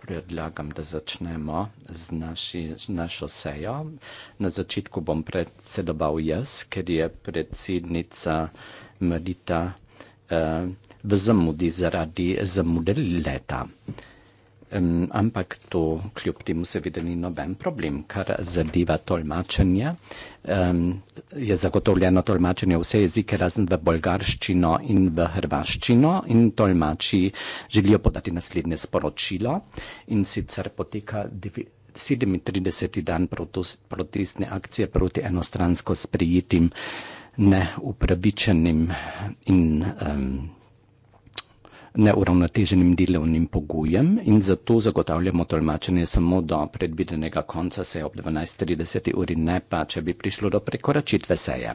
Predlagam, da začnemo z naši, našo sejo. Na začetku bom predsedoval jaz, ker je predsednica Marita eh, v zamudi zaradi zamude leta. Eh, Um, ampak to kljub temu seveda ni noben problem, kar zadeva tolmačenje. Um, je zagotovljeno tolmačenje vse jezike razen v bolgarščino in v hrvaščino in tolmači želijo podati naslednje sporočilo in sicer poteka 37. dan protestne akcije proti enostransko sprijetim neupravičenim in um, neuravnoteženim delovnim pogojem in zato zagotavljamo tolmačenje samo do predvidenega konca seje ob 12.30 uri, ne pa, če bi prišlo do prekoračitve seje.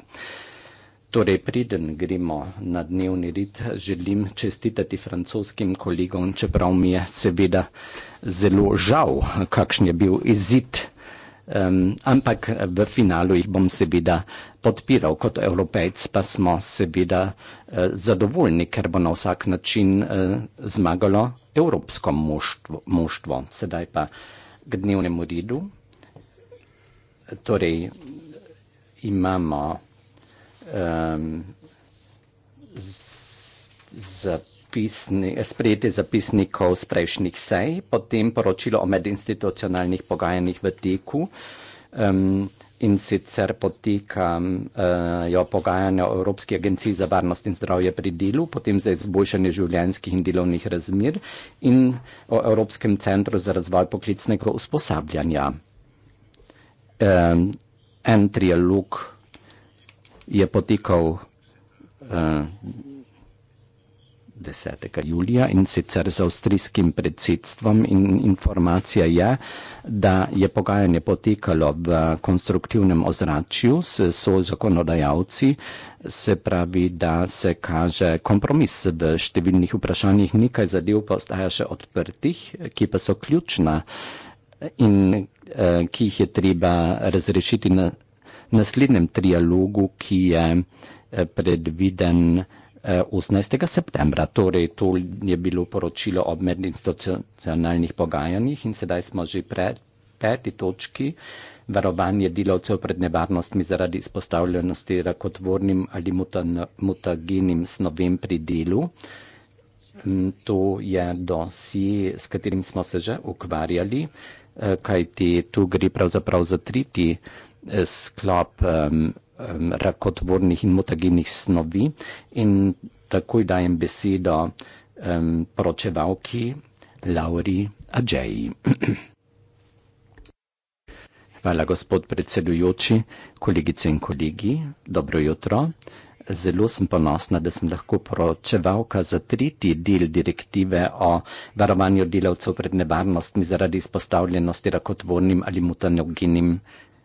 Torej, preden gremo na dnevni red, želim čestitati francoskim kolegom, čeprav mi je seveda zelo žal, kakšen je bil izid. Um, ampak eh, v finalu jih bom seveda podpiral, kot evropejc pa smo seveda uh, zadovoljni, ker bo na vsak način uh, zmagalo evropsko moštvo, moštvo. Sedaj pa k dnevnemu redu. Torej, imamo um, za pisni, sprejeti zapisnikov z prejšnjih sej, potem poročilo o medinstitucionalnih pogajanjih v teku. Um, in sicer potekajo eh, uh, pogajanja o Evropski agenciji za varnost in zdravje pri delu, potem za izboljšanje življenjskih in delovnih razmir in o Evropskem centru za razvoj poklicnega usposabljanja. Um, en trialog je potekal uh, 10. julija in sicer z avstrijskim predsedstvom. In informacija je, da je pogajanje potekalo v konstruktivnem ozračju s so zakonodajalci, se pravi, da se kaže kompromis v številnih vprašanjih, nekaj zadev pa ostaja še odprtih, ki pa so ključna in eh, ki jih je treba razrešiti na naslednjem trialogu, ki je eh, predviden. 18. Eh, septembra. Torej, to je bilo poročilo o medinstitucionalnih pogajanjih in sedaj smo že pri peti točki. Varovanje delavcev pred nevarnostmi zaradi izpostavljenosti rakotvornim ali mutagenim snovem pri delu. Mm, to je dosje, s katerim smo se že ukvarjali, eh, kajti tu gre pravzaprav za tretji eh, sklop um, rakotvornih in mutagenih snovi in takoj dajem besedo um, poročevalki Lauri Ajay. Hvala, gospod predsedujoči, kolegice in kolegi, dobro jutro. Zelo sem ponosna, da sem lahko poročevalka za tretji del direktive o varovanju delavcev pred nevarnostmi zaradi izpostavljenosti rakotvornim ali mutagenim snovim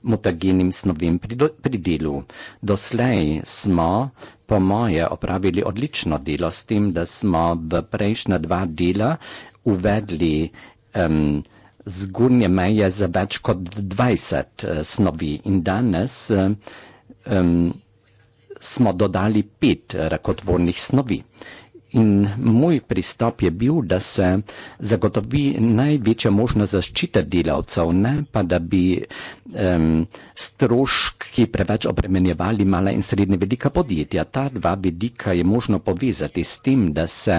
mutagenim snovim pri, do, pri delu. Doslej smo, po moje, opravili odlično delo s tem, da smo v prejšnja dva dela uvedli um, zgornje meje za več kot 20 uh, eh, snovi in danes um, smo dodali pet rakotvornih snovi. In moj pristop je bil, da se zagotovi največja možna zaščita delavcev, ne pa da bi um, stroški preveč obremenjevali mala in srednje velika podjetja. Ta dva vidika je možno povezati s tem, da se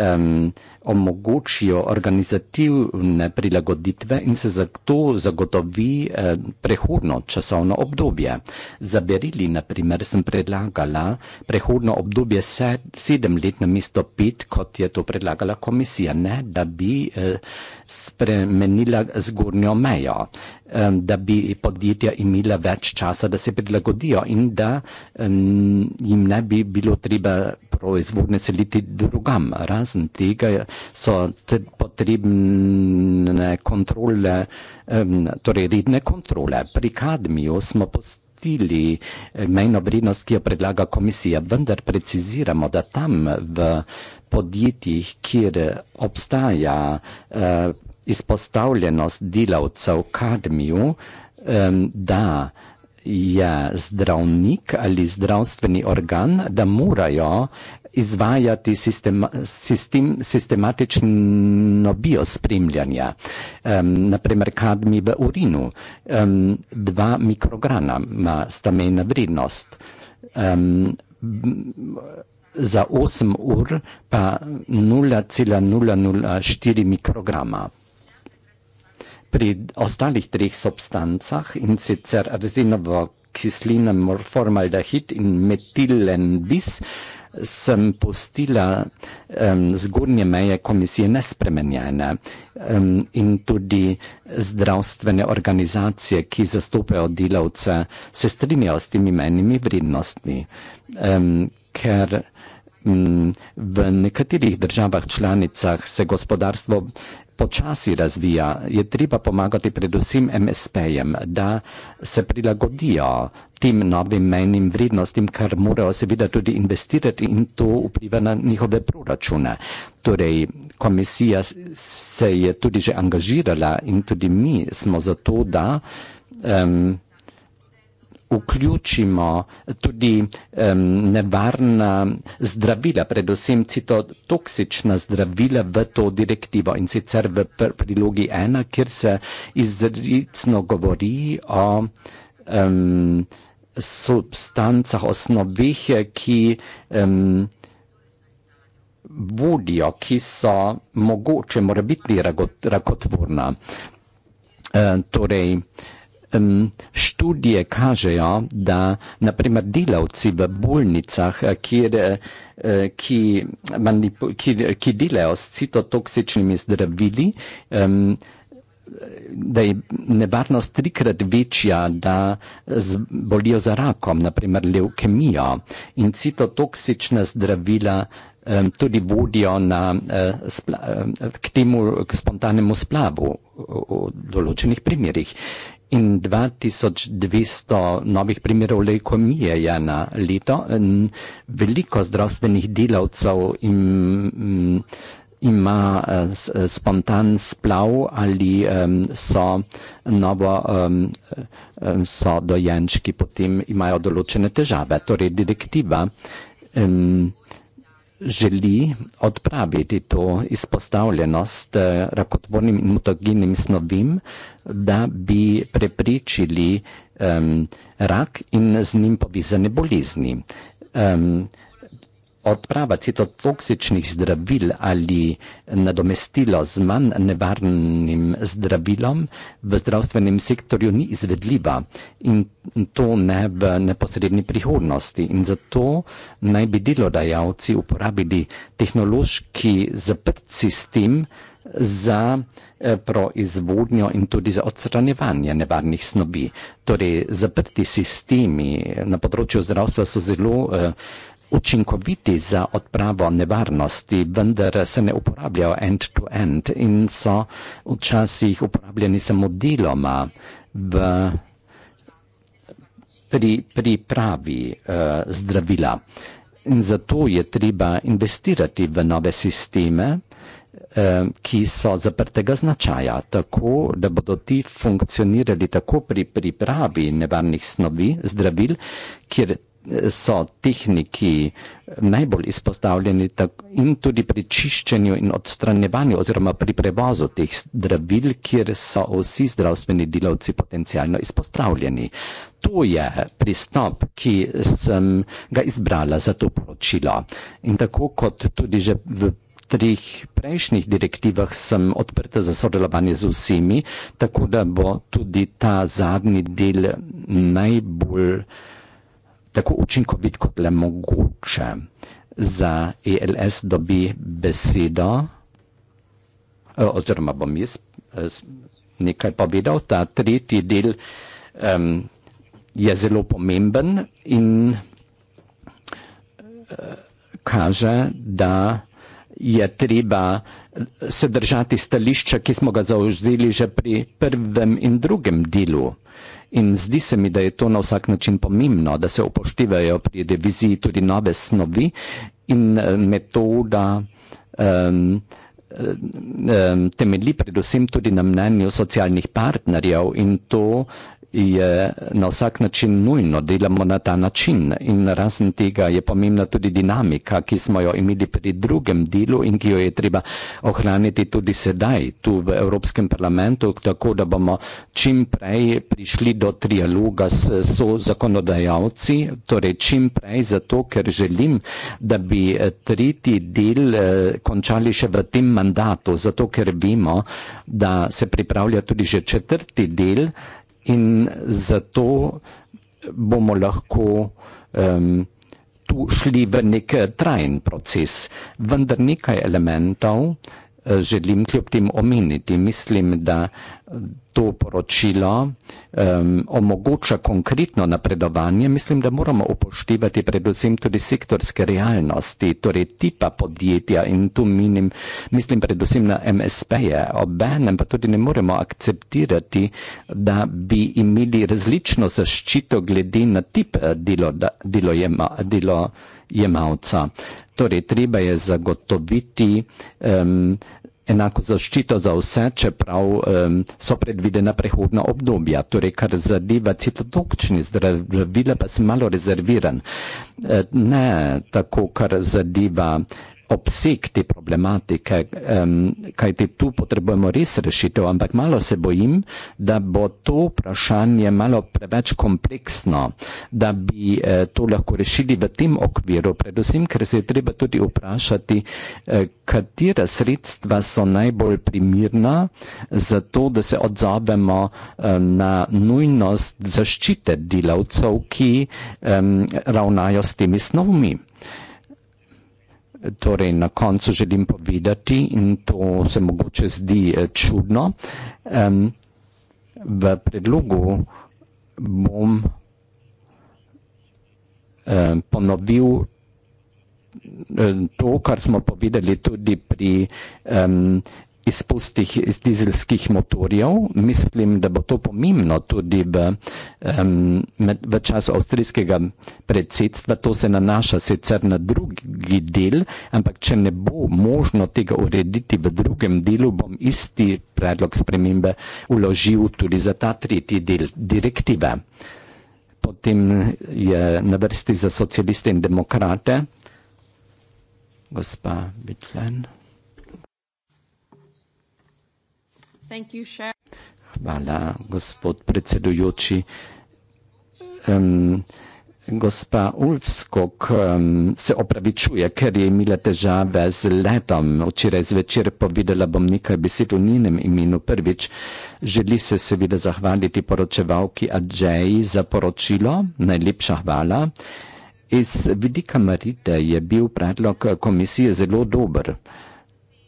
um, omogočijo organizativne prilagoditve in se zato zagotovi eh, prehodno časovno obdobje. Za berili, na primer, sem predlagala prehodno obdobje se, sedem let na mesto pet, kot je to predlagala komisija, ne, da bi eh, spremenila zgornjo mejo da bi podjetja imela več časa, da se prilagodijo in da jim ne bi bilo treba proizvodne seliti drugam. Razen tega so potrebne kontrole, torej redne kontrole. Pri kadmiju smo postavili eh, mejno vrednost, ki jo predlaga komisija, vendar preciziramo, da tam v podjetjih, kjer obstaja eh, izpostavljenost delavcev kadmiju, da je zdravnik ali zdravstveni organ, da morajo izvajati sistema, sistem, sistematično biospremljanje. Um, naprimer, kadmi v urinu, um, dva mikrograma sta mejna vrednost. Um, za 8 ur pa 0,004 mikrograma pri ostalih treh substancah in sicer arzinovo kislino formaldehid in metilen bis sem postila um, zgornje meje komisije nespremenjene um, in tudi zdravstvene organizacije, ki zastopajo delavce, se strinjajo s temi menjimi vrednostmi, um, ker um, v nekaterih državah članicah se gospodarstvo počasi razvija, je treba pomagati predvsem MSP-jem, da se prilagodijo tem novim menjim vrednostim, kar morajo seveda tudi investirati in to vpliva na njihove proračune. Torej, komisija se je tudi že angažirala in tudi mi smo za to, da um, vključimo tudi um, nevarna zdravila, predvsem citotoksična zdravila v to direktivo in sicer v prilogi ena, kjer se izredno govori o um, substancah, osnovih, ki um, vodijo, ki so mogoče, mora biti rakotvorna. Uh, torej, um, študije kažejo, da naprimer delavci v bolnicah, eh, kjer, eh, eh, ki, manipu, ki, ki delajo s citotoksičnimi zdravili, um, da je nevarnost trikrat večja, da bolijo za rakom, naprimer levkemijo in citotoksična zdravila um, tudi vodijo na, uh, spla, uh, k temu k spontanemu splavu v, v določenih primerjih in 2200 novih primerov leukemije je na leto. Veliko zdravstvenih delavcev im, mm, ima eh, spontan splav ali um, so, novo, um, so dojenčki potem imajo določene težave, torej direktiva. Um, želi odpraviti to izpostavljenost eh, rakotvornim in mutagenim snovim, da bi prepričili um, rak in z njim povezane bolezni. Um, odprava citotoksičnih zdravil ali nadomestilo z manj nevarnim zdravilom v zdravstvenem sektorju ni izvedljiva in to ne v neposrednji prihodnosti. In zato naj bi delodajalci uporabili tehnološki zaprt sistem za eh, proizvodnjo in tudi za odstranjevanje nevarnih snovi. Torej, zaprti sistemi eh, na področju zdravstva so zelo eh, učinkoviti za odpravo nevarnosti, vendar se ne uporabljajo end-to-end -end in so včasih uporabljeni samo deloma v pri pripravi uh, zdravila. In zato je treba investirati v nove sisteme, eh, ki so zaprtega značaja, tako da bodo ti funkcionirali tako pri pripravi nevarnih snovi, zdravil, kjer so tehniki najbolj izpostavljeni in tudi pri čiščenju in odstranjevanju oziroma pri prevozu teh zdravil, kjer so vsi zdravstveni delavci potencialno izpostavljeni. To je pristop, ki sem ga izbrala za to poročilo. In tako kot tudi že v treh prejšnjih direktivah sem odprta za sodelovanje z vsemi, tako da bo tudi ta zadnji del najbolj tako učinkovit kot le mogoče. Za ELS dobi besedo, eh, oziroma bom jaz eh, nekaj povedal, ta tretji del um, je zelo pomemben in eh, kaže, da je treba se držati stališča, ki smo ga zauzeli že pri prvem in drugem delu. In zdi se mi, da je to na vsak način pomembno, da se upoštevajo pri reviziji tudi nove snovi in eh, metoda. Um, temelji predvsem tudi na mnenju socialnih partnerjev in to je eh, na vsak način nujno, delamo na ta način in razen tega je pomembna tudi dinamika, ki smo jo imeli pri drugem delu in ki jo je treba ohraniti tudi sedaj tu v Evropskem parlamentu, tako da bomo čim prej prišli do trialoga s so zakonodajalci, torej čim prej zato, ker želim, da bi eh, tretji del eh, končali še v tem mandatu, zato ker vemo, da se pripravlja tudi že četrti del in zato bomo lahko um, tu šli v nek trajen proces. Vendar nekaj elementov uh, želim kljub tem omeniti. Mislim, da to poročilo um, omogoča konkretno napredovanje, mislim, da moramo upoštevati predvsem tudi sektorske realnosti, torej tipa podjetja in tu minim, mislim predvsem na MSP-je. Obenem pa tudi ne moremo akceptirati, da bi imeli različno zaščito glede na tip eh, delojemalca. Torej, treba je zagotoviti um, enako zaščito za vse, čeprav um, so predvidena prehodna obdobja. Torej, kar zadeva citotokčni zdravila, pa sem malo rezerviran. E, ne tako, kar zadeva obseg te problematike, um, kaj ti tu potrebujemo res rešitev, ampak malo se bojim, da bo to vprašanje malo preveč kompleksno, da bi eh, to lahko rešili v tem okviru, predvsem, ker se je treba tudi vprašati, eh, katera sredstva so najbolj primirna za to, da se odzovemo eh, na nujnost zaščite delavcev, ki eh, ravnajo s temi snovmi. Torej, na koncu želim povedati, in to se mogoče zdi eh, čudno. Um, v predlogu bom um, ponovil to, kar smo povedali tudi pri um, izpustih iz dizelskih motorjev. Mislim, da bo to pomembno tudi v, um, v času avstrijskega predsedstva. To se nanaša sicer na drugi del, ampak če ne bo možno tega urediti v drugem delu, bom isti predlog spremembe uložil tudi za ta tretji del direktive. Potem je na vrsti za socialiste in demokrate gospa Bitlen. Hvala, gospod predsedujoči. Um, gospa Ulfskog um, se opravičuje, ker je imela težave z letom. Včeraj zvečer povedala bom nekaj besed v njenem imenu. Prvič, želi se seveda zahvaliti poročevalki Adžeji za poročilo. Najlepša hvala. Iz vidika Marite je bil predlog komisije zelo dober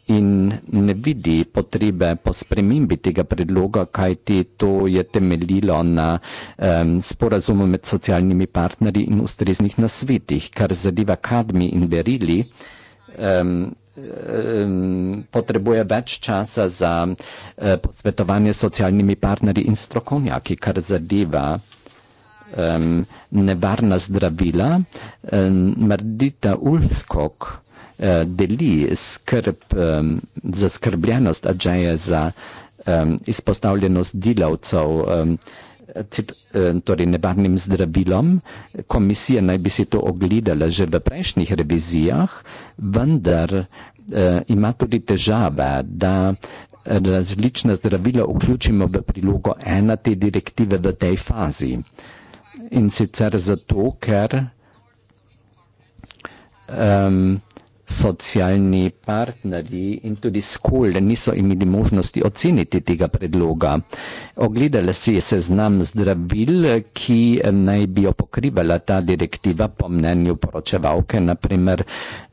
in ne vidi potrebe po spremembi tega predloga, kajti to je temeljilo na um, sporazumu med socialnimi partnerji in ustreznih nasvetih, kar zadeva kadmi in berili. Um, um, potrebuje več časa za uh, posvetovanje s socialnimi partnerji in strokovnjaki, kar zadeva um, nevarna zdravila. Um, Mrdita Ulfskog. Eh, deli skrb, zaskrbljenost Adžaje za izpostavljenost delavcev torej nevarnim zdravilom. Komisija naj bi si to ogledala že v prejšnjih revizijah, vendar eh, ima tudi težave, da eh, različna zdravila vključimo v prilogo ena te direktive v tej fazi. In sicer zato, ker um, socialni partnerji in tudi skol niso imeli možnosti oceniti tega predloga. Ogledala si je seznam zdravil, ki naj bi jo pokrivala ta direktiva po mnenju poročevalke. Naprimer,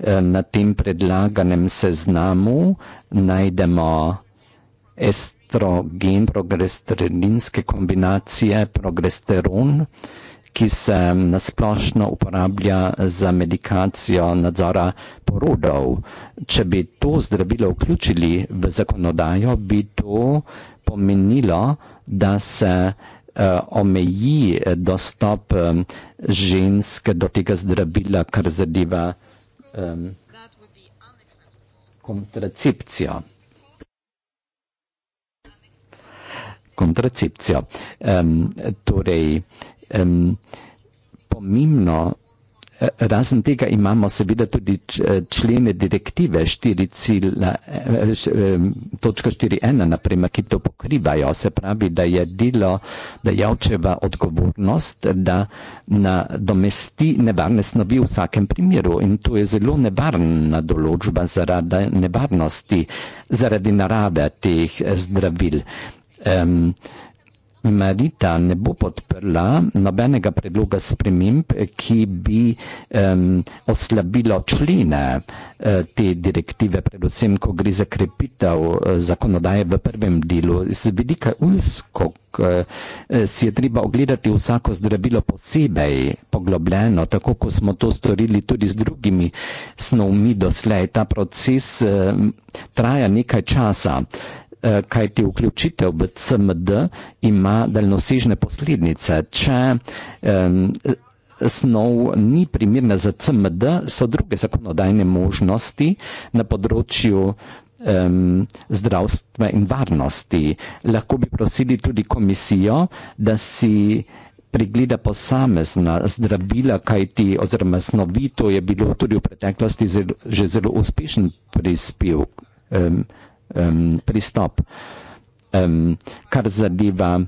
eh, na tem predlaganem seznamu najdemo estrogen, progesterinske kombinacije, progesteron, ki se nasplošno uporablja za medikacijo nadzora porodov. Če bi to zdravilo vključili v zakonodajo, bi to pomenilo, da se eh, omeji eh, dostop eh, žensk do tega zdravila, kar zadeva kontracepcijo. Kontracepcijo. Torej, pomembno Eh, razen tega imamo seveda tudi eh, člene direktive 4.4.1, eh, naprimer, ki to pokrivajo. Se pravi, da je delo, da je očeva odgovornost, da nadomesti nevarne snovi v vsakem primeru. In to je zelo nevarna določba zaradi nevarnosti, zaradi narave teh zdravil. Um, Marita ne bo podprla nobenega predloga sprememb, ki bi um, oslabilo člene e, te direktive, predvsem, ko gre za krepitev e, zakonodaje v prvem delu. Z vidika uskok e, si je treba ogledati vsako zdravilo posebej poglobljeno, tako kot smo to storili tudi z drugimi snovmi doslej. Ta proces um, traja nekaj časa. Eh, kaj ti vključitev v CMD ima daljnosežne posledice. Če snov ni primirna za CMD, so druge zakonodajne možnosti na področju zdravstva in varnosti. Lahko bi prosili tudi komisijo, da si pregleda posamezna zdravila, kaj ti oziroma snovi, to je bilo tudi v preteklosti že zelo uspešen prispevk um, pristop. Um, kar zadeva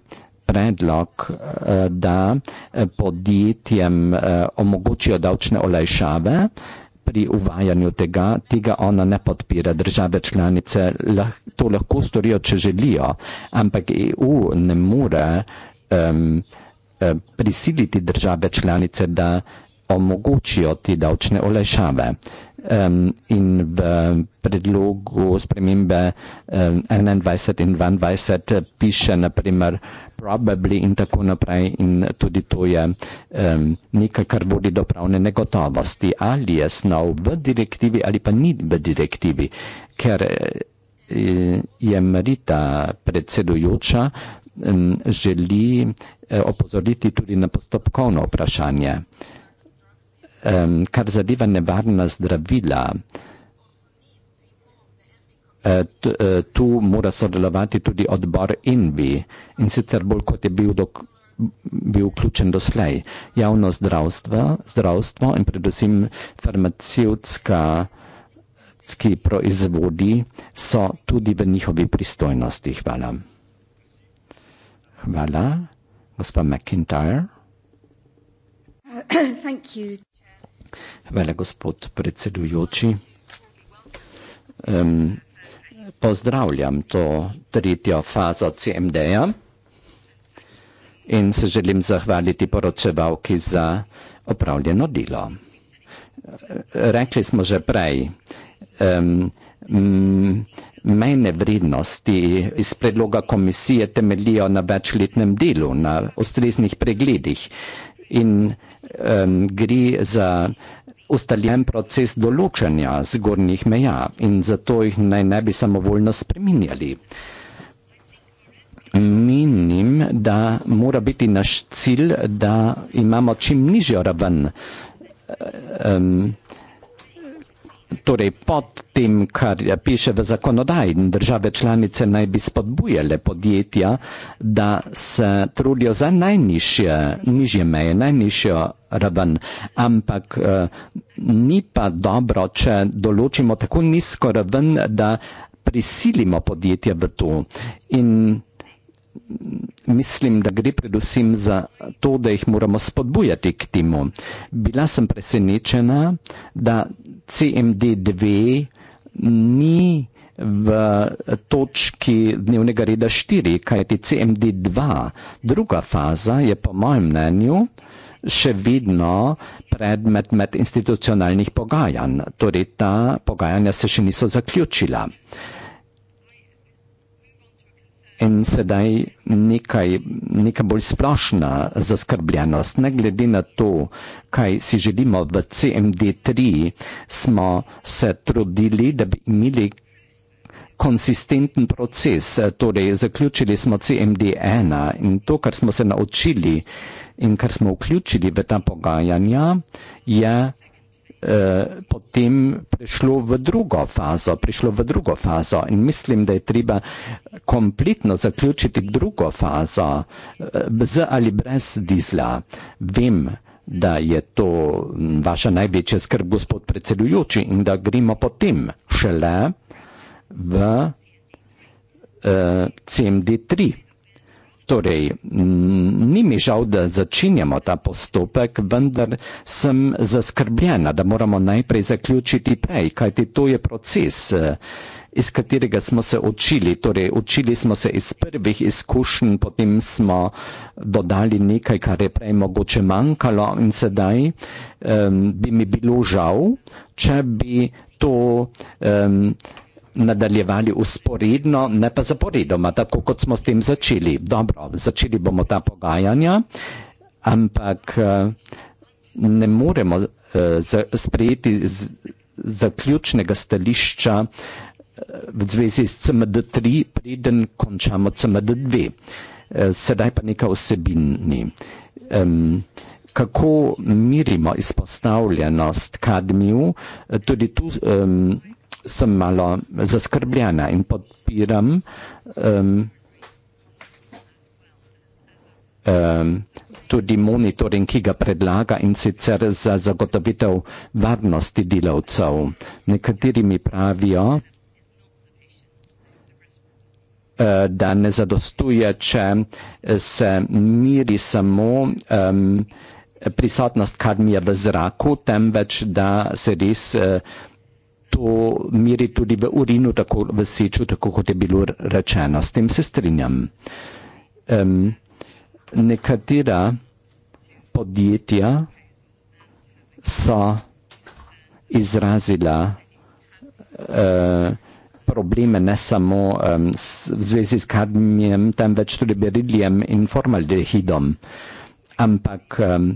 predlog, uh, da eh, podjetjem uh, omogočijo davčne olajšave pri uvajanju tega, tega ona ne podpira. Države članice lah, to lahko storijo, če želijo, ampak EU ne more um, uh, prisiliti države članice, da uh, omogočijo te davčne olajšave. Um, in v predlogu spremembe um, 21 in 22 piše naprimer probably in tako naprej in tudi to je um, nekaj, kar vodi do pravne negotovosti, ali je snov v direktivi ali pa ni v direktivi, ker eh, je Marita predsedujoča um, želi eh, opozoriti tudi na postopkovno vprašanje kar zadeva nevarna zdravila. E, tu, e, tu mora sodelovati tudi odbor INVI in sicer bolj kot je bil, dok, bil vključen doslej. Javno zdravstvo, zdravstvo in predvsem farmacijski proizvodi so tudi v njihovi pristojnosti. Hvala. Hvala, gospod McIntyre. Uh, thank you. Vele gospod predsedujoči, um, pozdravljam to tretjo fazo CMD-ja in se želim zahvaliti poročevalki za opravljeno delo. Rekli smo že prej, um, Mejne vrednosti iz predloga komisije temelijo na večletnem delu, na ustreznih pregledih in um, gre za ustaljen proces določanja zgornjih meja in zato jih naj ne bi samovoljno spreminjali. Menim, da mora biti naš cilj, da imamo čim nižjo raven um, Torej, pod tem, kar piše v zakonodaji, države članice naj bi spodbujale podjetja, da se trudijo za najnižje meje, najnižjo raven, ampak eh, ni pa dobro, če določimo tako nizko raven, da prisilimo podjetja v to. In mislim, da gre predvsem za to, da jih moramo spodbujati k temu. Bila sem presenečena, da CMD2 ni v točki dnevnega reda 4, kaj je CMD2. Druga faza je po mojem mnenju še vedno predmet med institucionalnih pogajanj, torej ta pogajanja se še niso zaključila. Uh, in sedaj nekaj, nekaj bolj splošna zaskrbljenost, ne glede na to, kaj si želimo v CMD3, smo se trudili, da bi imeli konsistenten proces, torej zaključili smo CMD1 in to, kar smo se naučili in kar smo vključili v ta pogajanja, je Eh, potem prišlo v drugo fazo, prišlo v drugo fazo in mislim, da je treba kompletno zaključiti drugo fazo eh, z ali brez dizla. Vem, da je to vaša največja skrb, gospod predsedujoči, in da gremo potem šele v uh, eh, CMD 3. Torej, ni mi žal, da začenjamo ta postopek, vendar sem zaskrbljena, da moramo najprej zaključiti pej, kajti to je proces, eh, iz katerega smo se učili. Torej, učili smo se iz prvih izkušenj, potem smo dodali nekaj, kar je prej mogoče manjkalo in sedaj um, bi mi bilo žal, če bi to. Um, nadaljevali usporedno, ne pa zaporedoma, tako kot smo s tem začeli. Dobro, začeli bomo ta pogajanja, ampak eh, ne moremo eh, sprejeti zaključnega stališča eh, v zvezi s CMD3, preden končamo CMD2. Sedaj pa nekaj osebini. Kako mirimo izpostavljenost kadmiju, tudi tu sem malo zaskrbljena in podpiram um, um, tudi monitoring, ki ga predlaga in sicer za zagotovitev varnosti delavcev. Nekateri mi pravijo, eh, da ne zadostuje, če eh, se miri samo um, prisotnost, kar mi je v zraku, temveč da se res. Uh, to meri tudi v urinu, tako v seču, tako kot je bilo rečeno. S tem se strinjam. Um, nekatera podjetja so izrazila uh, probleme ne samo um, v zvezi s kadmijem, temveč tudi berilijem in formaldehidom, ampak um,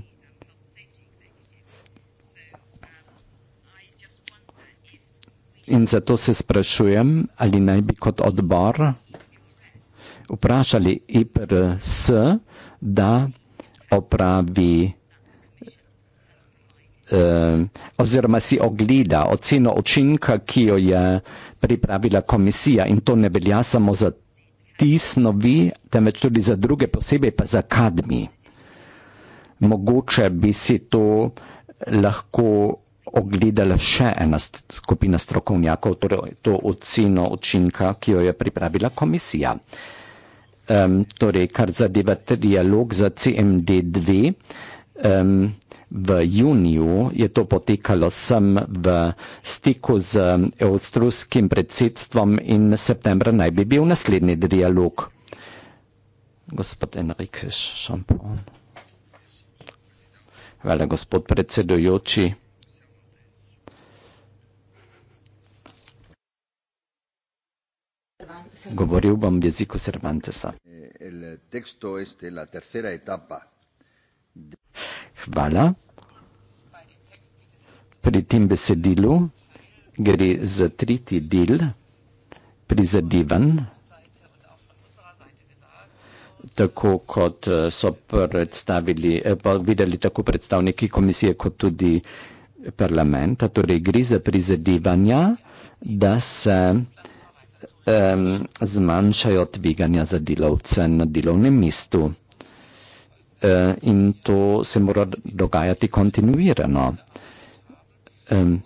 In zato se sprašujem, ali naj bi kot odbor vprašali IPRS, da opravi eh, oziroma si ogleda oceno učinka, ki jo je pripravila komisija in to ne velja samo za ti snovi, temveč tudi za druge posebej pa za kadmi. Mogoče bi si to lahko ogledala še ena skupina strokovnjakov, torej to oceno učinka, ki jo je pripravila komisija. Um, torej, kar zadeva dialog za CMD2, um, v juniju je to potekalo sem v stiku z avstrijskim predsedstvom in septembra naj bi bil naslednji dialog. Gospod Enrikeš, šampon. Hvala, gospod predsedujoči. govoril bom v jeziku Cervantesa. Hvala. Pri tem besedilu gre za tretji del prizadevan, tako kot eh, so predstavili, eh, videli tako predstavniki komisije, kot tudi parlamenta, torej gre za prizadevanja, da se um, zmanjšajo tveganja za delavce na delovnem mestu. Uh, in to se mora dogajati kontinuirano. Um,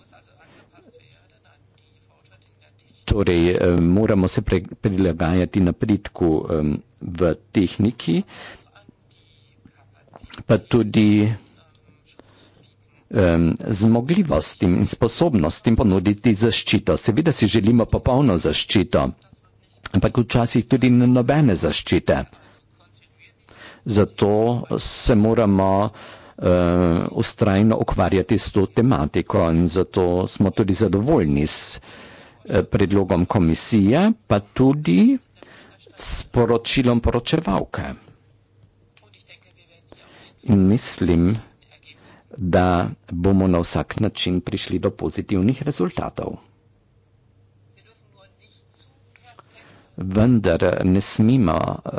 torej, um, moramo se prilagajati napredku um, v tehniki, pa tudi um, zmogljivostim in sposobnostim ponuditi zaščito. Seveda si želimo popolno zaščito, ampak včasih tudi ne nobene zaščite. Zato se moramo ustrajno uh, ukvarjati s to tematiko in zato smo tudi zadovoljni s eh, predlogom komisije, pa tudi s poročilom poročevalke. In mislim, da bomo na vsak način prišli do pozitivnih rezultatov. Vendar ne smemo eh,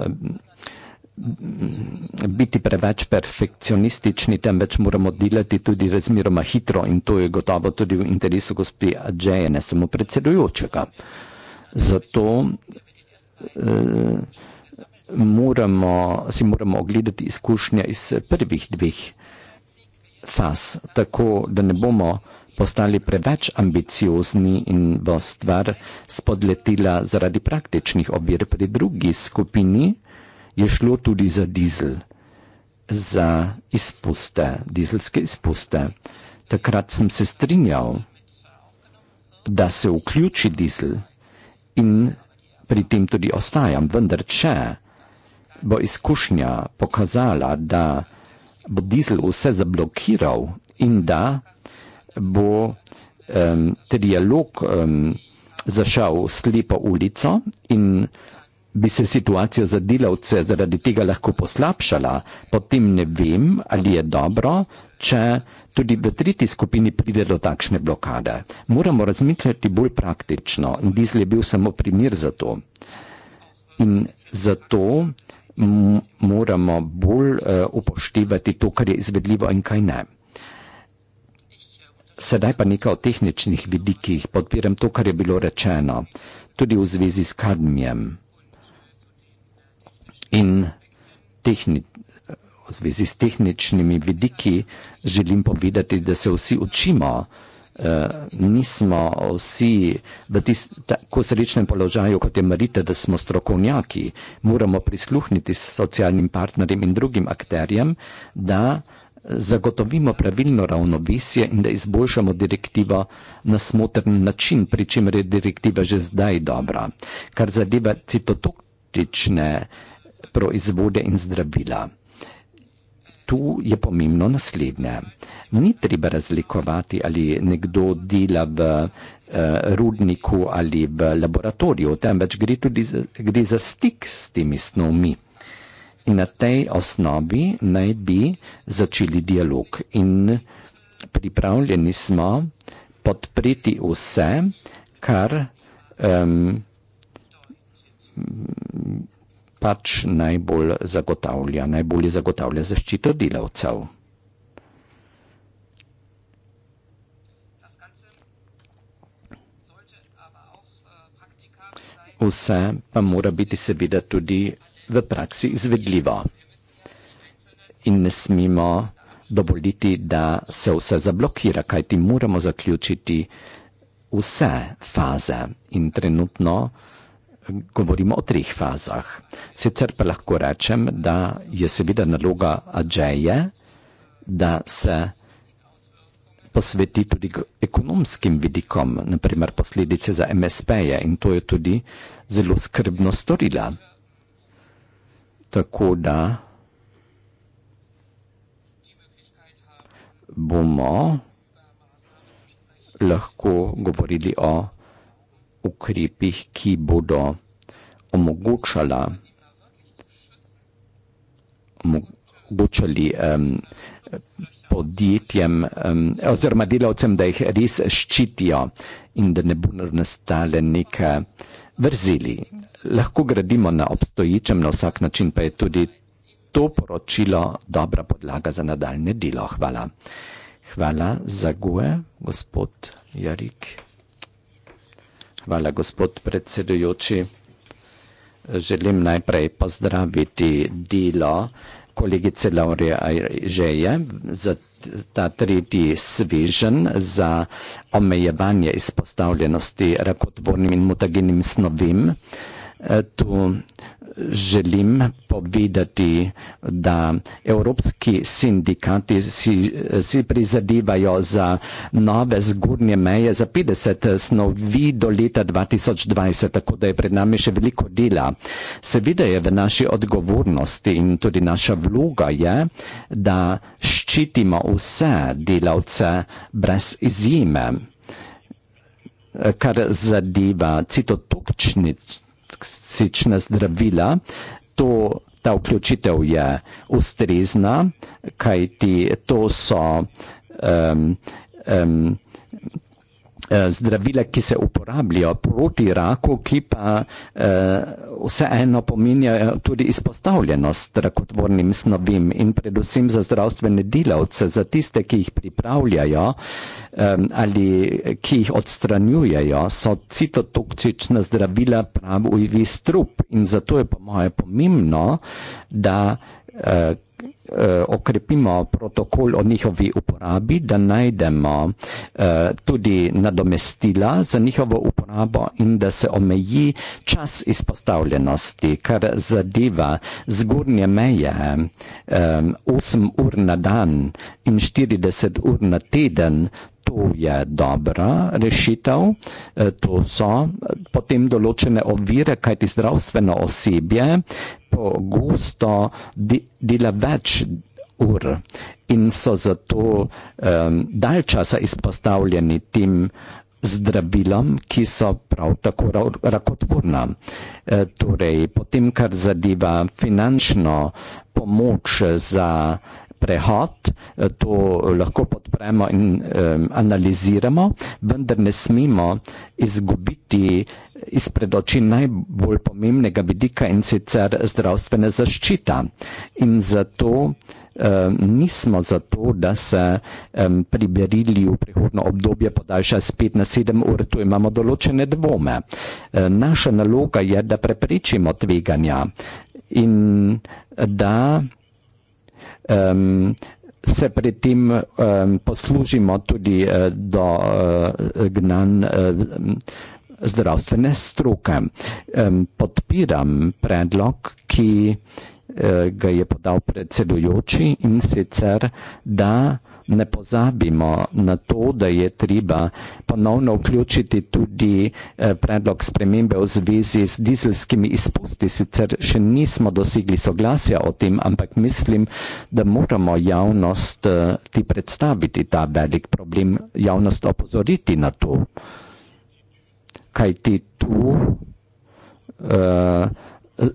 biti preveč perfekcionistični, temveč moramo delati tudi razmeroma hitro in to je gotovo tudi v interesu gospe Adžeje, ne samo predsedujočega. Zato eh, moramo, si moramo ogledati izkušnje iz prvih dveh faz, tako da ne bomo postali preveč ambiciozni in v stvar spodletila zaradi praktičnih ovir. Pri drugi skupini je šlo tudi za dizel, za izpuste, dizelske izpuste. Takrat sem se strinjal, da se vključi dizel in pri tem tudi ostajam, vendar če bo izkušnja pokazala, da je bo diesel vse zablokiral in da bo um, trialog um, zašel slepo ulico in bi se situacija za delavce zaradi tega lahko poslabšala, potem ne vem, ali je dobro, če tudi v tretji skupini pride do takšne blokade. Moramo razmišljati bolj praktično in diesel je bil samo primer za to. In zato moramo bolj eh, upoštevati to, kar je izvedljivo in kaj ne. Sedaj pa nekaj o tehničnih vidikih. Podpiram to, kar je bilo rečeno, tudi v zvezi s kadmijem in tehničnim. V zvezi s tehničnimi vidiki želim povedati, da se vsi učimo, uh, Eh, nismo vsi v tako srečnem položaju, kot je Marita, da smo strokovnjaki, moramo prisluhniti s socialnim partnerjem in drugim akterjem, da zagotovimo pravilno ravnovesje in da izboljšamo direktivo na smotrn način, pri čemer je direktiva že zdaj dobra, kar zadeva citotoktične proizvode in zdravila. Tu je pomembno naslednje. No, ni treba razlikovati, ali nekdo dela v uh, rudniku ali v laboratoriju, temveč gre tudi za, gre za stik s temi snovmi. In na tej osnovi naj bi začeli dialog. In pripravljeni smo podpreti vse, kar. Um, pač najbolj zagotavlja, najbolje zagotavlja zaščito delavcev. Vse pa mora biti seveda tudi v praksi izvedljivo. In ne smemo dovoliti, da se vse zablokira, kajti moramo zaključiti vse faze. In trenutno govorimo o treh fazah. Sicer pa lahko rečem, da je seveda naloga Adžeje, da se posveti tudi ekonomskim vidikom, naprimer posledice za MSP-je in to je tudi zelo skrbno storila. Tako da bomo lahko govorili o ukrepih, ki bodo omogočala, omogočali um, podjetjem um, oziroma delavcem, da jih res ščitijo in da ne bo nastale neke vrzeli. Lahko gradimo na obstoječem, na vsak način pa je tudi to poročilo dobra podlaga za nadaljne delo. Hvala. Hvala za goje, gospod Jarik. Hvala, gospod predsedujoči. Želim najprej pozdraviti delo kolegice Laure Žeje za ta tretji svežen za omejevanje izpostavljenosti rakotvornim in mutagenim snovim. Tu želim povedati, da evropski sindikati si, si prizadevajo za nove zgornje meje za 50 snovi do leta 2020, tako da je pred nami še veliko dela. Seveda je v naši odgovornosti in tudi naša vloga je, da ščitimo vse delavce brez izjeme. Kar zadeva citotokčnice, toksična zdravila, to, ta vključitev je ustrezna, kajti to so um, um, Eh, zdravila, ki se uporabljajo proti raku, ki pa uh, vseeno pomenjajo eh, tudi izpostavljenost rakotvornim snovim in predvsem za zdravstvene delavce, za tiste, ki jih pripravljajo um, ali ki jih odstranjujejo, so citotoksična zdravila prav ujvi strup in zato je po moje pomembno, da uh, Eh, okrepimo protokol o njihovi uporabi, da najdemo eh, tudi nadomestila za njihovo uporabo in da se omeji čas izpostavljenosti, kar zadeva zgornje meje 8 eh, ur na dan in 40 ur na teden. To je dobra rešitev, to so potem določene ovire, kajti zdravstveno osebje pogosto dela več več ur in so zato um, dalj časa izpostavljeni tem zdravilom, ki so prav tako rakotvorna. E, torej, potem, kar zadeva finančno pomoč za prehod, eh, to lahko podpremo in um, analiziramo, vendar ne smemo izgubiti eh, izpred oči najbolj pomembnega vidika in sicer zdravstvene zaščita. In zato um, nismo zato, da se um, priberili v prihodno obdobje podaljša z 5 na 7 ur, tu imamo določene dvome. E, naša naloga je, da preprečimo tveganja in da um, se pri tem um, poslužimo tudi uh, do uh, eh, gnan uh, eh, zdravstvene stroke. Um, podpiram predlog, ki uh, ga je podal predsedujoči in sicer, da ne pozabimo na to, da je treba ponovno vključiti tudi eh, predlog spremembe v zvezi z dizelskimi izpusti. Sicer še nismo dosegli soglasja o tem, ampak mislim, da moramo javnost eh, ti predstaviti ta velik problem, javnost opozoriti na to. Kaj ti tu? Eh,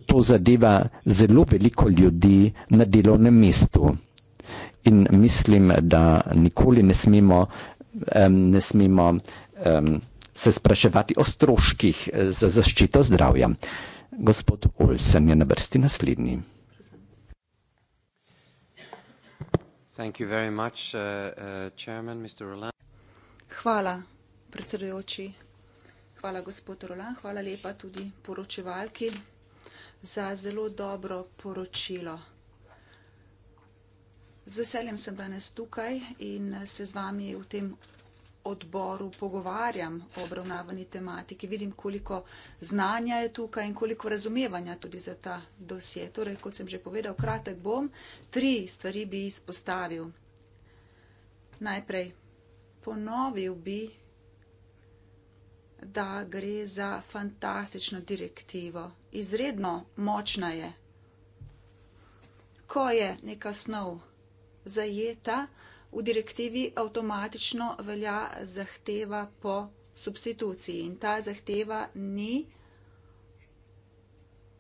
to zadeva zelo veliko ljudi na delovnem mestu in mislim, da nikoli ne smemo, um, ne smemo um, se spraševati o stroških eh, za zaščito zdravja. Gospod Olsen je na vrsti naslednji. Much, uh, uh, chairman, hvala, predsedujoči. Hvala, gospod Roland. Hvala lepa tudi poročevalki za zelo dobro poročilo. Z veseljem sem danes tukaj in eh, se z vami v tem odboru pogovarjam o obravnavani tematiki. Vidim, koliko znanja je tukaj in koliko razumevanja tudi za ta dosje. Torej, kot sem že povedal, kratek bom, tri stvari bi izpostavil. Najprej ponovil bi, da gre za fantastično direktivo. Izredno močna je, ko je neka snov zajeta, v direktivi avtomatično velja zahteva po substituciji in ta zahteva ni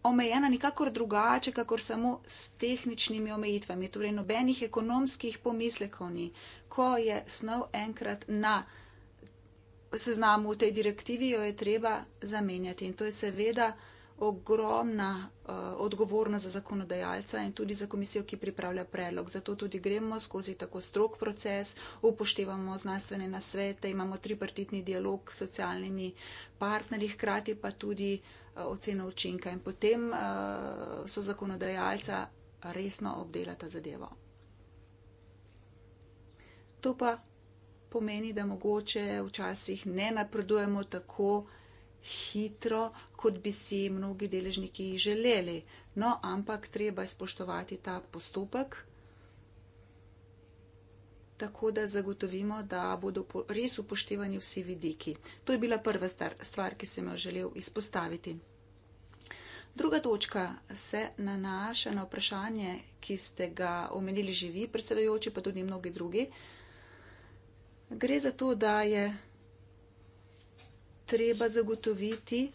omejena nikakor drugače, kakor samo s tehničnimi omejitvami, torej nobenih ekonomskih pomislekov ni. Ko je snov enkrat na seznamu v tej direktivi, jo je treba zamenjati in to je seveda ogromna uh, odgovornost za zakonodajalca in tudi za komisijo, ki pripravlja predlog. Zato tudi gremo skozi tako strok proces, upoštevamo znanstvene nasvete, imamo tripartitni dialog s socialnimi partnerji, hkrati pa tudi uh, oceno učinka in potem uh, so zakonodajalca resno obdelata zadevo. To pa pomeni, da mogoče včasih ne napredujemo tako, hitro, kot bi si mnogi deležniki želeli. No, ampak treba spoštovati ta postopek, tako da zagotovimo, da bodo res upoštevani vsi vidiki. To je bila prva stvar, ki sem jo želel izpostaviti. Druga točka se nanaša na vprašanje, ki ste ga omenili že vi, predsedujoči, pa tudi mnogi drugi. Gre za to, da je treba zagotoviti,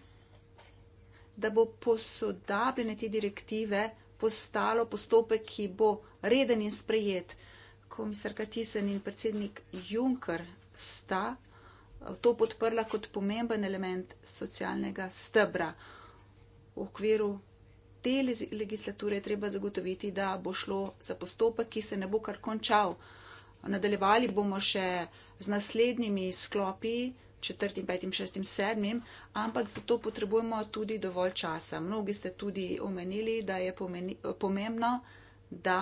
da bo posodabljene te direktive postalo postopek, ki bo reden in sprejet. Komisarka Tisen in predsednik Juncker sta to podprla kot pomemben element socialnega stebra. V okviru te legislature je treba zagotoviti, da bo šlo za postopek, ki se ne bo kar končal. Nadaljevali bomo še z naslednjimi sklopi četrtim, petim, šestim, sedmim, ampak za to potrebujemo tudi dovolj časa. Mnogi ste tudi omenili, da je pomeni, pomembno, da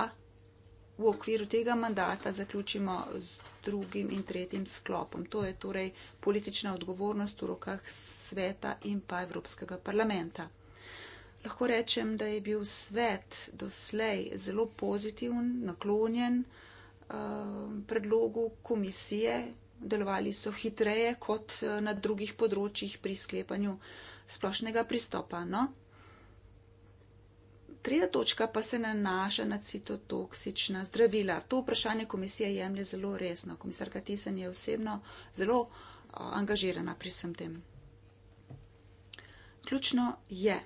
v okviru tega mandata zaključimo z drugim in tretjim sklopom. To je torej politična odgovornost v rokah sveta in pa Evropskega parlamenta. Lahko rečem, da je bil svet doslej zelo pozitiven, naklonjen uh, predlogu komisije, delovali so hitreje kot eh, na drugih področjih pri sklepanju splošnega pristopa. No? Tretja točka pa se nanaša na citotoksična zdravila. To vprašanje komisija jemlje zelo resno. Komisarka Tisen je osebno zelo eh, angažirana pri vsem tem. Ključno je,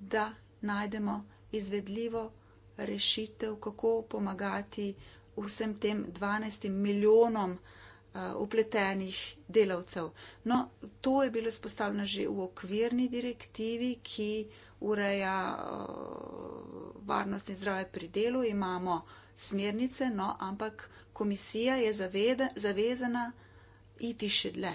da najdemo izvedljivo rešitev, kako pomagati vsem tem 12 milijonom uh, Uh, upletenih delavcev. No, to je bilo izpostavljeno že v okvirni direktivi, ki ureja uh, varnost in zdrave pri delu. Imamo smernice, no, ampak komisija je zavede, zavezana iti še dlje.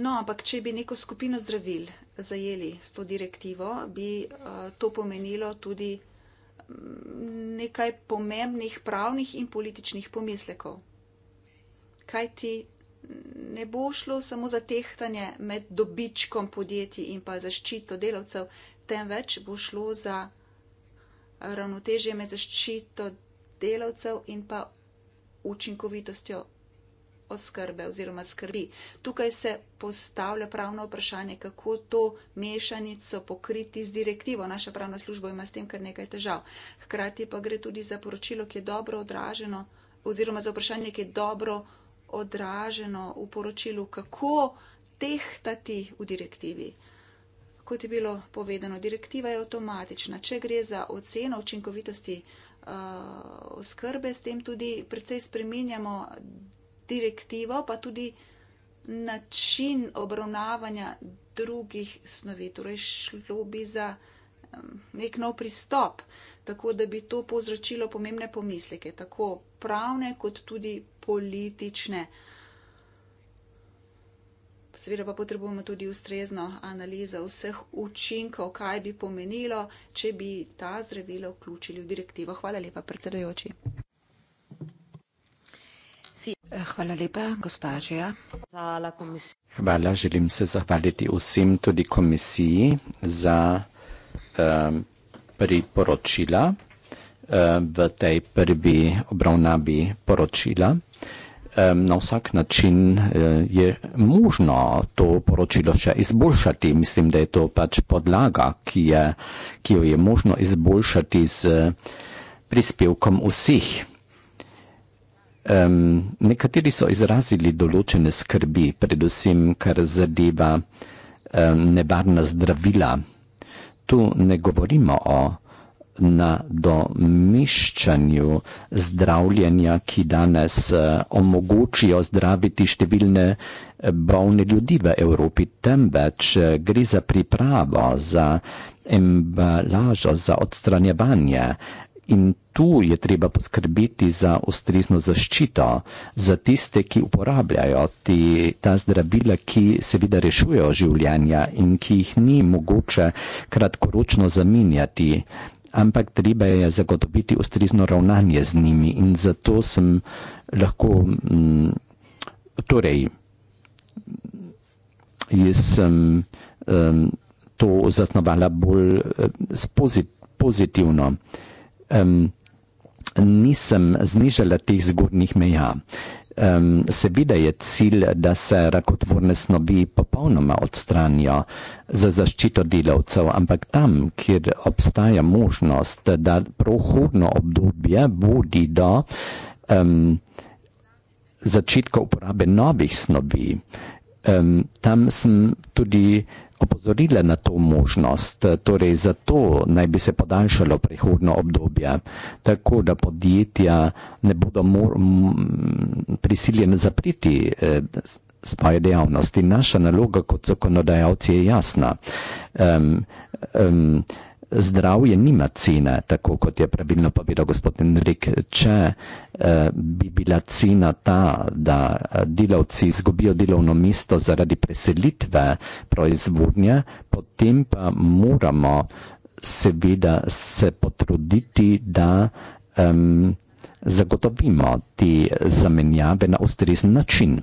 No, ampak če bi neko skupino zdravil zajeli s to direktivo, bi uh, to pomenilo tudi nekaj pomembnih pravnih in političnih pomislekov. Kaj ti ne bo šlo samo za tehtanje med dobičkom podjetij in pa zaščito delavcev, temveč bo šlo za ravnotežje med zaščito delavcev in pa učinkovitostjo oskrbe oziroma skrbi. Tukaj se postavlja pravno vprašanje, kako to mešanico pokriti z direktivo. Naša pravna služba ima s tem kar nekaj težav. Hkrati pa gre tudi za poročilo, ki je dobro odraženo oziroma za vprašanje, ki je dobro odraženo v poročilu, kako tehtati v direktivi. Kot je bilo povedano, direktiva je avtomatična. Če gre za oceno učinkovitosti uh, oskrbe, s tem tudi precej spreminjamo direktivo, pa tudi način obravnavanja drugih snovi. Torej, šlo bi za nek nov pristop, tako da bi to povzročilo pomembne pomisleke, tako pravne kot tudi politične. Seveda pa potrebujemo tudi ustrezno analizo vseh učinkov, kaj bi pomenilo, če bi ta zdravila vključili v direktivo. Hvala lepa, predsedajoči komisije. Hvala lepa, gospodžija. Hvala, komisija. Hvala, želim se zahvaliti vsem, tudi komisiji, za um, priporočila um, v tej prvi obravnavi poročila. Um, na vsak način uh, je možno to poročilo še izboljšati. Mislim, da je to pač podlaga, ki, je, ki jo je možno izboljšati z prispevkom vseh Um, nekateri so izrazili določene skrbi, predvsem kar zadeva um, nevarna zdravila. Tu ne govorimo o nadomeščanju zdravljenja, ki danes uh, omogočijo zdraviti številne e, bolne ljudi v Evropi, temveč e, gre za pripravo, za embalažo, za odstranjevanje uh, in tu je treba poskrbeti za ustrezno zaščito za tiste, ki uporabljajo ti, ta zdravila, ki seveda rešujejo življenja in ki jih ni mogoče kratkoročno zamenjati, ampak treba je zagotoviti ustrezno ravnanje z njimi in zato sem lahko. M, mm, torej, jaz sem. M, To zasnovala bolj eh, pozitivno um, nisem znižala teh zgornjih meja. Um, Seveda je cilj, da se rakotvorne snovi popolnoma odstranijo za zaščito delavcev, ampak tam, kjer obstaja možnost, da prohodno obdobje vodi do um, začetka uporabe novih snovi, um, tam sem tudi opozorile na to možnost, torej zato naj bi se podaljšalo prihodno obdobje, tako da podjetja ne bodo prisiljene zapriti eh, svoje dejavnosti. Naša naloga kot zakonodajalci je jasna. Um, um, zdravje nima cene, tako kot je pravilno povedal gospod Enrik. Če eh, bi bila cena ta, da eh, delavci izgubijo delovno mesto zaradi preselitve proizvodnje, potem pa moramo seveda se potruditi, da um, zagotovimo te zamenjave na ustrezen način.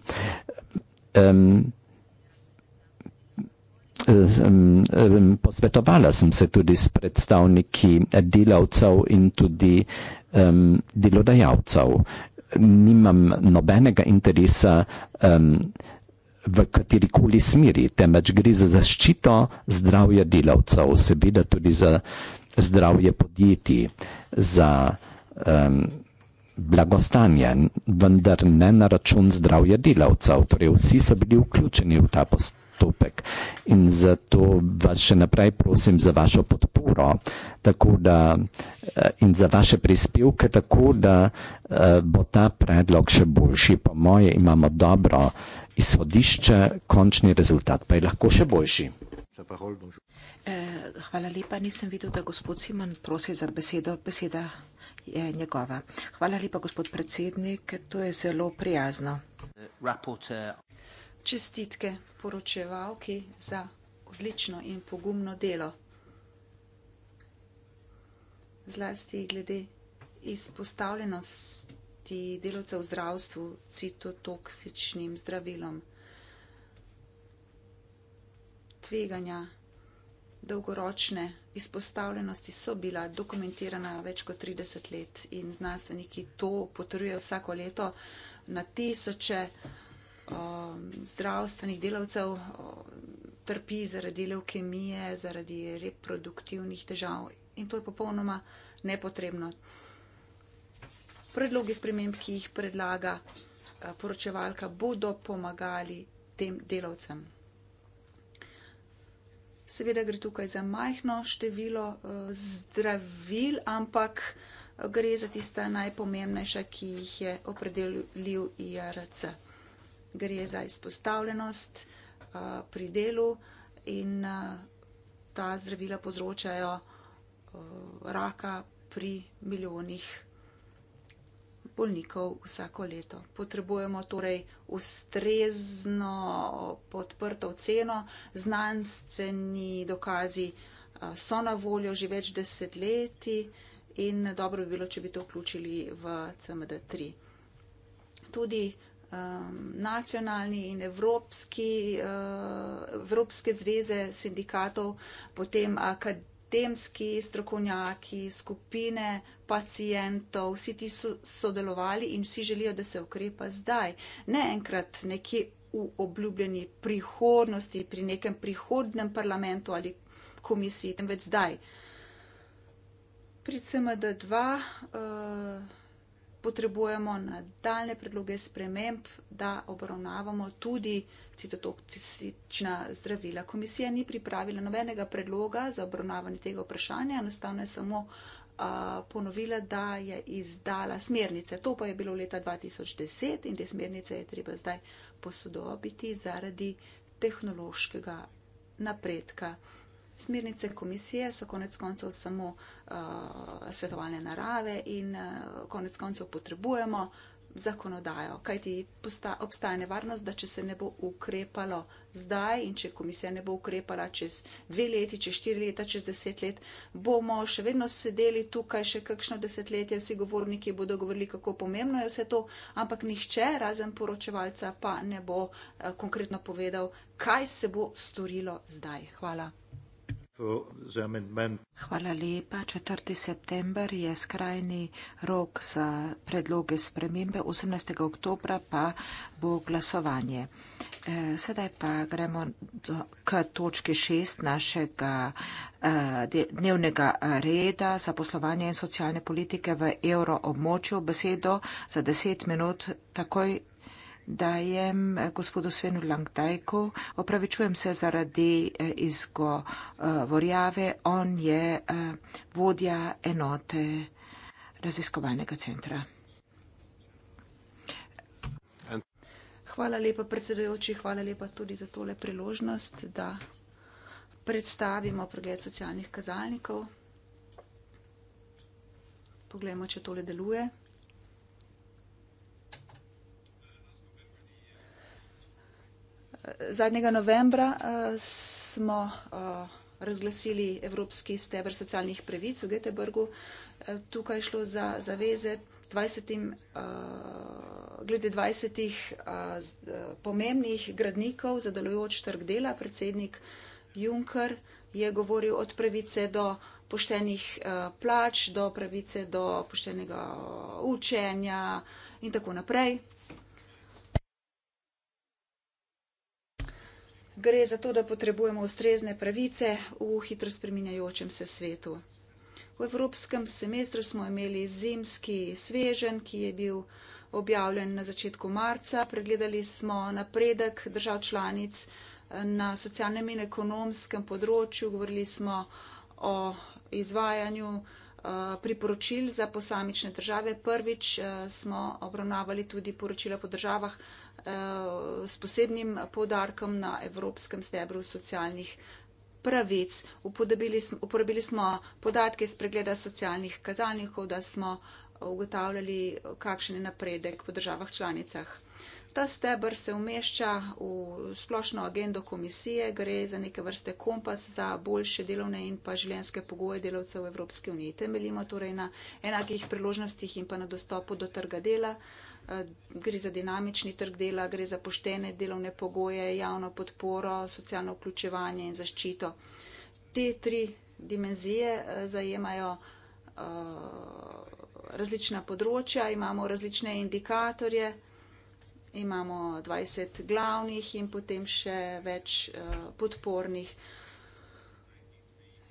Um, posvetovala sem se tudi s predstavniki delavcev in tudi um, delodajalcev. Nimam nobenega interesa um, v katerikoli smeri, temveč gre za zaščito zdravja delavcev, seveda tudi za zdravje podjetij, za um, blagostanje, vendar ne na račun zdravja delavcev. Torej, vsi so bili vključeni v ta postopek postopek. In zato vas še naprej prosim za vašo podporo da, eh, in za vaše prispevke, tako da eh, bo ta predlog še boljši. Po moje imamo dobro izhodišče, končni rezultat pa je lahko še boljši. Eh, hvala lepa, nisem videl, da gospod Simon prosi za besedo. Beseda je njegova. Hvala lepa, gospod predsednik, to je zelo prijazno čestitke poročevalki za odlično in pogumno delo. Zlasti glede izpostavljenosti delavcev v zdravstvu citotoksičnim zdravilom, tveganja dolgoročne izpostavljenosti so bila dokumentirana več kot 30 let in znanstveniki to potrjujejo vsako leto na tisoče. Um, zdravstvenih delavcev um, trpi zaradi leukemije, zaradi reproduktivnih težav in to je popolnoma nepotrebno. Predlogi sprememb, ki jih predlaga uh, poročevalka, bodo pomagali tem delavcem. Seveda gre tukaj za majhno število uh, zdravil, ampak uh, gre za tista najpomembnejša, ki jih je opredelil IRC gre za izpostavljenost uh, pri delu in uh, ta zdravila povzročajo uh, raka pri milijonih bolnikov vsako leto. Potrebujemo torej ustrezno podprto oceno, znanstveni dokazi uh, so na voljo že več desetletij in dobro bi bilo, če bi to vključili v CMD3. Tudi um, nacionalni in evropski, uh, Evropske zveze sindikatov, potem akademski strokovnjaki, skupine pacijentov, vsi ti so sodelovali in vsi želijo, da se ukrepa zdaj. Ne enkrat nekje v obljubljeni prihodnosti, pri nekem prihodnem parlamentu ali komisiji, temveč zdaj. Pri CMD2 uh, potrebujemo nadaljne predloge sprememb, da obravnavamo tudi citotoksična zdravila. Komisija ni pripravila nobenega predloga za obravnavanje tega vprašanja, enostavno je samo a, ponovila, da je izdala smernice. To pa je bilo leta 2010 in te smernice je treba zdaj posodobiti zaradi tehnološkega napredka. Smernice komisije so konec koncev samo uh, svetovalne narave in uh, konec koncev potrebujemo zakonodajo, kajti obstaja nevarnost, da če se ne bo ukrepalo zdaj in če komisija ne bo ukrepala čez dve leti, čez štiri leta, čez deset let, bomo še vedno sedeli tukaj še kakšno desetletje, vsi govorniki bodo govorili, kako pomembno je vse to, ampak nihče razen poročevalca pa ne bo uh, konkretno povedal, kaj se bo storilo zdaj. Hvala. Hvala lepa. 4. september je skrajni rok za predloge spremembe, 18. oktober pa bo glasovanje. Eh, sedaj pa gremo do, k točki 6 našega eh, dnevnega eh, reda za poslovanje in socialne politike v evroobmočju. Besedo za 10 minut takoj dajem eh, gospodu Svenu Langtajku. Opravičujem se zaradi eh, izgovorjave. On je eh, vodja enote raziskovalnega centra. Hvala lepa, predsedojoči. Hvala lepa tudi za tole priložnost, da predstavimo pregled socialnih kazalnikov. Poglejmo, če tole deluje. Zadnjega novembra eh, smo eh, razglasili Evropski stebr socialnih pravic v Göteborgu. Eh, tukaj je šlo za zaveze 20, glede 20 pomembnih gradnikov za delojoč trg dela. Predsednik Juncker je govoril od pravice do poštenih plač, do pravice do poštenega učenja in tako naprej. gre za to, da potrebujemo ustrezne pravice v hitro spreminjajočem se svetu. V Evropskem semestru smo imeli zimski svežen, ki je bil objavljen na začetku marca. Pregledali smo napredek držav članic eh, na socialnem in ekonomskem področju, govorili smo o izvajanju Eh, priporočil za posamične države. Prvič eh, smo obravnavali tudi poročila po državah eh, s posebnim povdarkom na evropskem stebru socialnih pravic. Uporabili smo podatke iz pregleda socialnih kazalnikov, da smo ugotavljali, kakšen je napredek po državah članicah. Ta stebr se umešča v splošno agendo komisije, gre za neke vrste kompas za boljše delovne in pa življenjske pogoje delavcev v Evropski uniji. Temeljimo torej na enakih priložnostih in pa na dostopu do trga dela. Eh, gre za dinamični trg dela, gre za poštene delovne pogoje, javno podporo, socialno vključevanje in zaščito. Te tri dimenzije eh, zajemajo eh, različna področja, imamo različne indikatorje, imamo 20 glavnih in potem še več uh, podpornih.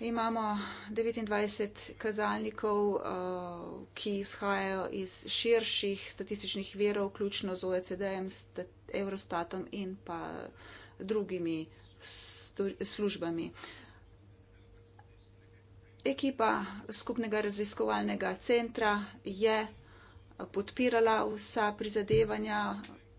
Imamo 29 kazalnikov, uh, ki izhajajo iz širših statističnih verov, vključno z OECD-em, Eurostatom in pa drugimi službami. Ekipa skupnega raziskovalnega centra je podpirala vsa prizadevanja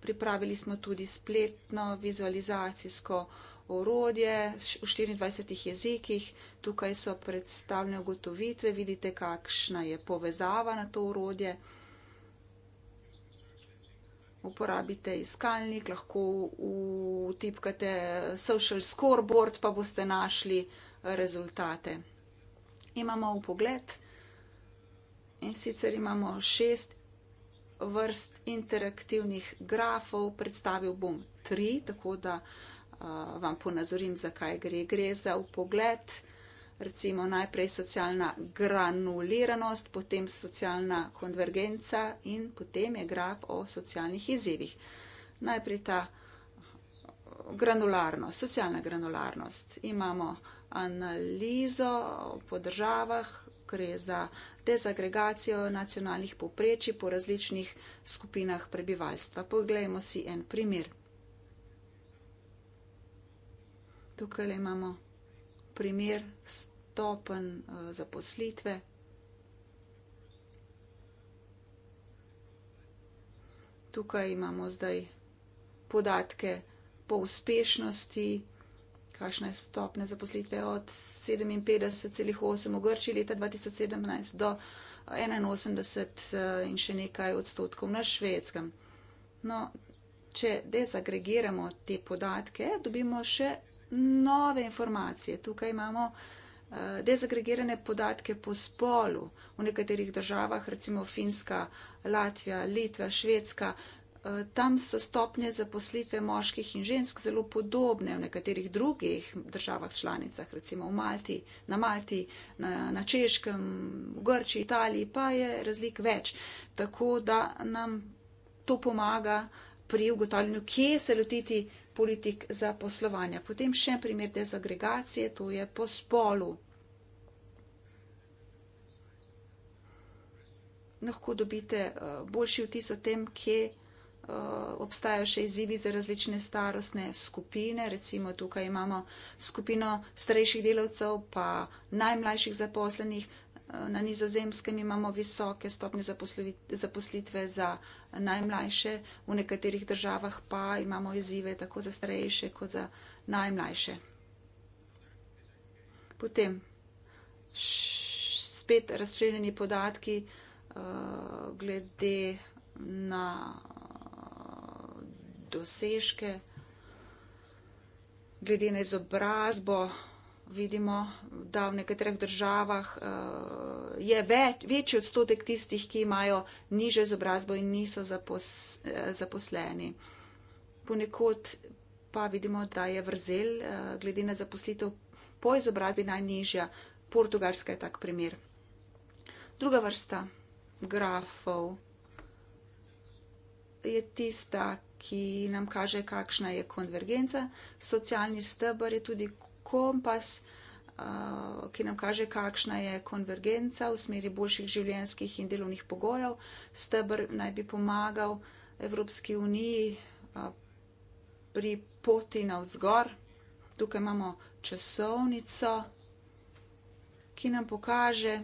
Pripravili smo tudi spletno vizualizacijsko orodje v 24 jezikih. Tukaj so predstavljene ugotovitve, vidite, kakšna je povezava na to orodje. Uporabite iskalnik, lahko vtipkate social scoreboard, pa boste našli rezultate. Imamo v pogled in sicer imamo šest vrst interaktivnih grafov. Predstavil bom tri, tako da vam ponazorim, zakaj gre. Gre za upogled, recimo najprej socialna granuliranost, potem socialna konvergenca in potem je graf o socialnih izzivih. Najprej ta granularnost, socialna granularnost. Imamo analizo po državah, gre za dezagregacijo nacionalnih poprečji po različnih skupinah prebivalstva. Poglejmo si en primer. Tukaj imamo primer stopen eh, zaposlitve. Tukaj imamo zdaj podatke po uspešnosti kakšne stopne zaposlitve od 57,8 v Grčiji leta 2017 do 81 eh, in še nekaj odstotkov na švedskem. No, če dezagregiramo te podatke, dobimo še nove informacije. Tukaj imamo eh, dezagregirane podatke po spolu. V nekaterih državah, recimo Finska, Latvija, Litva, Švedska, Eh, tam so stopnje zaposlitve moških in žensk zelo podobne v nekaterih drugih državah članicah, recimo v Malti, na Malti, na, na Češkem, v Grči, Italiji, pa je razlik več. Tako da nam to pomaga pri ugotavljanju, kje se lotiti politik za poslovanje. Potem še primer dezagregacije, to je po spolu. Lahko dobite eh, boljši vtis o tem, kje je. Eh, obstajajo še izzivi za različne starostne skupine. Recimo tukaj imamo skupino starejših delavcev, pa najmlajših zaposlenih. Eh, na nizozemskem imamo visoke stopnje zaposlitve za najmlajše, v nekaterih državah pa imamo izzive tako za starejše kot za najmlajše. Potem spet razstreljeni podatki uh, glede na dosežke, glede na izobrazbo. Vidimo, da v nekaterih državah uh, je več, večji odstotek tistih, ki imajo niže izobrazbo in niso zapos, uh, zaposleni. Ponekod pa vidimo, da je vrzel uh, glede na zaposlitev po izobrazbi najnižja. Portugalska je tak primer. Druga vrsta grafov je tista, ki nam kaže, kakšna je konvergenca. Socialni stebr je tudi kompas, ki nam kaže, kakšna je konvergenca v smeri boljših življenjskih in delovnih pogojev. Stebr naj bi pomagal Evropski uniji pri poti navzgor. Tukaj imamo časovnico, ki nam pokaže,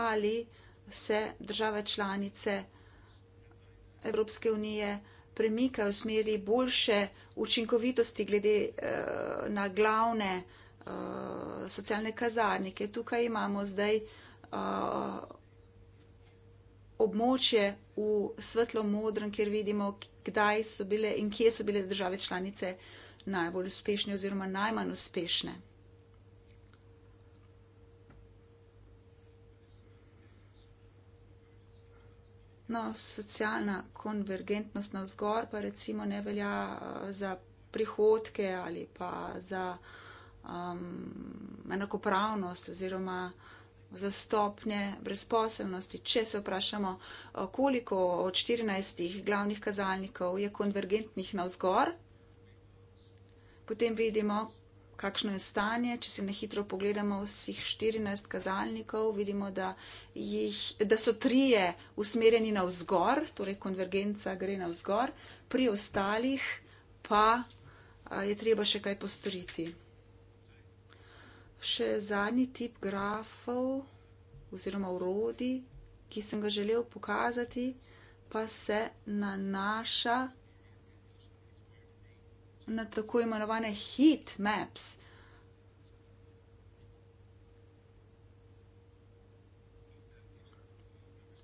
ali se države članice Evropske unije premika v smeri boljše učinkovitosti glede uh, na glavne uh, socialne kazarnike. Tukaj imamo zdaj uh, območje v svetlo-modrem, kjer vidimo, kdaj so bile in kje so bile države članice najbolj uspešne oziroma najmanj uspešne. No, socialna konvergentnost navzgor pa recimo ne velja eh, za prihodke ali pa za um, enakopravnost oziroma za stopnje brezposelnosti. Če se vprašamo, eh, koliko od 14 glavnih kazalnikov je konvergentnih navzgor, potem vidimo, kakšno je stanje. Če si na hitro pogledamo vseh 14 kazalnikov, vidimo, da, jih, da so trije usmerjeni navzgor, torej konvergenca gre navzgor, pri ostalih pa je treba še kaj postoriti. Še zadnji tip grafov oziroma urodi, ki sem ga želel pokazati, pa se nanaša na na tako imenovane heat maps.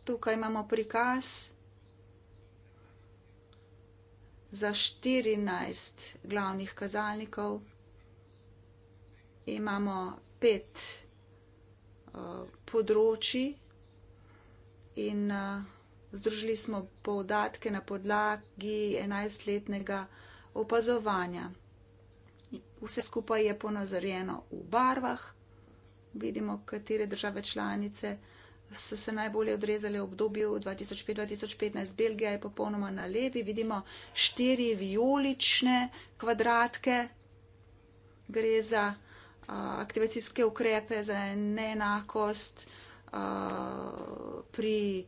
Tukaj imamo prikaz za 14 glavnih kazalnikov. Imamo pet uh, eh, področji in uh, združili smo podatke na podlagi 11-letnega opazovanja. Vse skupaj je ponazorjeno v barvah, vidimo, katere države članice so se najbolje odrezali v obdobju 2005-2015. Belgija je popolnoma na levi, vidimo štiri vijolične kvadratke, gre za a, aktivacijske ukrepe, za neenakost a, pri.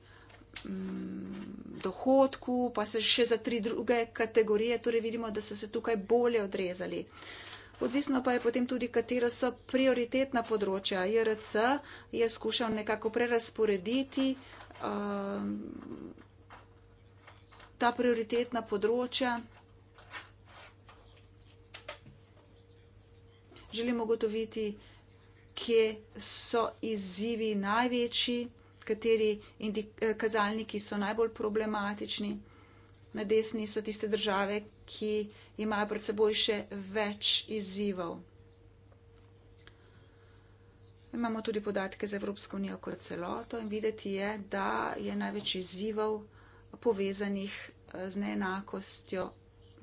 Mm, dohodku, pa se še za tri druge kategorije, torej vidimo, da so se tukaj bolje odrezali. Odvisno pa je potem tudi, katera so prioritetna področja. JRC je skušal nekako prerasporediti um, ta prioritetna področja. Želimo gotoviti, kje so izzivi največji kateri eh, kazalniki so najbolj problematični. Na desni so tiste države, ki imajo pred seboj še več izzivov. Imamo tudi podatke za Evropsko unijo kot celoto in videti je, da je največ izzivov povezanih eh, z neenakostjo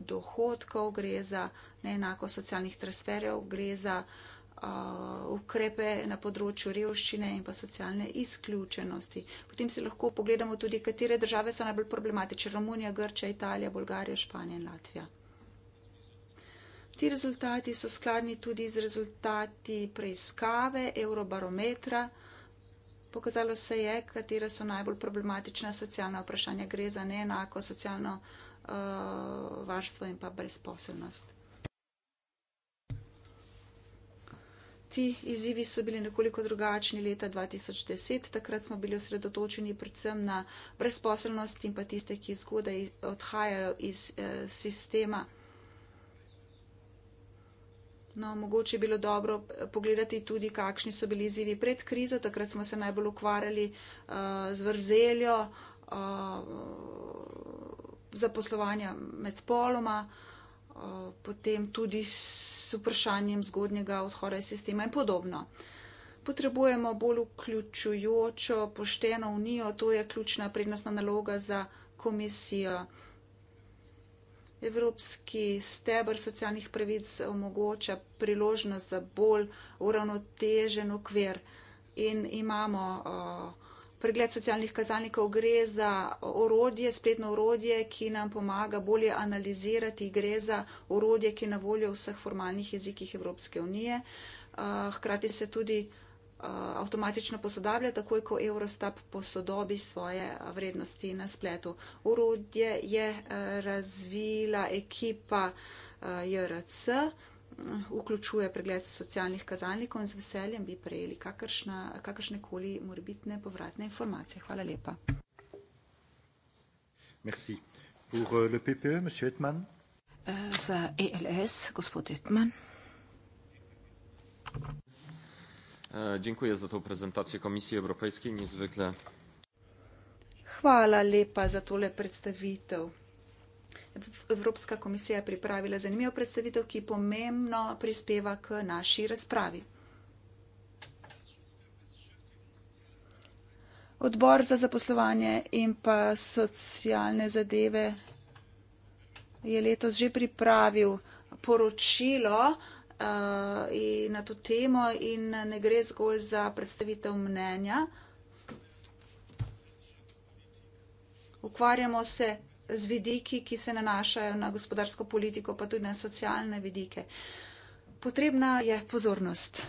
dohodkov, gre za neenakost socialnih transferjev, gre za uh, ukrepe na področju revščine in pa socialne izključenosti. Potem si lahko pogledamo tudi, katere države so najbolj problematične. Romunija, Grča, Italija, Bolgarija, Španija in Latvija. Ti rezultati so skladni tudi z rezultati preiskave Eurobarometra. Pokazalo se je, katere so najbolj problematična socialna vprašanja. Gre za neenako socialno uh, varstvo in pa brezposelnost. ti izzivi so bili nekoliko drugačni leta 2010. Takrat smo bili osredotočeni predvsem na brezposelnost in pa tiste, ki zgodaj odhajajo iz eh, sistema. No, mogoče je bilo dobro eh, pogledati tudi, kakšni so bili izzivi pred krizo. Takrat smo se najbolj ukvarjali uh, z vrzeljo uh, zaposlovanja med spoloma. Uh, potem tudi s vprašanjem zgodnjega odhoda iz sistema in podobno. Potrebujemo bolj vključujočo, pošteno unijo, to je ključna prednostna naloga za komisijo. Evropski stebr socialnih pravic omogoča priložnost za bolj uravnotežen okvir in imamo. Uh, pregled socialnih kazalnikov gre za orodje, spletno orodje, ki nam pomaga bolje analizirati, gre za orodje, ki je na voljo v vseh formalnih jezikih Evropske unije. Eh, hkrati se tudi eh, avtomatično posodablja, takoj ko Eurostat posodobi svoje eh, vrednosti na spletu. Orodje je razvila ekipa JRC vključuje pregled socialnih kazalnikov in z veseljem bi prejeli kakršna, kakršne koli morbitne povratne informacije. Hvala lepa. Merci. Pour euh, le PPE, monsieur Etman. Eh, za ELS, gospod Etman. Eh, dziękuję za tą prezentację Komisji Europejskiej. Niezwykle. Hvala lepa za tole predstavitev. Evropska komisija je pripravila zanimivo predstavitev, ki pomembno prispeva k naši razpravi. Odbor za zaposlovanje in pa socialne zadeve je letos že pripravil poročilo eh, na to temo in ne gre zgolj za predstavitev mnenja. Ukvarjamo se z vidiki, ki se nanašajo na gospodarsko politiko, pa tudi na socialne vidike. Potrebna je pozornost.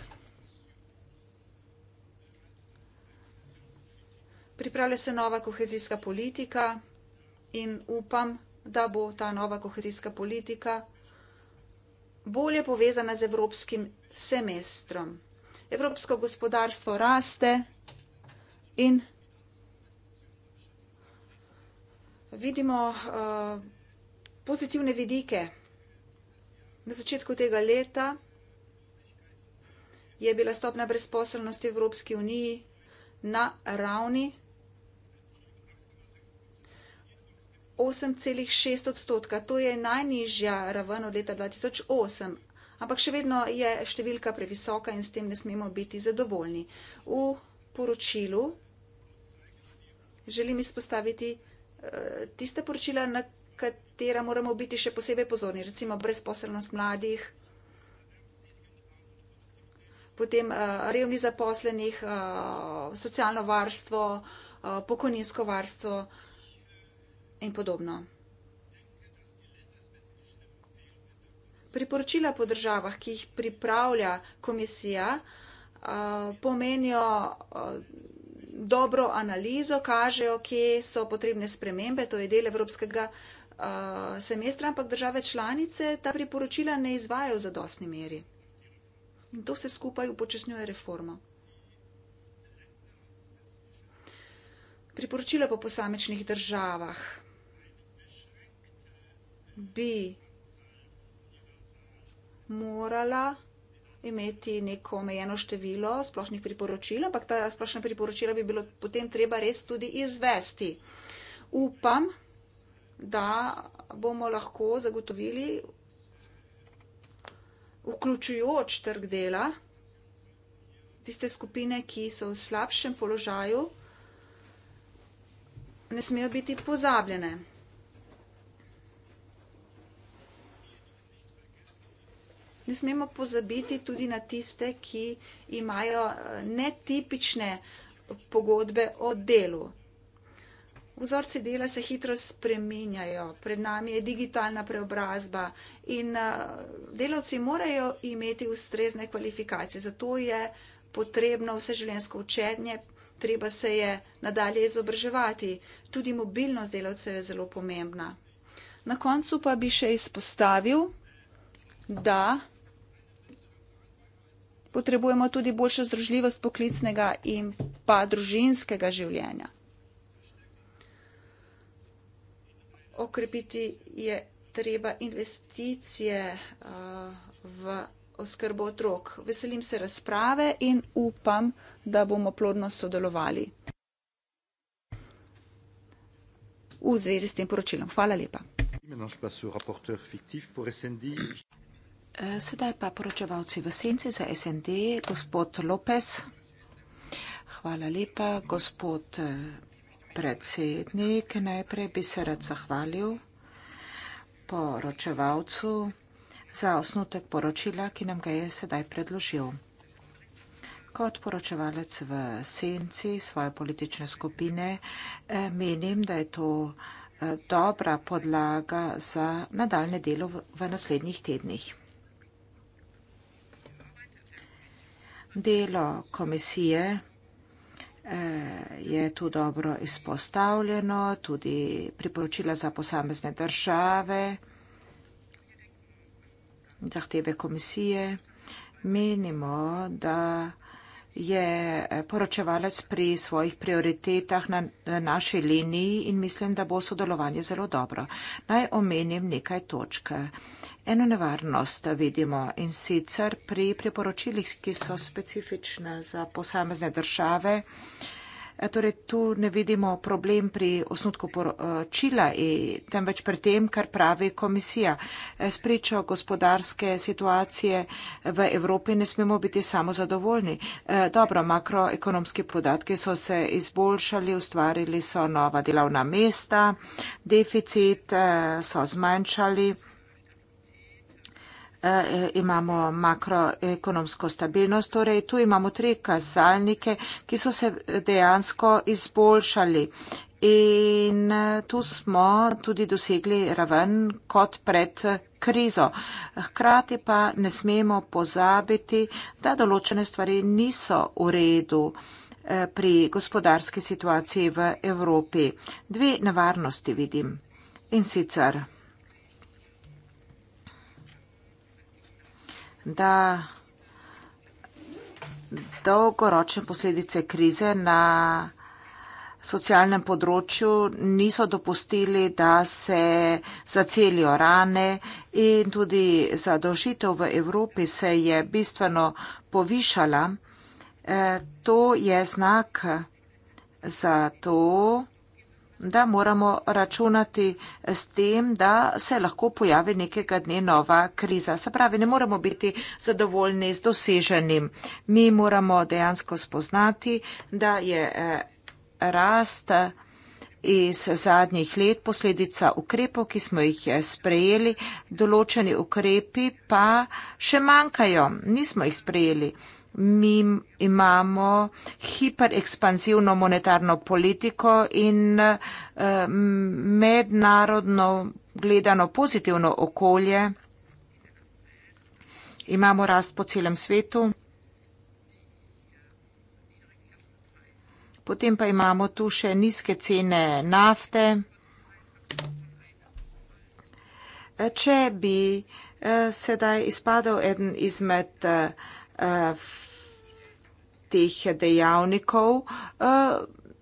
Pripravlja se nova kohezijska politika in upam, da bo ta nova kohezijska politika bolje povezana z evropskim semestrom. Evropsko gospodarstvo raste in vidimo eh, pozitivne vidike. Na začetku tega leta je bila stopna brezposelnosti v Evropski uniji na ravni 8,6 odstotka. To je najnižja raven od leta 2008, ampak še vedno je številka previsoka in s tem ne smemo biti zadovoljni. V poročilu želim izpostaviti, tiste poročila, na katera moramo biti še posebej pozorni, recimo brezposelnost mladih, potem eh, revni zaposlenih, eh, socialno varstvo, eh, pokojninsko varstvo in podobno. Priporočila po državah, ki jih pripravlja komisija, pomenijo dobro analizo kažejo, kje so potrebne spremembe, to je del evropskega uh, semestra, ampak države članice ta priporočila ne izvajo v zadostni meri. In to vse skupaj upočasnjuje reformo. Priporočila po posamečnih državah bi morala imeti neko omejeno število splošnih priporočil, ampak ta splošna priporočila bi bilo potem treba res tudi izvesti. Upam, da bomo lahko zagotovili vključujoč trg dela tiste skupine, ki so v slabšem položaju, ne smejo biti pozabljene. Ne smemo pozabiti tudi na tiste, ki imajo eh, netipične pogodbe o delu. Vzorci dela se hitro spreminjajo, pred nami je digitalna preobrazba in eh, delavci morajo imeti ustrezne kvalifikacije. Zato je potrebno vseživljenjsko učenje, treba se je nadalje izobraževati. Tudi mobilnost delavcev je zelo pomembna. Na koncu pa bi še izpostavil, da potrebujemo tudi boljšo združljivost poklicnega in pa družinskega življenja. Okrepiti je treba investicije uh, v oskrbo otrok. Veselim se razprave in upam, da bomo plodno sodelovali v zvezi s tem poročilom. Hvala lepa. Eh, sedaj pa poročevalci v senci za SND, gospod Lopez. Hvala lepa, gospod eh, predsednik. Najprej bi se rad zahvalil poročevalcu za osnutek poročila, ki nam ga je sedaj predložil. Kot poročevalec v senci svoje politične skupine eh, menim, da je to dobra podlaga za nadaljne delo v naslednjih tednih. Delo komisije eh, je tu dobro izpostavljeno, tudi priporočila za posamezne države, zahteve komisije. Menimo, da je eh, poročevalec pri svojih prioritetah na naši liniji in mislim, da bo sodelovanje zelo dobro. Naj omenim nekaj točk. Eno nevarnost vidimo in sicer pri priporočilih, ki so specifične za posamezne države. E, torej, tu ne vidimo problem pri osnutku poročila, e, temveč pri tem, kar pravi komisija. E, Spričo gospodarske situacije v Evropi ne smemo biti samo zadovoljni. Dobro, makroekonomski podatki so se izboljšali, ustvarili so nova delavna mesta, deficit so zmanjšali. Eh, imamo makroekonomsko stabilnost. Torej, tu imamo tri kazalnike, ki so se dejansko izboljšali. In eh, tu smo tudi dosegli raven kot pred eh, krizo. Hkrati pa ne smemo pozabiti, da določene stvari niso v redu pri gospodarski situaciji v Evropi. Dve nevarnosti vidim. In sicer. da dolgoročne posledice krize na socialnem področju niso dopustili, da se zacelijo rane in tudi zadolžitev v Evropi se je bistveno povišala. Eh, to je znak za to, da moramo računati s tem, da se lahko pojavi nekega dne nova kriza. Se pravi, ne moramo biti zadovoljni z doseženim. Mi moramo dejansko spoznati, da je eh, rast eh, iz zadnjih let posledica ukrepov, ki smo jih eh, sprejeli, določeni ukrepi pa še manjkajo, nismo jih sprejeli mi imamo hiperekspanzivno monetarno politiko in eh, mednarodno gledano pozitivno okolje. Imamo rast po celem svetu. Potem pa imamo tu še nizke cene nafte. Če bi eh, sedaj izpadel eden izmed nafte, eh, Eh, teh dejavnikov, eh,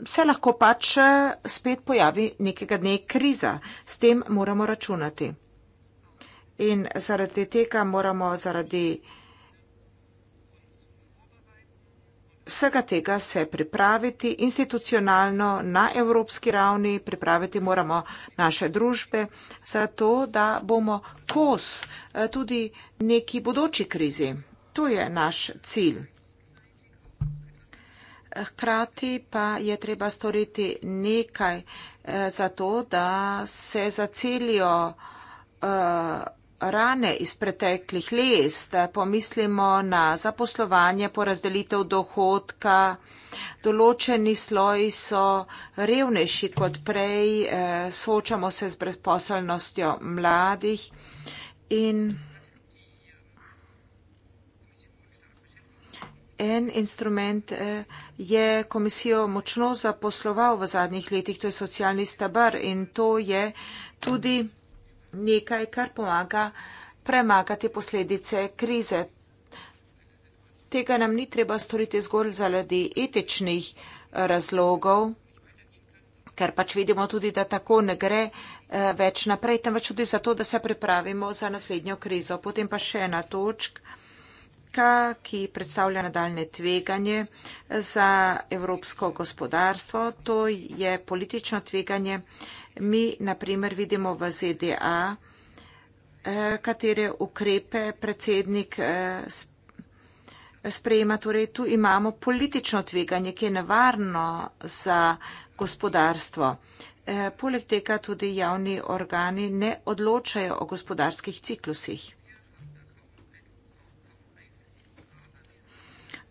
se lahko pač eh, spet pojavi nekega dne kriza. S tem moramo računati. In zaradi tega moramo zaradi vsega tega se pripraviti institucionalno na evropski ravni, pripraviti moramo naše družbe za to, da bomo kos tudi neki bodoči krizi. To je naš cilj. Hkrati pa je treba storiti nekaj eh, za to, da se zacelijo eh, rane iz preteklih les, da pomislimo na zaposlovanje, porazdelitev dohodka. Določeni sloji so revnejši kot prej, eh, soočamo se z brezposelnostjo mladih in mladih. En instrument eh, je komisijo močno zaposloval v zadnjih letih, to je socialni stabar in to je tudi nekaj, kar pomaga premagati posledice krize. Tega nam ni treba storiti zgolj zaradi etičnih eh, razlogov, ker pač vidimo tudi, da tako ne gre eh, več naprej, temveč tudi zato, da se pripravimo za naslednjo krizo. Potem pa še ena točka razlika, ki predstavlja nadaljne tveganje za evropsko gospodarstvo, to je politično tveganje. Mi naprimer vidimo v ZDA, eh, katere ukrepe predsednik eh, sprejema. Torej, tu imamo politično tveganje, ki je nevarno za gospodarstvo. Eh, poleg tega tudi javni organi ne odločajo o gospodarskih ciklusih.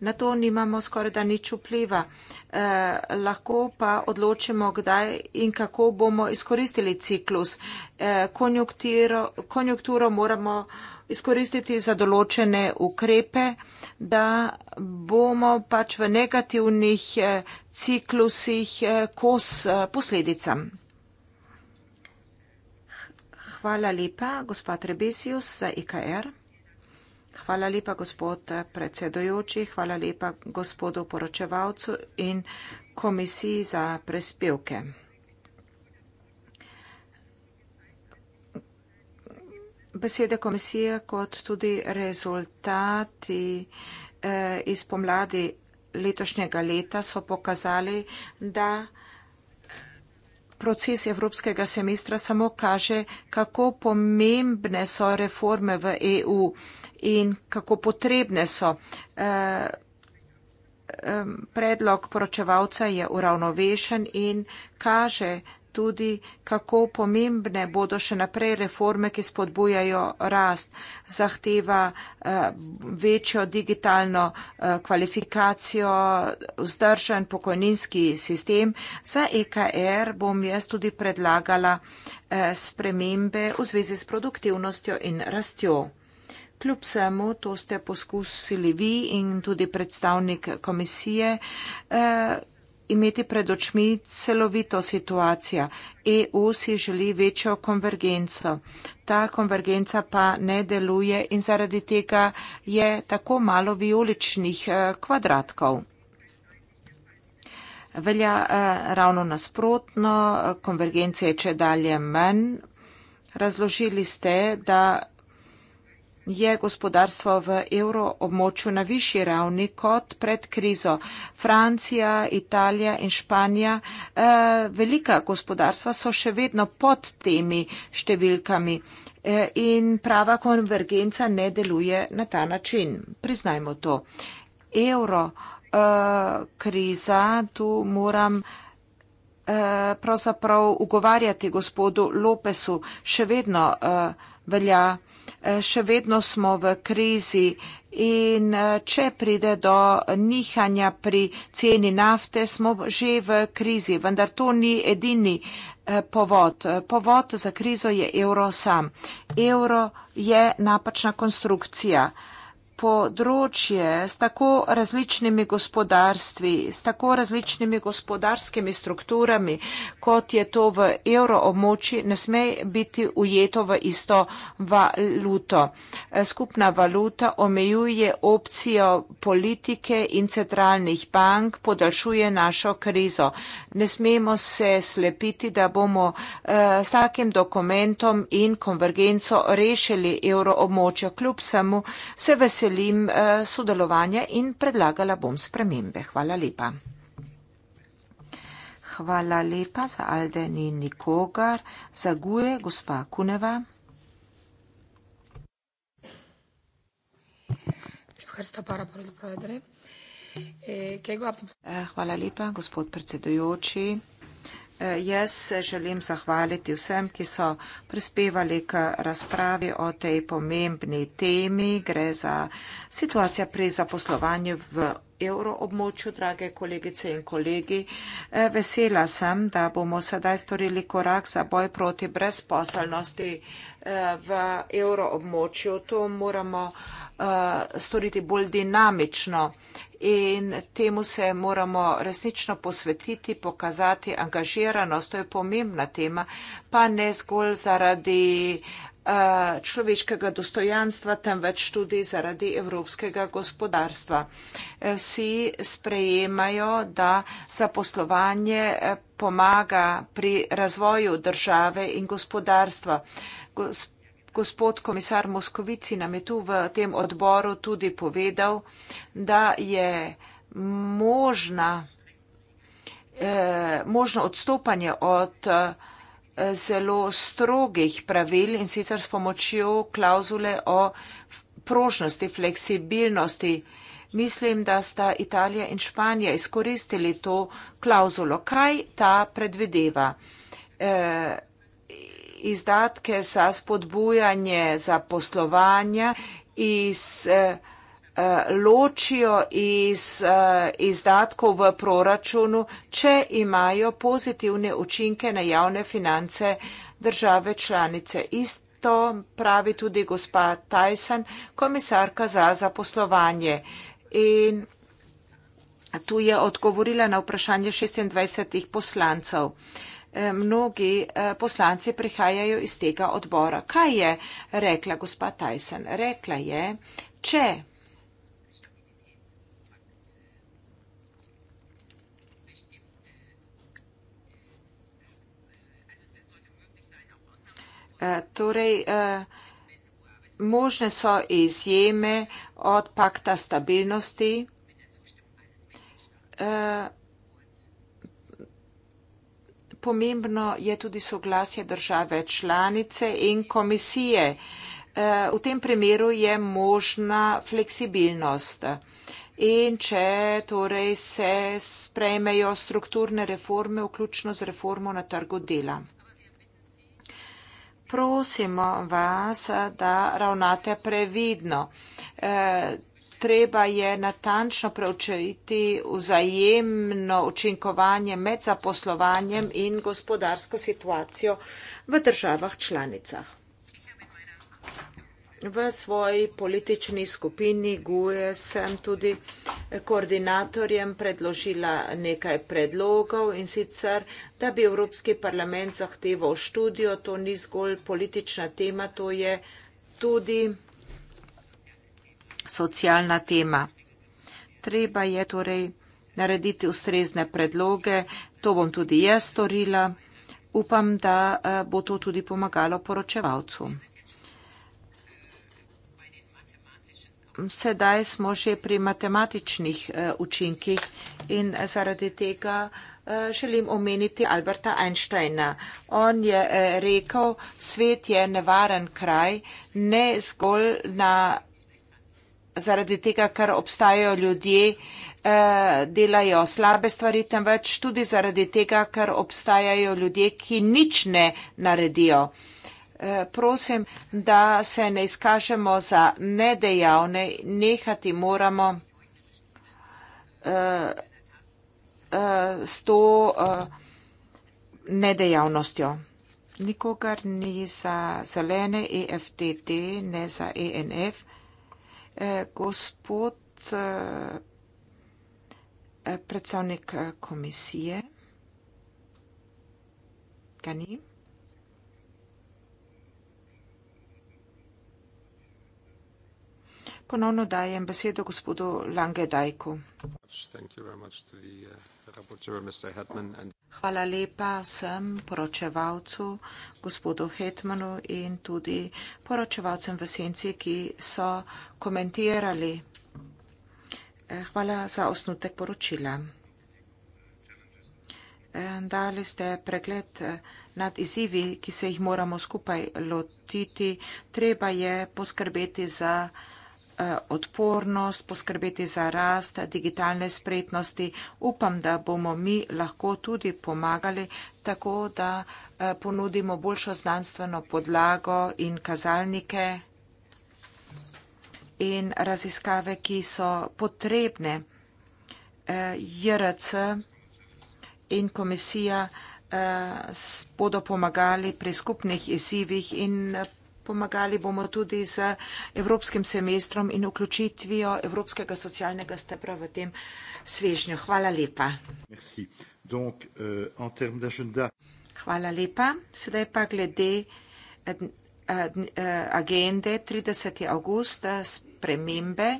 na to nimamo skoraj da nič vpliva. Eh, lahko pa odločimo, kdaj in kako bomo izkoristili ciklus. Eh, konjunkturo, konjunkturo moramo izkoristiti za določene ukrepe, da bomo pač v negativnih eh, ciklusih eh, kos eh, posledicam. Hvala lepa, gospod Rebesius za IKR. E Hvala lepa, gospod predsedojoči, hvala lepa gospodu poročevalcu in komisiji za prespevke. Besede komisije kot tudi rezultati eh, iz pomladi letošnjega leta so pokazali, da proces evropskega semestra samo kaže, kako pomembne so reforme v EU. Eh, in kako potrebne so. Eh, predlog poročevalca je uravnovešen in kaže tudi, kako pomembne bodo še naprej reforme, ki spodbujajo rast, zahteva eh, večjo digitalno eh, kvalifikacijo, vzdržen pokojninski sistem. Za EKR bom jaz tudi predlagala spremembe v zvezi s produktivnostjo in rastjo. Kljub vsemu, to ste poskusili vi in tudi predstavnik komisije eh, imeti pred očmi celovito situacijo. EU si želi večjo konvergenco. Ta konvergenca pa ne deluje in zaradi tega je tako malo vijoličnih eh, kvadratkov. Velja eh, ravno nasprotno, konvergencije če dalje manj. Razložili ste, da je gospodarstvo v evroobmočju na višji ravni kot pred krizo. Francija, Italija in Španija, eh, velika gospodarstva so še vedno pod temi številkami eh, in prava konvergenca ne deluje na ta način. Priznajmo to. Evro eh, kriza, tu moram pravzaprav ugovarjati gospodu Lopesu, še vedno velja Eh, še vedno smo v krizi. In eh, če pride do nihanja pri ceni nafte, smo že v krizi, vendar to ni edini eh, povod. Povod za krizo je evro sam. Evro je napačna konstrukcija področje s tako različnimi gospodarstvi, s tako različnimi gospodarskimi strukturami, kot je to v evroobmočju, ne sme biti ujeto v isto valuto. Skupna valuta omejuje opcijo politike in centralnih bank, podaljšuje našo krizo. Ne smemo se slepiti, da bomo eh, s takim dokumentom in konvergenco rešili evroobmočjo. Kljub samo se veselimo, veselim eh, sodelovanja in predlagala bom spremembe. Hvala lepa. Hvala lepa za Alde ni nikogar, za Guje, gospa Kuneva. Hvala lepa, gospod predsedujoči. Jaz se želim zahvaliti vsem, ki so prispevali k razpravi o tej pomembni temi. Gre za situacijo pri zaposlovanju v evroobmočju, drage kolegice in kolegi. Eh, vesela sem, da bomo sedaj storili korak za boj proti brezposelnosti eh, v evroobmočju. To moramo eh, storiti bolj dinamično in temu se moramo resnično posvetiti, pokazati angažiranost. To je pomembna tema, pa ne zgolj zaradi eh, človeškega dostojanstva, temveč tudi zaradi evropskega gospodarstva. Vsi sprejemajo, da zaposlovanje eh, pomaga pri razvoju države in gospodarstva. Gospod gospod komisar Moskovici nam je tu v tem odboru tudi povedal, da je možna, eh, možno odstopanje od eh, zelo strogih pravil in sicer s pomočjo klauzule o prožnosti, fleksibilnosti. Mislim, da sta Italija in Španija izkoristili to klauzulo. Kaj ta predvideva? Eh, izdatke za spodbujanje zaposlovanja iz, eh, eh, ločijo iz eh, izdatkov v proračunu, če imajo pozitivne učinke na javne finance države članice. Isto pravi tudi gospa Tyson, komisarka za zaposlovanje. In tu je odgovorila na vprašanje 26 poslancev. Eh, mnogi eh, poslanci prihajajo iz tega odbora. Kaj je rekla gospa Tyson? Rekla je, če eh, Torej, možne so izjeme od pakta stabilnosti, pomembno je tudi soglasje države članice in komisije. Eh, v tem primeru je možna fleksibilnost. In če torej se sprejmejo strukturne reforme, vključno z reformo na trgu dela. Prosimo vas, da ravnate previdno. Eh, treba je natančno preučiti vzajemno učinkovanje med zaposlovanjem in gospodarsko situacijo v državah članicah. V svoji politični skupini GUE sem tudi koordinatorjem predložila nekaj predlogov in sicer, da bi Evropski parlament zahteval študijo, to ni zgolj politična tema, to je tudi predlog, socialna tema. Treba je torej narediti ustrezne predloge, to bom tudi jaz storila. Upam, da eh, bo to tudi pomagalo poročevalcu. Sedaj smo že pri matematičnih eh, učinkih in zaradi tega eh, želim omeniti Alberta Einsteina. On je rekel, svet je nevaren kraj, ne zgolj na zaradi tega, ker obstajajo ljudje, eh, delajo slabe stvari, temveč tudi zaradi tega, ker obstajajo ljudje, ki nič ne naredijo. Eh, prosim, da se ne izkažemo za nedejavne, nehati moramo eh, s to nedejavnostjo. Nikogar ni za zelene EFTT, ne za ENF. Eh, gospod eh, eh, predstavnik komisije. Ga ni. Ponovno dajem besedo gospodu Lange Dajku. Hvala lepa vsem poročevalcu, gospodu Hetmanu in tudi poročevalcem v senci, ki so komentirali. Eh, hvala za osnutek poročila. Eh, dali ste pregled eh, nad izzivi, ki se jih moramo skupaj lotiti. Treba je poskrbeti za. Eh, odpornost, poskrbeti za rast digitalne spretnosti. Upam, da bomo mi lahko tudi pomagali tako, da eh, ponudimo boljšo znanstveno podlago in kazalnike in raziskave, ki so potrebne. Eh, JRC in komisija bodo pomagali pri skupnih izzivih in pomagali bomo tudi z evropskim semestrom in vključitvijo evropskega socialnega stebra v tem svežnju. Hvala lepa. Donc, uh, Hvala lepa. Sedaj pa glede eh, eh, eh, agende 30. august spremembe.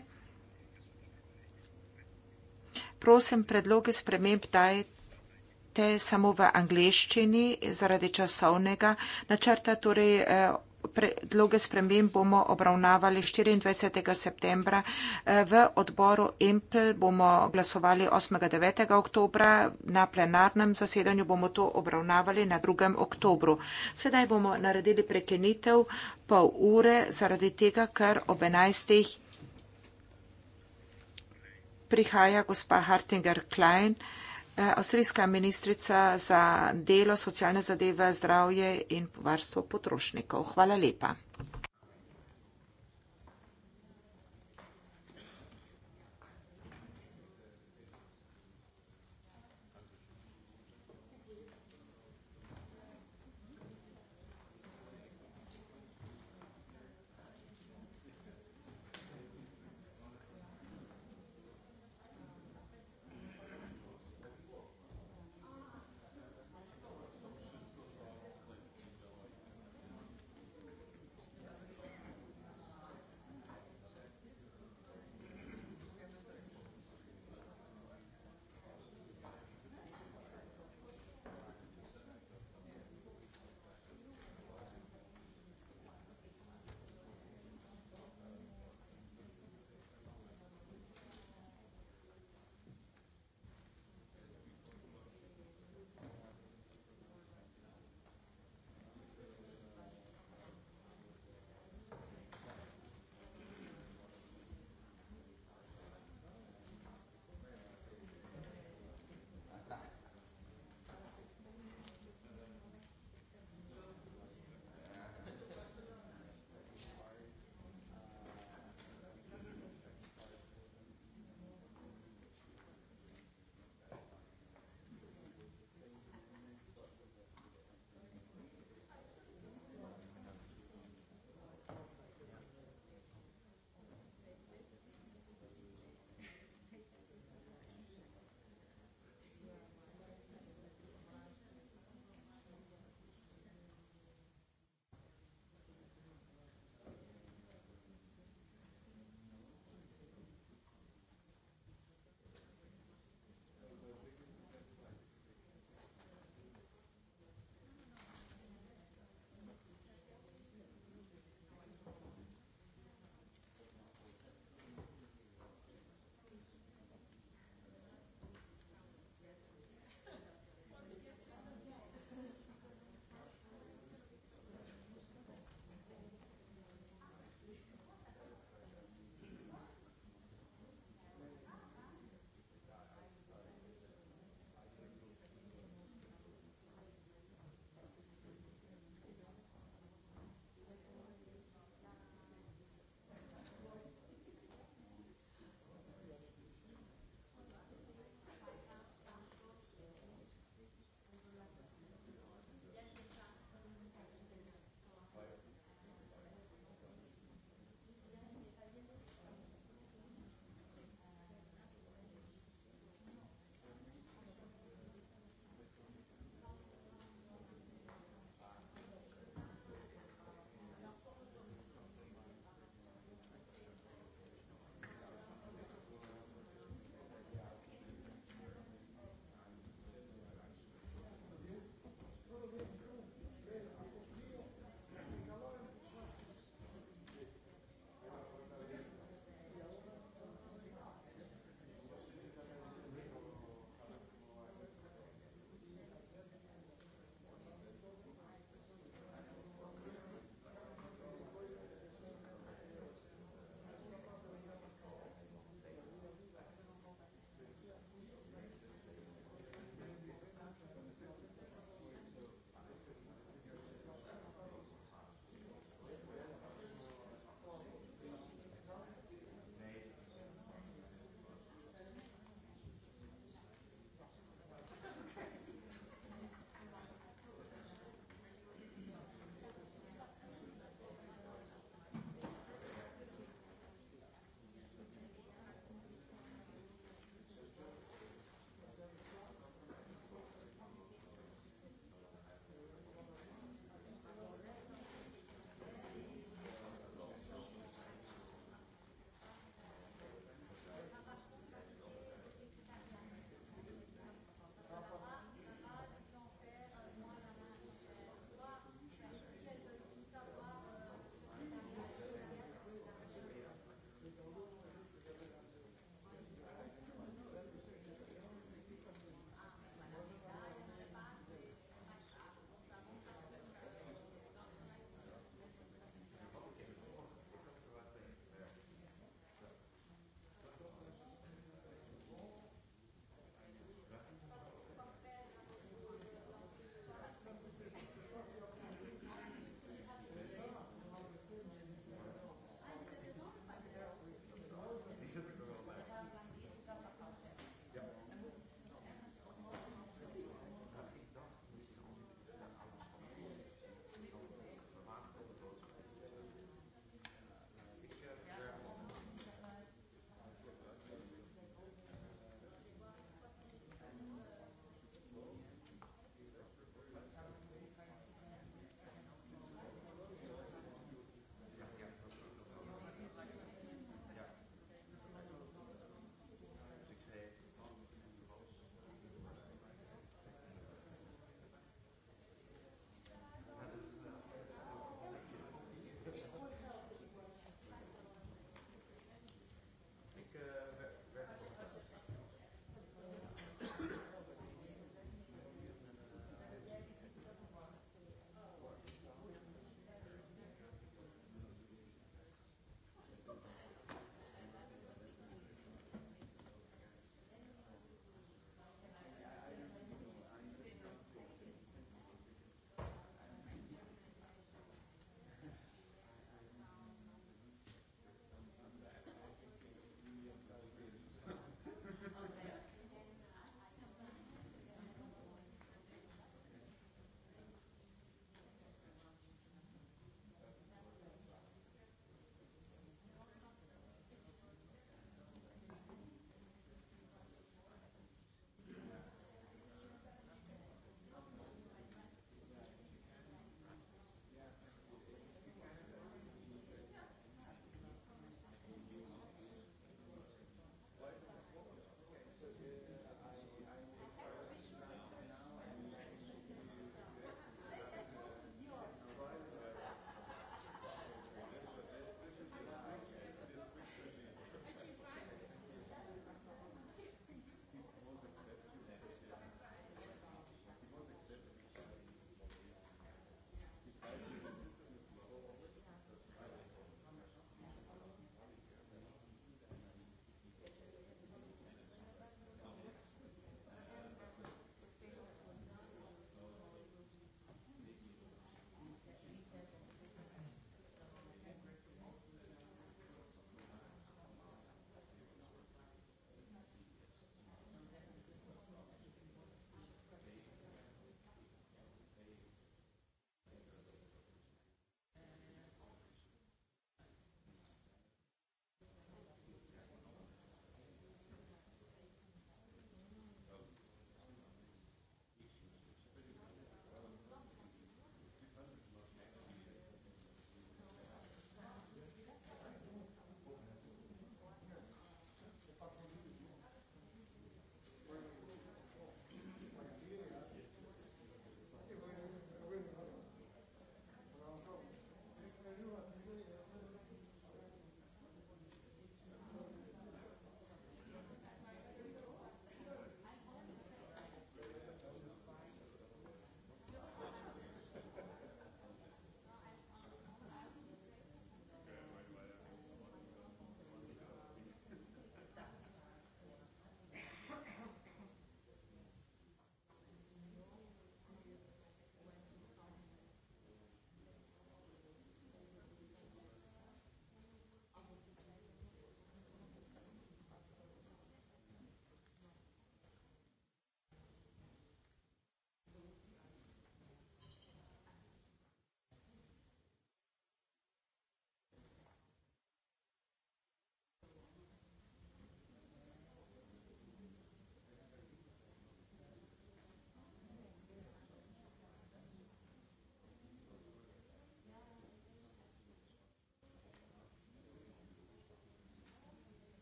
Prosim, predloge sprememb dajte samo v angleščini zaradi časovnega načrta, torej predloge spremem bomo obravnavali 24. septembra eh, v odboru Empel, bomo glasovali 8. 9. oktobra, na plenarnem zasedanju bomo to obravnavali na 2. oktobru. Sedaj bomo naredili prekinitev pol ure zaradi tega, ker ob 11. prihaja gospa Hartinger Klein. Eh, avstrijska ministrica za delo, socialne zadeve, zdravje in varstvo potrošnikov. Hvala lepa.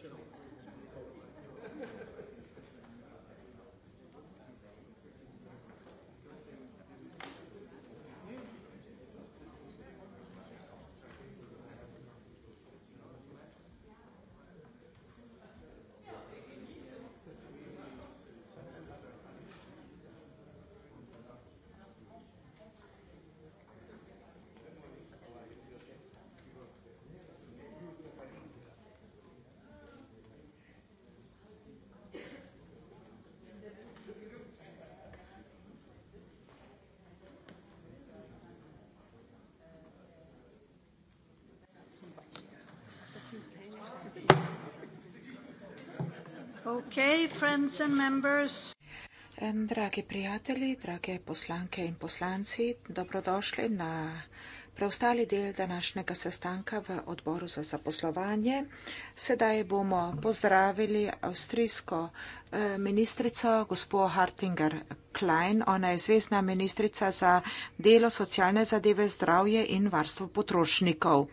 Sure. Okay, friends and members. Dragi prijatelji, drage poslanke in poslanci, dobrodošli na preostali del današnjega sestanka v odboru za zaposlovanje. Sedaj bomo pozdravili avstrijsko eh, ministrico, gospod Hartinger Klein. Ona je zvezdna ministrica za delo, socialne zadeve, zdravje in varstvo potrošnikov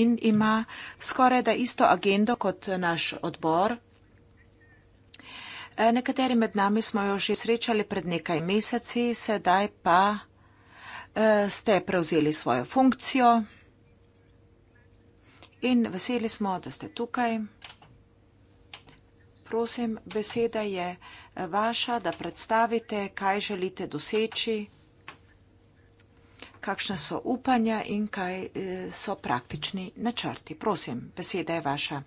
in ima skoraj da isto agendo kot naš odbor. Eh, nekateri med nami smo jo že srečali pred nekaj meseci, sedaj pa eh, ste prevzeli svojo funkcijo in veseli smo, da ste tukaj. Prosim, beseda je eh, vaša, da predstavite, kaj želite doseči kakšne so upanja in kaj eh, so praktični načrti. Prosim, beseda je vaša.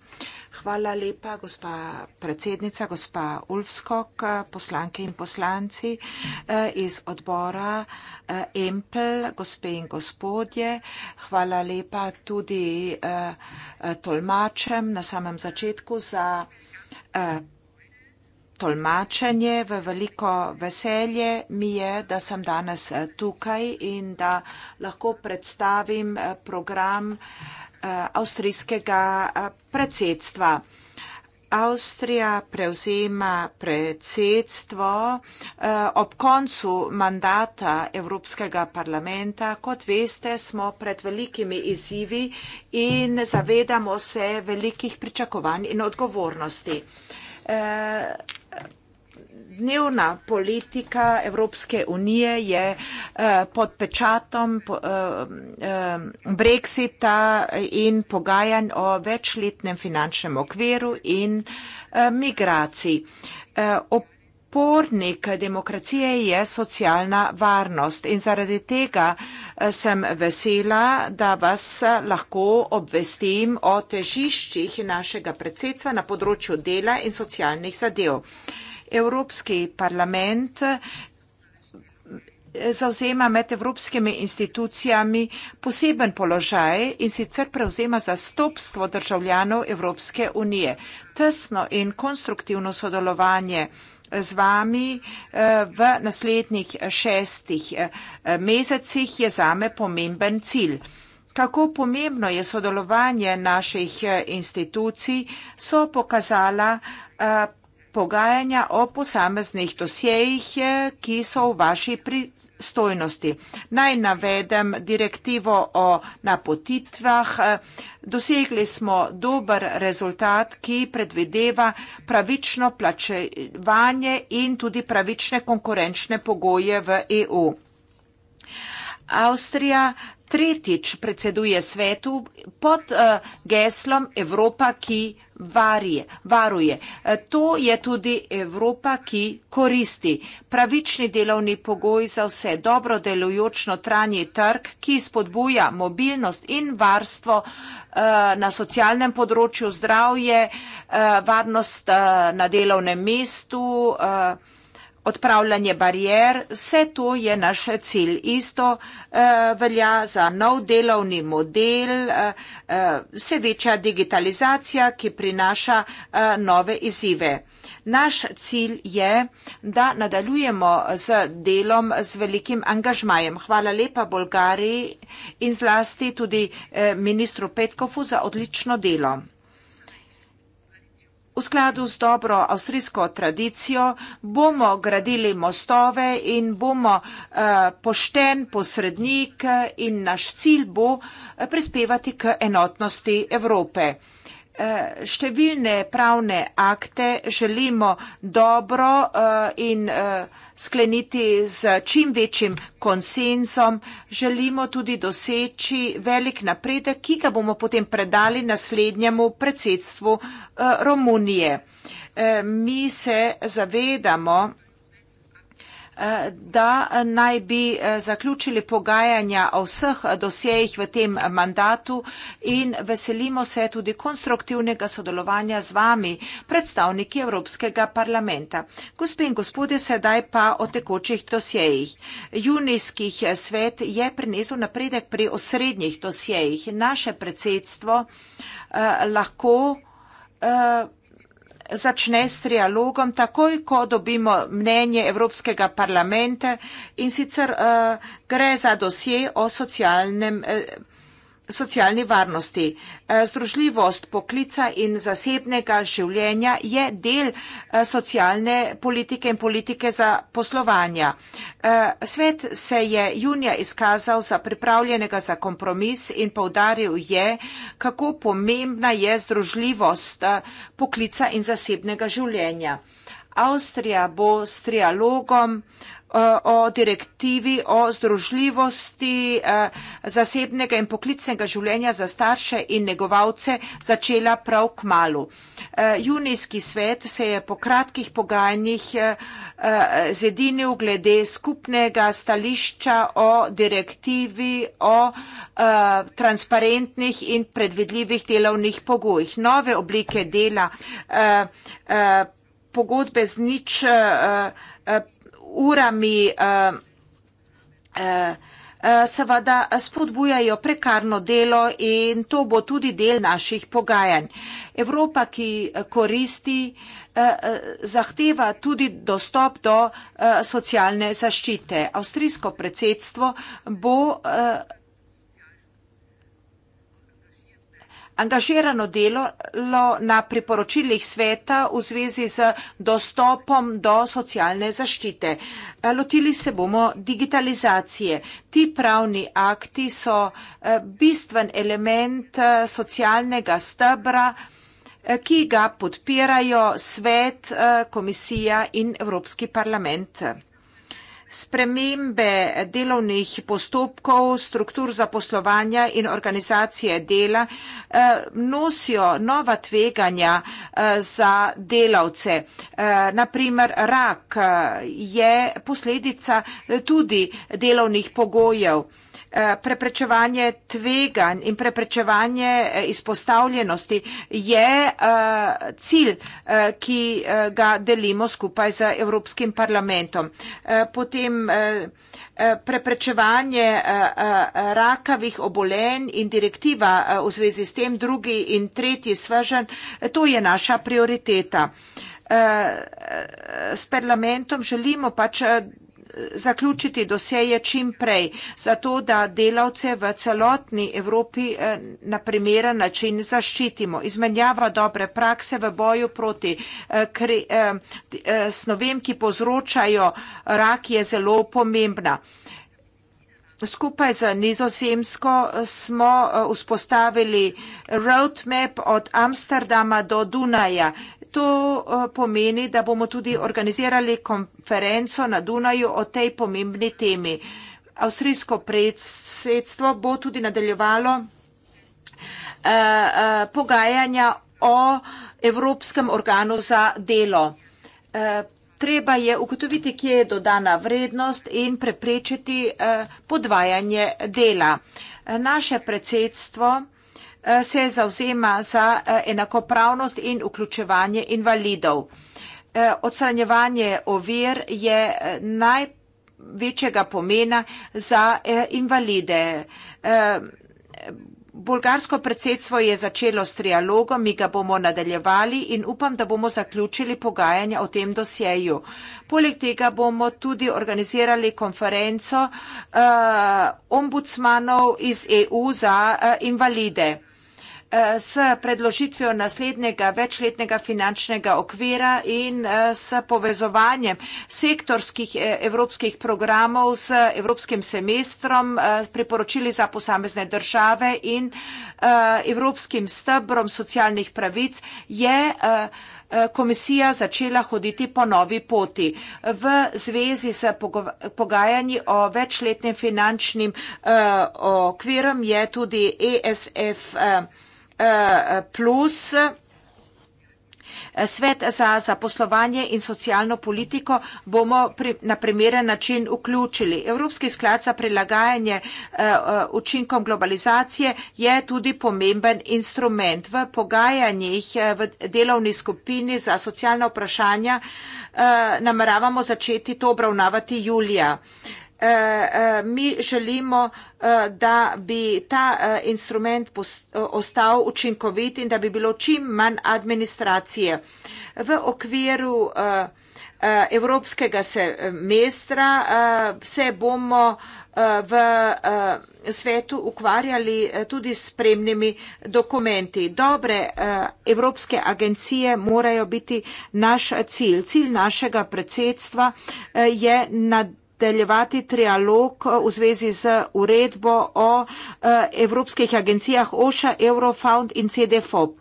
Hvala lepa, gospa predsednica, gospa Ulfskog, poslanke in poslanci eh, iz odbora eh, Empel, gospe in gospodje. Hvala lepa tudi tolmačem na samem začetku za tolmačenje, v veliko veselje mi je, da sem danes eh, tukaj in da lahko predstavim eh, program eh, avstrijskega predsedstva. Avstrija prevzema predsedstvo ob koncu mandata Evropskega parlamenta. Kot veste, smo pred velikimi izzivi in zavedamo se velikih pričakovanj in odgovornosti vsakodnevna politika Evropske unije je eh, pod pečatom eh, eh, Brexita in pogajanj o večletnem finančnem okviru in migraciji. Opornik demokracije je socialna varnost in zaradi tega sem vesela, da vas lahko obvestim o težiščih našega predsedstva na področju dela in socialnih zadev. Evropski parlament eh, zauzema med evropskimi institucijami poseben položaj in sicer prevzema zastopstvo državljanov Evropske unije. Tesno in konstruktivno sodelovanje z vami eh, v naslednjih šestih eh, mesecih je zame pomemben cilj. Kako pomembno je sodelovanje naših institucij, so pokazala pogajanja o posameznih dosjejih, eh, ki so v vaši pristojnosti. Naj navedem direktivo o napotitvah. Eh, dosegli smo dober rezultat, ki predvideva pravično plačevanje in tudi pravične konkurenčne pogoje v EU. Avstrija tretjič predseduje svetu pod eh, geslom Evropa, ki varje, varuje. E, to je tudi Evropa, ki koristi pravični delovni pogoj za vse, dobro delujoč notranji trg, ki spodbuja mobilnost in varstvo e, na socialnem področju, zdravje, e, varnost na delovnem mestu, odpravljanje barijer, vse to je naš cilj. Isto eh, velja za nov delovni model, eh, eh, vse večja digitalizacija, ki prinaša eh, nove izzive. Naš cilj je, da nadaljujemo z delom, z velikim angažmajem. Hvala lepa Bolgariji in zlasti tudi eh, ministru Petkovu za odlično delo. V skladu z dobro avstrijsko tradicijo bomo gradili mostove in bomo eh, pošten posrednik in naš cilj bo eh, prispevati k enotnosti Evrope. Eh, številne pravne akte želimo dobro in različno skleniti z čim večjim konsensom, želimo tudi doseči velik napredek, ki ga bomo potem predali naslednjemu predsedstvu eh, Romunije. Eh, mi se zavedamo, da naj bi eh, zaključili pogajanja o vseh dosjejih v tem mandatu in veselimo se tudi konstruktivnega sodelovanja z vami, predstavniki Evropskega parlamenta. Gospe in gospode, sedaj pa o tekočih dosjejih. Junijski eh, svet je prinesel napredek pri osrednjih dosjejih. Naše predsedstvo eh, lahko eh, začne s trialogom, takoj ko dobimo mnenje Evropskega parlamenta in sicer uh, gre za dosje o socialnem. Uh, socialni varnosti. Eh, združljivost poklica in zasebnega življenja je del eh, socialne politike in politike za poslovanja. Eh, svet se je junija izkazal za pripravljenega za kompromis in povdaril je, kako pomembna je združljivost poklica in zasebnega življenja. Avstrija bo s trialogom Eh, o direktivi o združljivosti eh, zasebnega in poklicnega življenja za starše in negovalce začela prav k malu. Eh, junijski svet se je po kratkih pogajanjih zedinil glede skupnega stališča o direktivi o transparentnih in predvidljivih delovnih pogojih. Nove oblike dela pogodbe z nič urami eh, eh, eh, seveda spodbujajo prekarno delo in to bo tudi del naših pogajanj. Evropa, ki koristi, zahteva tudi dostop do socialne zaščite. Avstrijsko predsedstvo bo angažirano delo na priporočilih sveta v zvezi z dostopom do socialne zaščite. Eh, lotili se bomo digitalizacije. Ti pravni akti so eh, bistven element eh, socialnega stebra, ki ga podpirajo svet, komisija in Evropski parlament spremembe delovnih postopkov, struktur zaposlovanja in organizacije dela eh, nosijo nova tveganja eh, za delavce. Eh, Naprimer, rak je posledica tudi delovnih pogojev preprečevanje tveganj in preprečevanje eh, izpostavljenosti je eh, cilj, eh, ki ga delimo skupaj z Evropskim parlamentom. Potem preprečevanje rakavih obolenj in direktiva v zvezi s tem drugi in tretji svežen, to je naša prioriteta. S parlamentom želimo pač delimo zaključiti doseje čim prej, zato da delavce v celotni Evropi eh, na primeren način zaščitimo. Izmenjava dobre prakse v boju proti eh, eh, snovem, ki povzročajo rak, je zelo pomembna. Skupaj z nizozemsko smo vzpostavili roadmap od Amsterdama do Dunaja to eh, pomeni, da bomo tudi organizirali konferenco na Dunaju o tej pomembni temi. Avstrijsko predsedstvo bo tudi nadaljevalo eh, eh, pogajanja o Evropskem organu za delo. Treba je ugotoviti, kje je dodana vrednost in preprečiti podvajanje dela. Naše predsedstvo Eh, se zauzema za eh, enakopravnost in vključevanje invalidov. Eh, odstranjevanje ovir je največjega pomena za invalide. Bolgarsko predsedstvo je začelo s trialogom, mi ga bomo nadaljevali in upam, da bomo zaključili pogajanja o tem dosjeju. Poleg tega bomo tudi organizirali konferenco uh, ombudsmanov iz EU za uh, invalide. Eh, s predložitvijo naslednjega večletnega finančnega okvira in eh, s povezovanjem sektorskih eh, evropskih programov s evropskim semestrom, priporočili za posamezne države in evropskim stebrom socialnih pravic je komisija začela hoditi po novi poti. V zvezi s pogajanji o večletnim finančnim okvirom je tudi ESF uh, plus svet za zaposlovanje in socialno politiko bomo pri, na primeren način vključili. Evropski sklad za prilagajanje uh, učinkom globalizacije je tudi pomemben instrument. V pogajanjih uh, v delovni skupini za socialna vprašanja uh, nameravamo začeti to obravnavati julija. Uh, Eh, eh, mi želimo, eh, da bi ta instrument ostal učinkovit in da bi bilo čim manj administracije. V okviru Evropskega semestra se bomo v svetu ukvarjali tudi s spremnimi dokumenti. Dobre evropske agencije morajo biti naš cilj. Cilj našega predsedstva je nad nadaljevati trialog eh, v zvezi z uredbo o eh, evropskih agencijah OŠA, Eurofound in CDFOP.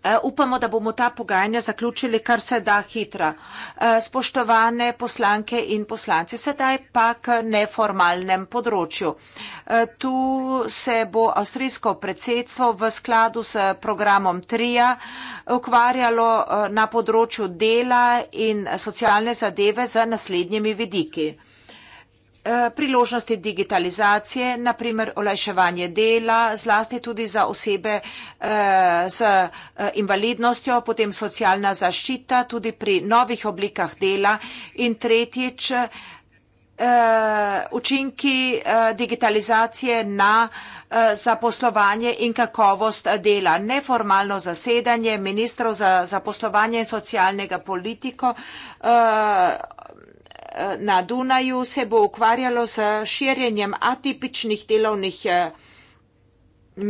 E, upamo, da bomo ta pogajanja zaključili kar se da hitro. E, spoštovane poslanke in poslanci, sedaj pa k neformalnem področju. E, tu se bo avstrijsko predsedstvo v skladu s programom TRIA ukvarjalo na področju dela in socialne zadeve z naslednjimi vidiki. Eh, priložnosti digitalizacije, naprimer olajševanje dela, zlasti tudi za osebe eh, z eh, invalidnostjo, potem socialna zaščita, tudi pri novih oblikah dela in tretjič učinki digitalizacije na zaposlovanje in kakovost dela. Neformalno zasedanje ministrov za zaposlovanje in socialnega politiko na Dunaju se bo ukvarjalo s širjenjem atipičnih delovnih eh,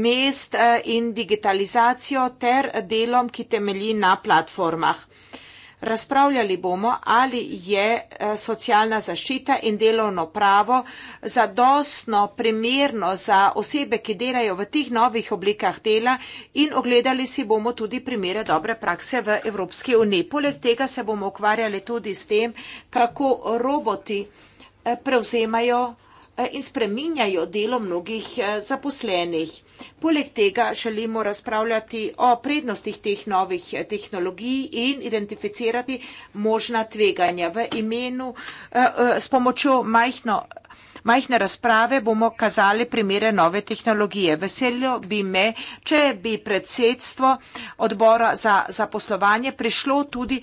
mest eh, in digitalizacijo ter delom, ki temelji na platformah. Razpravljali bomo, ali je eh, socialna zaščita in delovno pravo zadostno primerno za osebe, ki delajo v tih novih oblikah dela in ogledali si bomo tudi primere dobre prakse v Evropski uniji. Poleg tega se bomo ukvarjali tudi s tem, kako roboti eh, prevzemajo Eh, in spreminjajo delo mnogih eh, zaposlenih. Poleg tega želimo razpravljati o prednostih teh novih eh, tehnologij in identificirati možna tveganja v imenu s pomočjo majhno Majhne razprave bomo kazali primere nove tehnologije. Veselilo bi me, če bi predsedstvo odbora za zaposlovanje prišlo tudi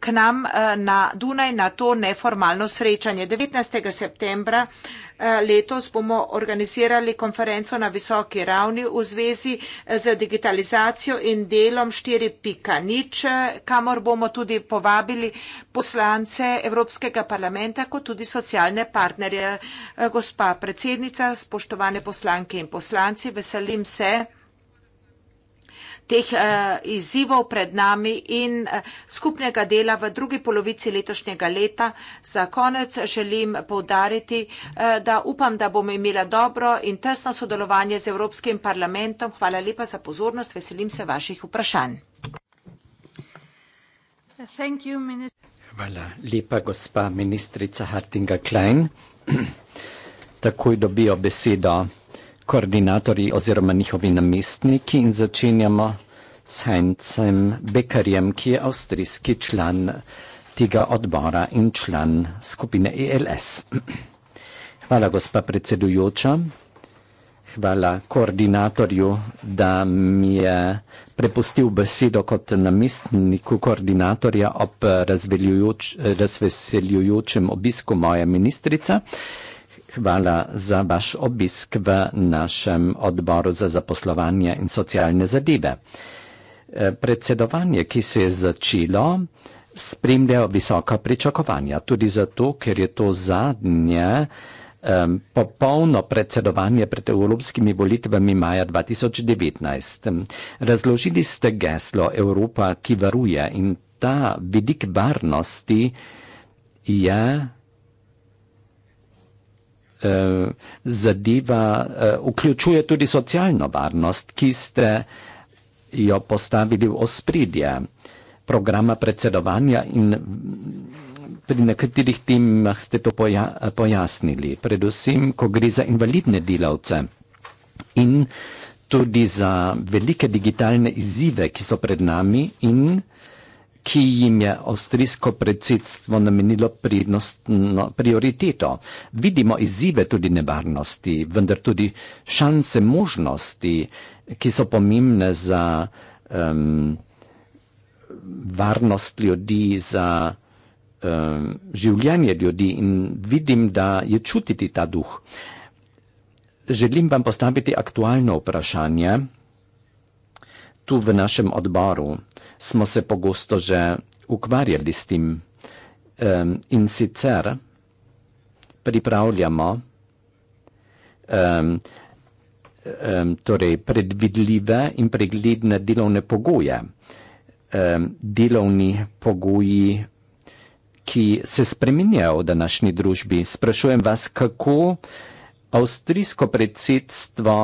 k nam eh, na Dunaj na to neformalno srečanje. 19. septembra eh, letos bomo organizirali konferenco na visoki ravni v zvezi eh, z digitalizacijo in delom 4.0, kamor bomo tudi povabili poslance Evropskega parlamenta kot tudi socialne partnerje. Eh, gospa predsednica, spoštovane poslanke in poslanci, veselim se teh eh, izzivov pred nami in eh, skupnega dela v drugi polovici letošnjega leta. Za konec želim povdariti, eh, da upam, da bom imela dobro in tesno sodelovanje z Evropskim parlamentom. Hvala lepa za pozornost. Veselim se vaših vprašanj. Hvala lepa, gospa ministrica Hartinga Klein. takoj dobijo besedo koordinatorji oziroma njihovi namestniki in začenjamo s Heincem Bekarjem, ki je avstrijski član tega odbora in član skupine ELS. Hvala, gospa predsedujoča. Hvala koordinatorju, da mi je prepustil besedo kot namestniku koordinatorja ob razveljujoč, razveseljujočem obisku moje ministrice. Hvala za vaš obisk v našem odboru za zaposlovanje in socialne zadeve. E, predsedovanje, ki se je začelo, spremljajo visoka pričakovanja, tudi zato, ker je to zadnje um, popolno predsedovanje pred evropskimi volitvami maja 2019. Razložili ste geslo Evropa, ki varuje in ta vidik varnosti je eh, zadeva, eh, vključuje tudi socialno varnost, ki ste jo postavili v ospredje programa predsedovanja in pri nekaterih temah ste to poja pojasnili, predvsem, ko gre za invalidne delavce in tudi za velike digitalne izzive, ki so pred nami in ki jim je avstrijsko predsedstvo namenilo prednostno prioriteto. Vidimo izzive tudi nevarnosti, vendar tudi šanse možnosti, ki so pomembne za um, varnost ljudi, za um, življenje ljudi in vidim, da je čutiti ta duh. Želim vam postaviti aktualno vprašanje. Tu v našem odboru smo se pogosto že ukvarjali s tem um, in sicer pripravljamo um, um, torej predvidljive in pregledne delovne pogoje. Um, delovni pogoji ki se spremenjajo v današnji družbi. Sprašujem vas, kako avstrijsko predsedstvo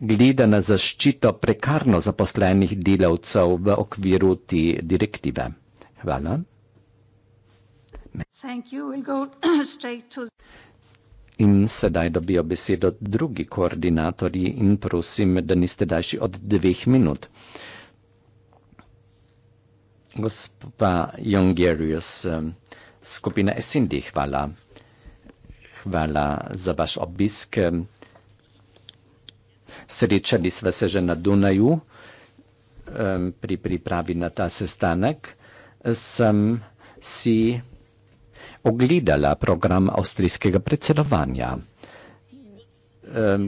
gleda na zaščito prekarno zaposlenih delavcev v okviru te direktive. Hvala. In sedaj dobijo besedo drugi koordinatorji in prosim, da niste daljši od dveh minut gospa Jongerius, skupina SND, hvala. Hvala za vaš obisk. Srečali sva se že na Dunaju pri pripravi na ta sestanek. Sem si ogledala program avstrijskega predsedovanja.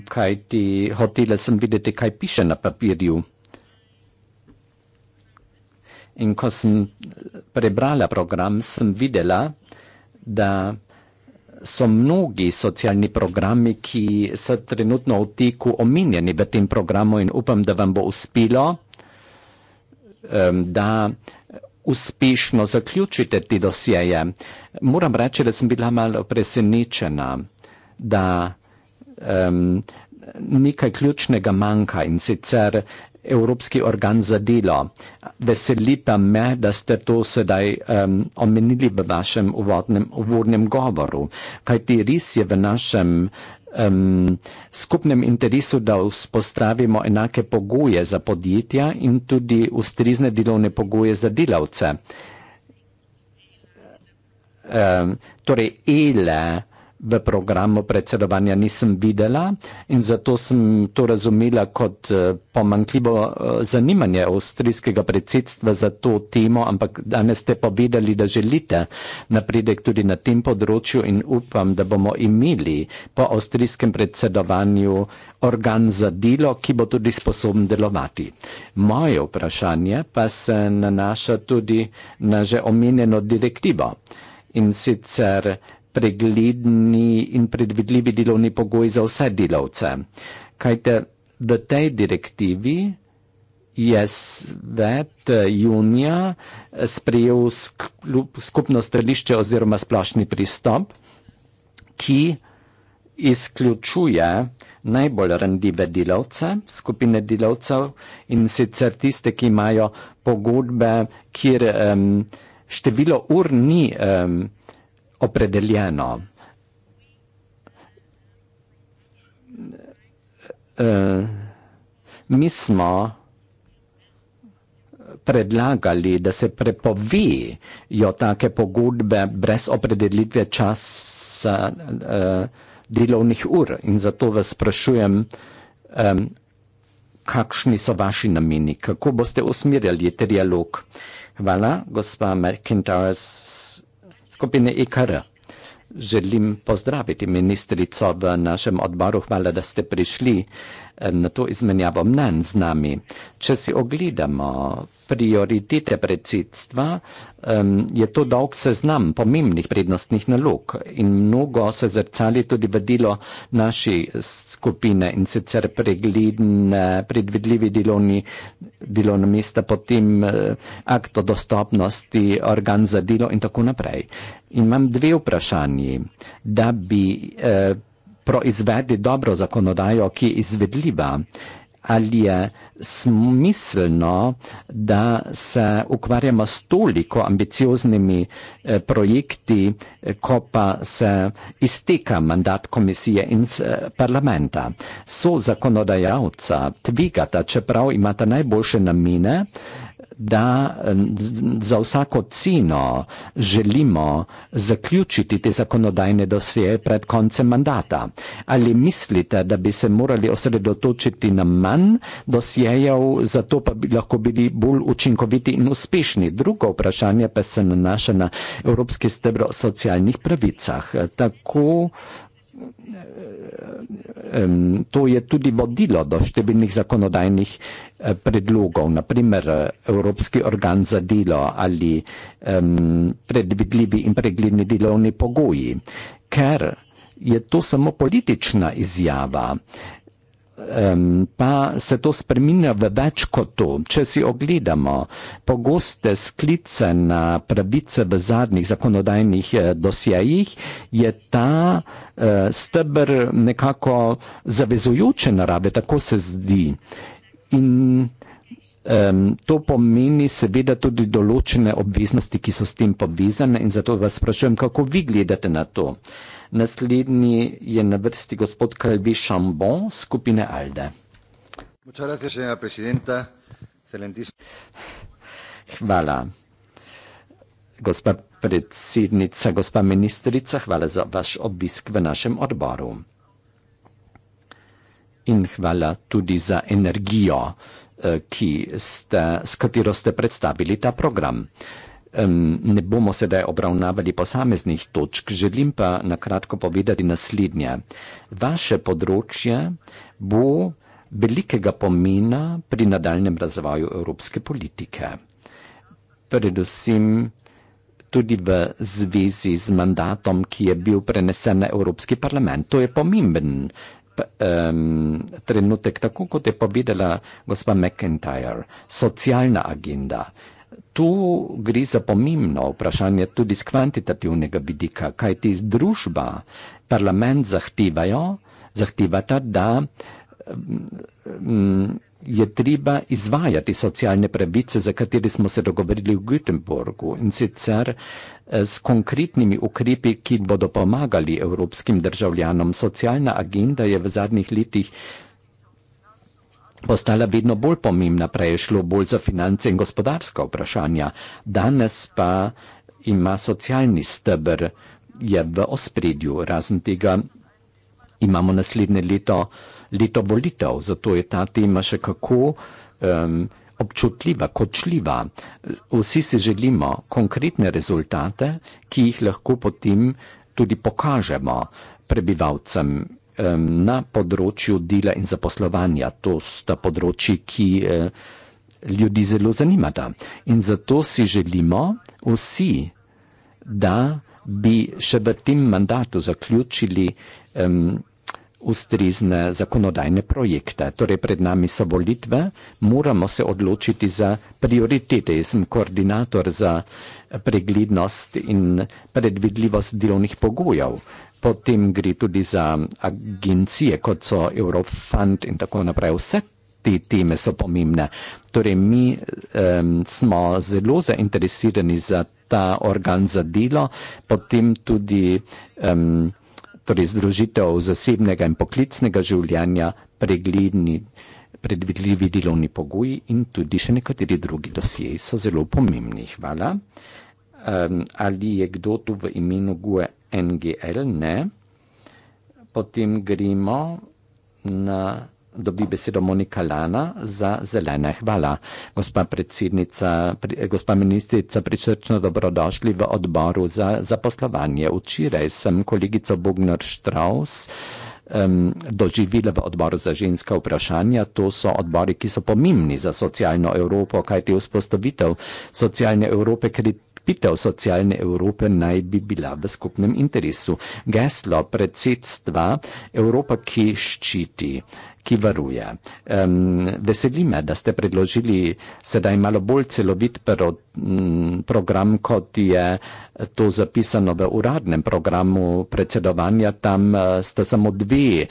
Kaj ti hotela sem videti, kaj piše na papirju. In ko sem prebrala program, sem videla, da so mnogi socialni programi, ki so trenutno v teku, omenjeni v tem programu in upam, da vam bo uspelo, um, da uspešno zaključite te dosjeje. Moram reči, da sem bila malo presenečena, da um, nekaj ključnega manjka in sicer Evropski organ za delo. Veseli pa me, da ste to sedaj um, omenili v vašem uvodnem, uvodnem govoru, kajti res je v našem um, skupnem interesu, da vzpostavimo enake pogoje za podjetja in tudi ustrezne delovne pogoje za delavce. Um, torej, ele v programu predsedovanja nisem videla in zato sem to razumela kot eh, pomankljivo eh, zanimanje avstrijskega predsedstva za to temo, ampak danes ste povedali, da želite napredek tudi na tem področju in upam, da bomo imeli po avstrijskem predsedovanju organ za delo, ki bo tudi sposoben delovati. Moje vprašanje pa se nanaša tudi na že omenjeno direktivo in sicer pregledni in predvidljivi delovni pogoj za vse delavce. Kajte v tej direktivi je svet eh, junija eh, sprejel skupno stališče oziroma splošni pristop, ki izključuje najbolj randive delavce, skupine delavcev in sicer tiste, ki imajo pogodbe, kjer um, število ur ni um, opredeljeno. Eh, mi smo predlagali, da se prepovijo take pogodbe brez opredelitve časa eh, delovnih ur in zato vas sprašujem, kakšni so vaši nameni, kako boste usmirjali trialog. Hvala, gospa Merkintars skupine IKR. Želim pozdraviti ministrico v našem odboru. Hvala, da ste prišli na to izmenjavo mnen z nami. Če si ogledamo prioritete predsedstva, je to dolg seznam pomembnih prednostnih nalog in mnogo se zrcali tudi v delo naši skupine in sicer pregledne, predvidljivi delovni, delovno mesta, potem eh, akt o dostopnosti, organ za delo in tako naprej. In imam dve vprašanji, da bi eh, proizvedli dobro zakonodajo, ki je izvedljiva, ali je smiselno, da se ukvarjamo s toliko ambicioznimi eh, projekti, eh, ko pa se izteka mandat komisije in eh, parlamenta. So zakonodajalca tvigata, čeprav imata najboljše namene. Eh, da za vsako ceno želimo zaključiti te zakonodajne dosje pred koncem mandata. Ali mislite, da bi se morali osredotočiti na manj dosjejev, zato pa bi lahko bili bolj učinkoviti in uspešni? Drugo vprašanje pa se nanaša na Evropski stebro o socialnih pravicah. Tako To je tudi vodilo do številnih zakonodajnih eh, predlogov, naprimer eh, Evropski organ za delo ali um, predvidljivi in pregledni delovni pogoji, ker je to samo politična izjava pa se to spremenja v več kot to. Če si ogledamo pogoste sklice na pravice v zadnjih zakonodajnih eh, dosjejih, je ta eh, stebr nekako zavezujoče narave, tako se zdi. In Um, to pomeni seveda tudi določene obveznosti, ki so s tem povezane in zato vas sprašujem, kako vi gledate na to. Uh, Naslednji je na vrsti gospod Calvi Chambon skupine Alde. Hvala. Gospa predsednica, gospa ministrica, hvala za vaš obisk v našem odboru. In hvala tudi za energijo, eh, ste, s katero ste predstavili ta program. Ne bomo sedaj obravnavali posameznih točk, želim pa na kratko povedati naslednje. Vaše področje bo velikega pomena pri nadaljem razvoju evropske politike. Predvsem tudi v zvezi z mandatom, ki je bil prenesen na Evropski parlament. To je pomemben um, trenutek, tako kot je povedala gospa McIntyre, socialna agenda tu gre za pomembno vprašanje tudi z kvantitativnega vidika, kaj ti združba, parlament zahtevajo, zahtevata, da mm, je treba izvajati socialne pravice, za katere smo se dogovorili v Gütenburgu in sicer eh, s konkretnimi ukrepi, ki bodo pomagali evropskim državljanom. Socialna agenda je v zadnjih letih postala vedno bolj pomembna, prej je šlo bolj za finance in gospodarska vprašanja, danes pa ima socialni stebr je v ospredju. Razen tega imamo naslednje leto, leto volitev, zato je ta tema še kako um, občutljiva, kočljiva. Vsi si želimo konkretne rezultate, ki jih lahko potem tudi pokažemo prebivalcem na področju dela in zaposlovanja. To sta področji, ki eh, ljudi zelo zanimata. In zato si želimo vsi, da bi še v tem mandatu zaključili um, ustrezne zakonodajne projekte. Torej, pred nami so volitve, moramo se odločiti za prioritete. Jaz sem koordinator za preglednost in predvidljivost delovnih pogojev potem gre tudi za agencije, kot so Eurofund in tako naprej. Vse te teme so pomembne. Torej, mi um, smo zelo zainteresirani za ta organ za delo, potem tudi um, torej združitev zasebnega in poklicnega življenja, pregledni, predvidljivi delovni pogoji in tudi še nekateri drugi dosjeji so zelo pomembni. Hvala. Um, ali je kdo tu v imenu GUE NGL, ne. Potem gremo na dobi besedo Monika Lana za zelene. Hvala, gospa predsednica, gospa ministrica, prisrčno dobrodošli v odboru za zaposlovanje. Včeraj sem kolegico Bugner Strauss um, doživela v odboru za ženska vprašanja. To so odbori, ki so pomembni za socialno Evropo, kajti vzpostavitev socialne Evrope kriti krepitev socialne Evrope naj bi bila v skupnem interesu. Geslo predsedstva Evropa, ki ščiti. Ki varuje. Um, veseli me, da ste predložili sedaj malo bolj celovit pro, m, program, kot je to zapisano v uradnem programu predsedovanja. Tam uh, sta samo dve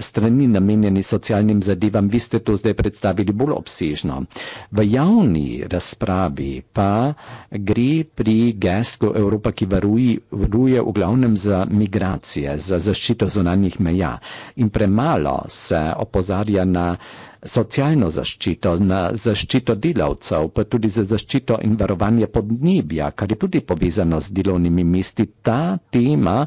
strani namenjeni socialnim zadevam, vi ste to zdaj predstavili bolj obsežno. V javni razpravi pa gre pri geslu Evropa, ki varuje, varuje v glavnem za migracije, za zaščito zonanjih meja in premalo se opozarja na socialno zaščito, na zaščito delavcev, pa tudi za zaščito in varovanje podnebja, kar je tudi povezano z delovnimi mesti. Ta tema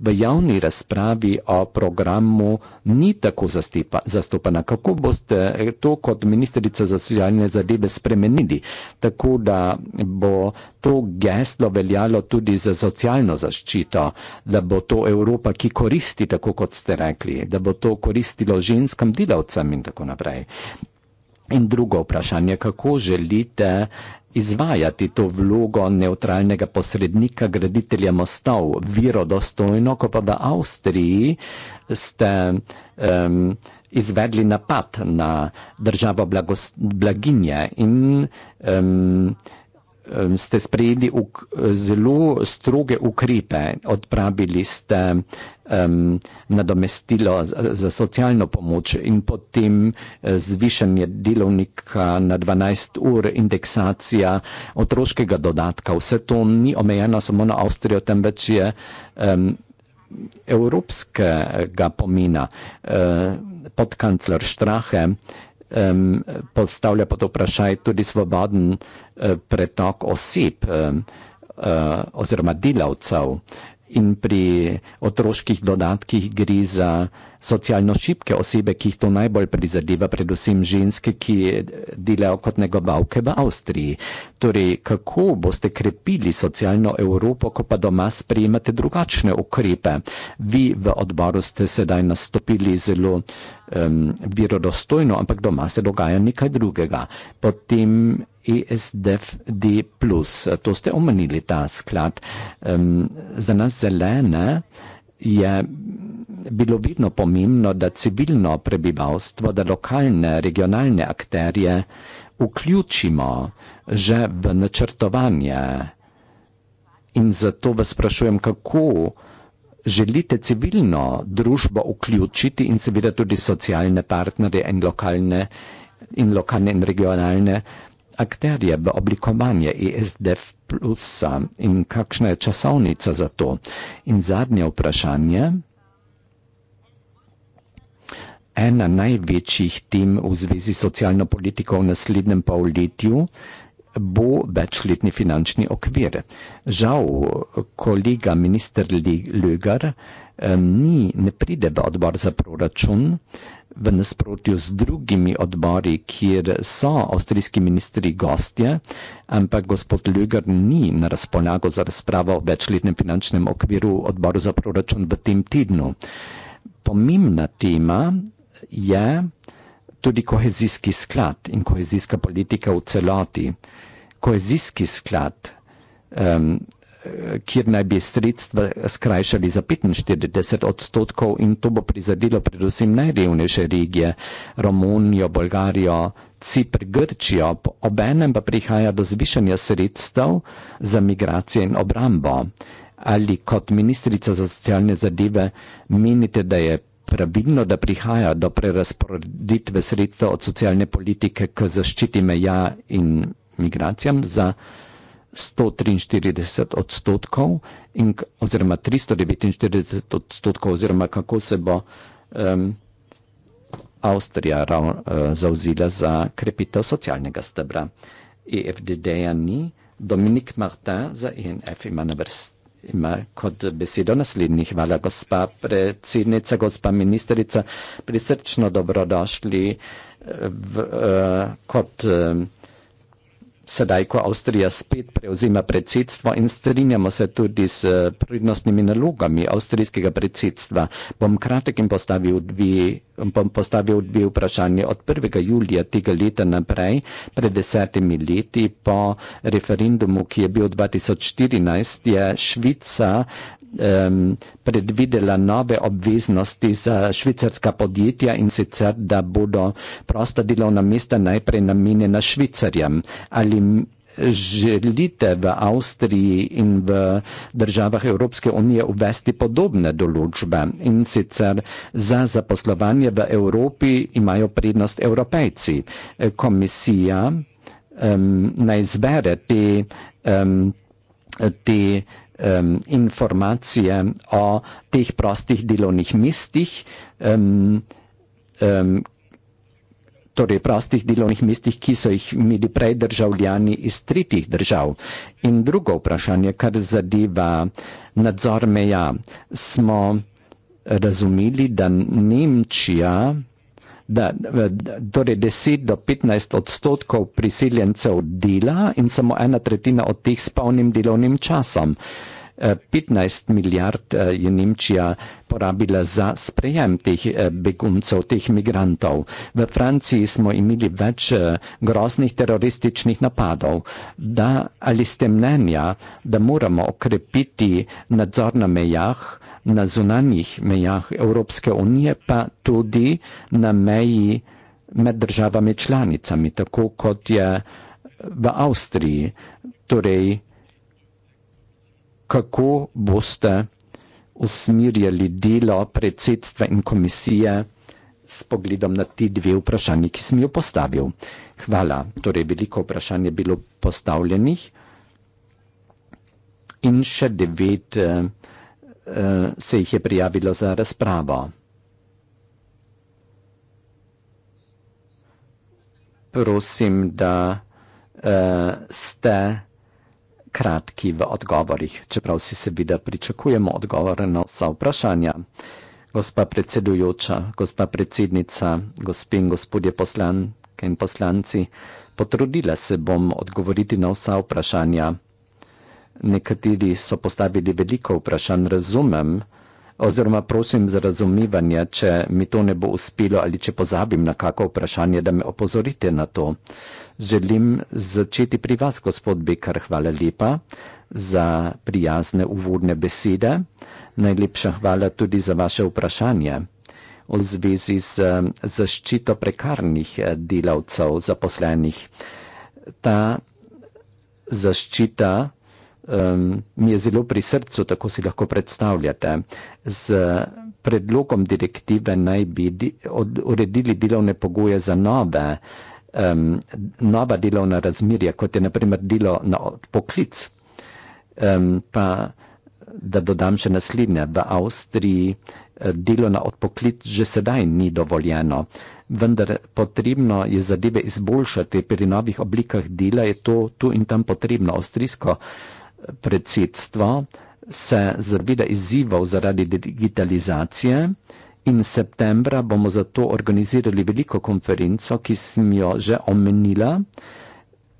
v javni razpravi o programu ni tako zastepa, zastopana. Kako boste to kot ministrica za socialne zadeve spremenili, tako da bo to geslo veljalo tudi za socialno zaščito, da bo to Evropa, ki koristi, tako kot ste rekli, da bo to koristilo ženskam delavcem in tako naprej. In drugo vprašanje, kako želite izvajati to vlogo neutralnega posrednika, graditelja mostov, virodostojno, ko pa v Avstriji ste um, izvedli napad na državo blagost, blaginje in um, ste sprejeli uk, zelo stroge ukrepe, odpravili ste um, nadomestilo za, za socialno pomoč in potem eh, zvišanje delovnika na 12 ur, indeksacija otroškega dodatka. Vse to ni omejeno samo na Avstrijo, temveč je um, evropskega pomena. Uh, podkancler Štrahe uh, um, postavlja pod vprašaj tudi svoboden uh, pretok oseb um, uh, oziroma delavcev. In pri otroških dodatkih gre za socialno šibke osebe, ki jih to najbolj prizadeva, predvsem ženske, ki delajo kot negovalke v Avstriji. Torej, kako boste krepili socialno Evropo, ko pa doma sprejemate drugačne ukrepe? Vi v odboru ste sedaj nastopili zelo um, virodostojno, ampak doma se dogaja nekaj drugega. Potem ESDFD, to ste omenili, ta sklad. Um, za nas zelene je bilo vidno pomembno, da civilno prebivalstvo, da lokalne, regionalne akterje vključimo že v načrtovanje. In zato vas sprašujem, kako želite civilno družbo vključiti in seveda tudi socialne partnerje in lokalne in, lokalne in regionalne akterje v oblikovanje ESDF plusa in kakšna je časovnica za to. In zadnje vprašanje, ena največjih tim v zvezi socialno politiko v naslednjem polletju bo večletni finančni okvir. Žal, kolega minister Lögar, Le ni, ne pride v odbor za proračun, v nasprotju z drugimi odbori, kjer so avstrijski ministri gostje, ampak gospod Ljuger ni na razpolago za razpravo o večletnem finančnem okviru odboru za proračun v tem tednu. Pomembna tema je tudi kohezijski sklad in kohezijska politika v celoti. Kohezijski sklad. Um, kjer naj bi sredstva skrajšali za 45 odstotkov in to bo prizadelo predvsem najrevnejše regije Romunijo, Bolgarijo, Cipr, Grčijo, obenem pa prihaja do zvišanja sredstev za migracije in obrambo. Ali kot ministrica za socialne zadeve menite, da je pravilno, da prihaja do prerasporeditve sredstev od socialne politike k zaščiti meja in migracijam za migracije? 143 odstotkov, in, oziroma 349 odstotkov, oziroma kako se bo um, Avstrija rav, uh, eh, zauzila za krepitev socialnega stebra. EFDD-ja ni, Dominik Marta za INF e ima na vrsti. Ima kot besedo naslednji. Hvala, gospa predsednica, gospa ministrica. Prisrčno dobrodošli eh, v, uh, kot uh, sedaj, ko Avstrija spet prevzema predsedstvo in strinjamo se tudi s prednostnimi nalogami avstrijskega predsedstva, bom kratek in postavil dve. Bom postavil dve vprašanje. Od 1. julija tega leta naprej, pred desetimi leti, po referendumu, ki je bil 2014, je Švica um, predvidela nove obveznosti za švicarska podjetja in sicer, da bodo prosta delovna mesta najprej namenjena švicarjem. Ali želite v Avstriji in v državah Evropske unije uvesti podobne določbe in sicer za zaposlovanje v Evropi imajo prednost evropejci. Komisija um, naj zbere te, um, te ähm, Informacije o teh prostih delovnih mestih, ähm, ähm, torej prostih delovnih mestih, ki so jih imeli prej državljani iz tretjih držav. In drugo vprašanje, kar zadeva nadzor meja, smo razumeli, da Nemčija da, torej 10 do 15 odstotkov prisiljencev dela in samo ena tretjina od teh s polnim delovnim časom. 15 eh, milijard eh, je Nemčija porabila za sprejem teh eh, beguncev, teh migrantov. V Franciji smo imeli več groznih terorističnih napadov. Da, ali ste mnenja, da moramo okrepiti nadzor na mejah? na zunanjih mejah Evropske unije, pa tudi na meji med državami članicami, tako kot je v Avstriji. Torej, kako boste usmirjali delo predsedstva in komisije s pogledom na ti dve vprašanji, ki sem jo postavil. Hvala. Torej, veliko vprašanj je bilo postavljenih in še devet vprašanj. Eh, Eh, se jih je prijavilo za razpravo. Prosim, da uh, ste kratki v odgovorih, čeprav si seveda pričakujemo odgovore na vsa vprašanja. Gospa predsedujoča, gospa predsednica, gospe in gospodje poslanke in poslanci, potrudila se bom odgovoriti na vsa vprašanja nekateri so postavili veliko vprašanj, razumem, oziroma prosim za razumivanje, če mi to ne bo uspelo ali če pozabim na kako vprašanje, da me opozorite na to. Želim začeti pri vas, gospod Bekar, hvala lepa za prijazne uvodne besede. Najlepša hvala tudi za vaše vprašanje v zvezi z eh, zaščito prekarnih eh, delavcev, zaposlenih. Ta zaščita um, mi je zelo pri srcu, tako si lahko predstavljate. Z predlogom direktive naj bi di, od, uredili delovne pogoje za nove, um, nova delovna razmerja, kot je naprimer delo na poklic. Um, pa da dodam še naslednje, v Avstriji eh, delo na odpoklic že sedaj ni dovoljeno, vendar potrebno je zadeve izboljšati pri novih oblikah dela, je to tu in tam potrebno. Avstrijsko uh, predsedstvo se zaveda izzivov zaradi digitalizacije in septembra bomo zato organizirali veliko konferenco, ki sem jo že omenila.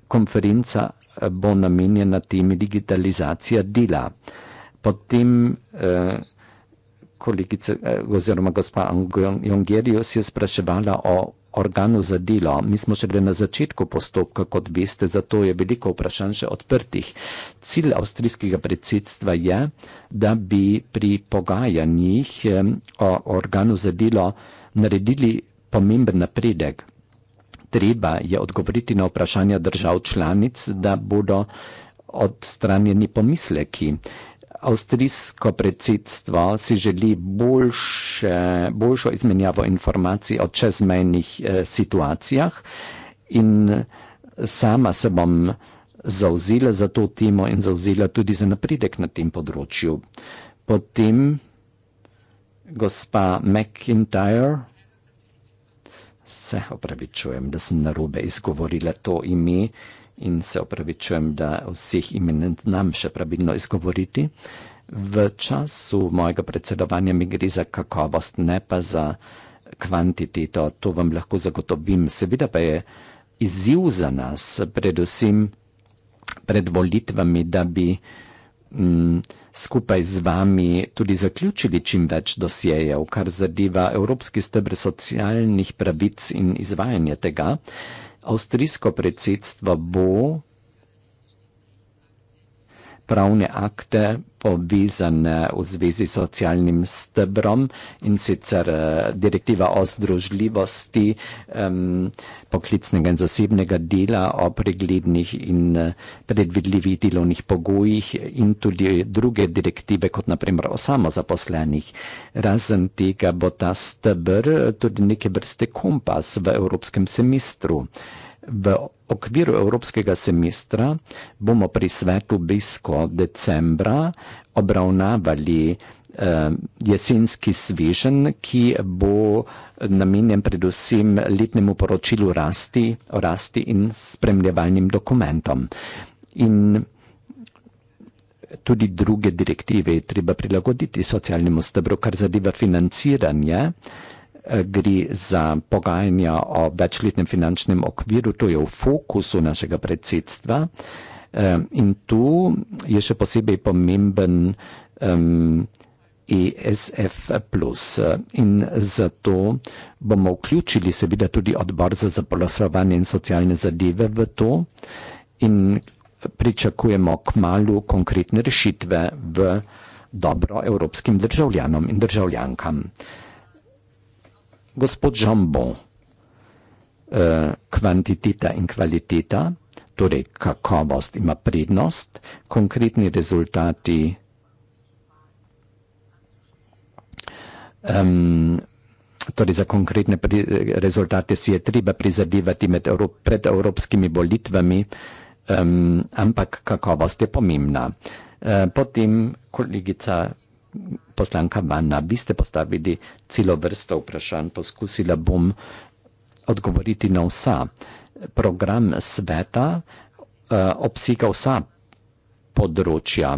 Konferenca eh, bo namenjena temi digitalizacija dela. Potem eh, kolegica eh, oziroma gospa Jongerius je spraševala o organu za delo. Mi smo šele na začetku postopka, kot veste, zato je veliko vprašanj še odprtih. Cilj avstrijskega predsedstva je, da bi pri pogajanjih o organu za delo naredili pomemben napredek. Treba je odgovoriti na vprašanja držav članic, da bodo odstranjeni pomisleki avstrijsko predsedstvo si želi boljše, boljšo izmenjavo informacij o čezmejnih eh, situacijah in sama se bom zauzila za to temo in zauzila tudi za napredek na tem področju. Potem gospa McIntyre, se opravičujem, da sem narobe izgovorila to ime, eh, in se opravičujem, da vseh imen znam še pravilno izgovoriti. V času mojega predsedovanja mi gre za kakovost, ne pa za kvantiteto, to vam lahko zagotovim. Seveda pa je izziv za nas, predvsem pred volitvami, da bi m, mm, skupaj z vami tudi zaključili čim več dosjejev, kar zadeva Evropski stebr socialnih pravic in izvajanje tega. Avstrijsko predsedstvo bo, pravne akte povezane v zvezi s socialnim stebrom in sicer eh, direktiva o združljivosti um, poklicnega in zasebnega dela o preglednih in eh, predvidljivih delovnih pogojih in tudi druge direktive, kot naprimer o samozaposlenih. Razen tega bo ta stebr eh, tudi neke vrste kompas v evropskem semestru. V okviru evropskega semestra bomo pri svetu Bisko decembra obravnavali eh, jesenski svežen, ki bo namenjen predvsem letnemu poročilu rasti, rasti in spremljevalnim dokumentom. In tudi druge direktive je treba prilagoditi socialnemu stebru, kar zadeva financiranje gre za pogajanja o večletnem finančnem okviru, to je v fokusu našega predsedstva. In tu je še posebej pomemben um, ESF. In zato bomo vključili seveda tudi odbor za zaposlovanje in socialne zadeve v to in pričakujemo k malu konkretne rešitve v dobro evropskim državljanom in državljankam gospod Žambo, eh, kvantiteta in kvaliteta, torej kakovost ima prednost, konkretni rezultati Um, torej za konkretne pri, rezultate si je treba prizadevati med Evrop, pred evropskimi volitvami, um, ampak kakovost je pomembna. Uh, potem kolegica poslanka Vanna, vi ste postavili celo vrsto vprašanj, poskusila bom odgovoriti na vsa. Program sveta uh, obsega vsa področja.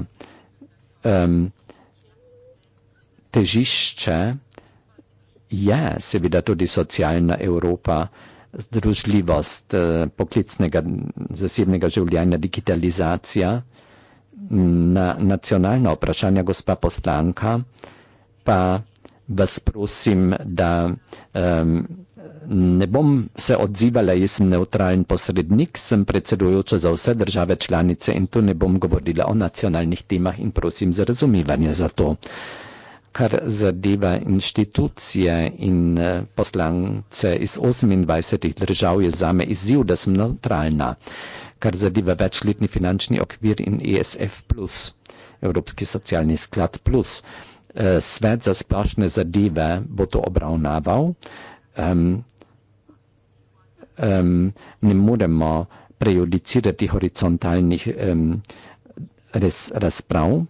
Um, težišče je seveda tudi socialna Evropa, združljivost uh, poklicnega zasebnega življenja, digitalizacija na nacionalna vprašanja, gospa poslanka, pa vas prosim, da um, ne bom se odzivala, jaz sem neutralen posrednik, sem predsedujoča za vse države članice in tu ne bom govorila o nacionalnih temah in prosim za razumivanje za to. Kar zadeva inštitucije in eh, poslance iz 28 držav, je zame izziv, da sem neutralna kar zadeva večletni finančni okvir in ESF, Evropski socialni sklad. Plus. Eh, Svet za splošne zadeve bo to obravnaval. Um, um, ne moremo prejudicirati horizontalnih um, res, razprav,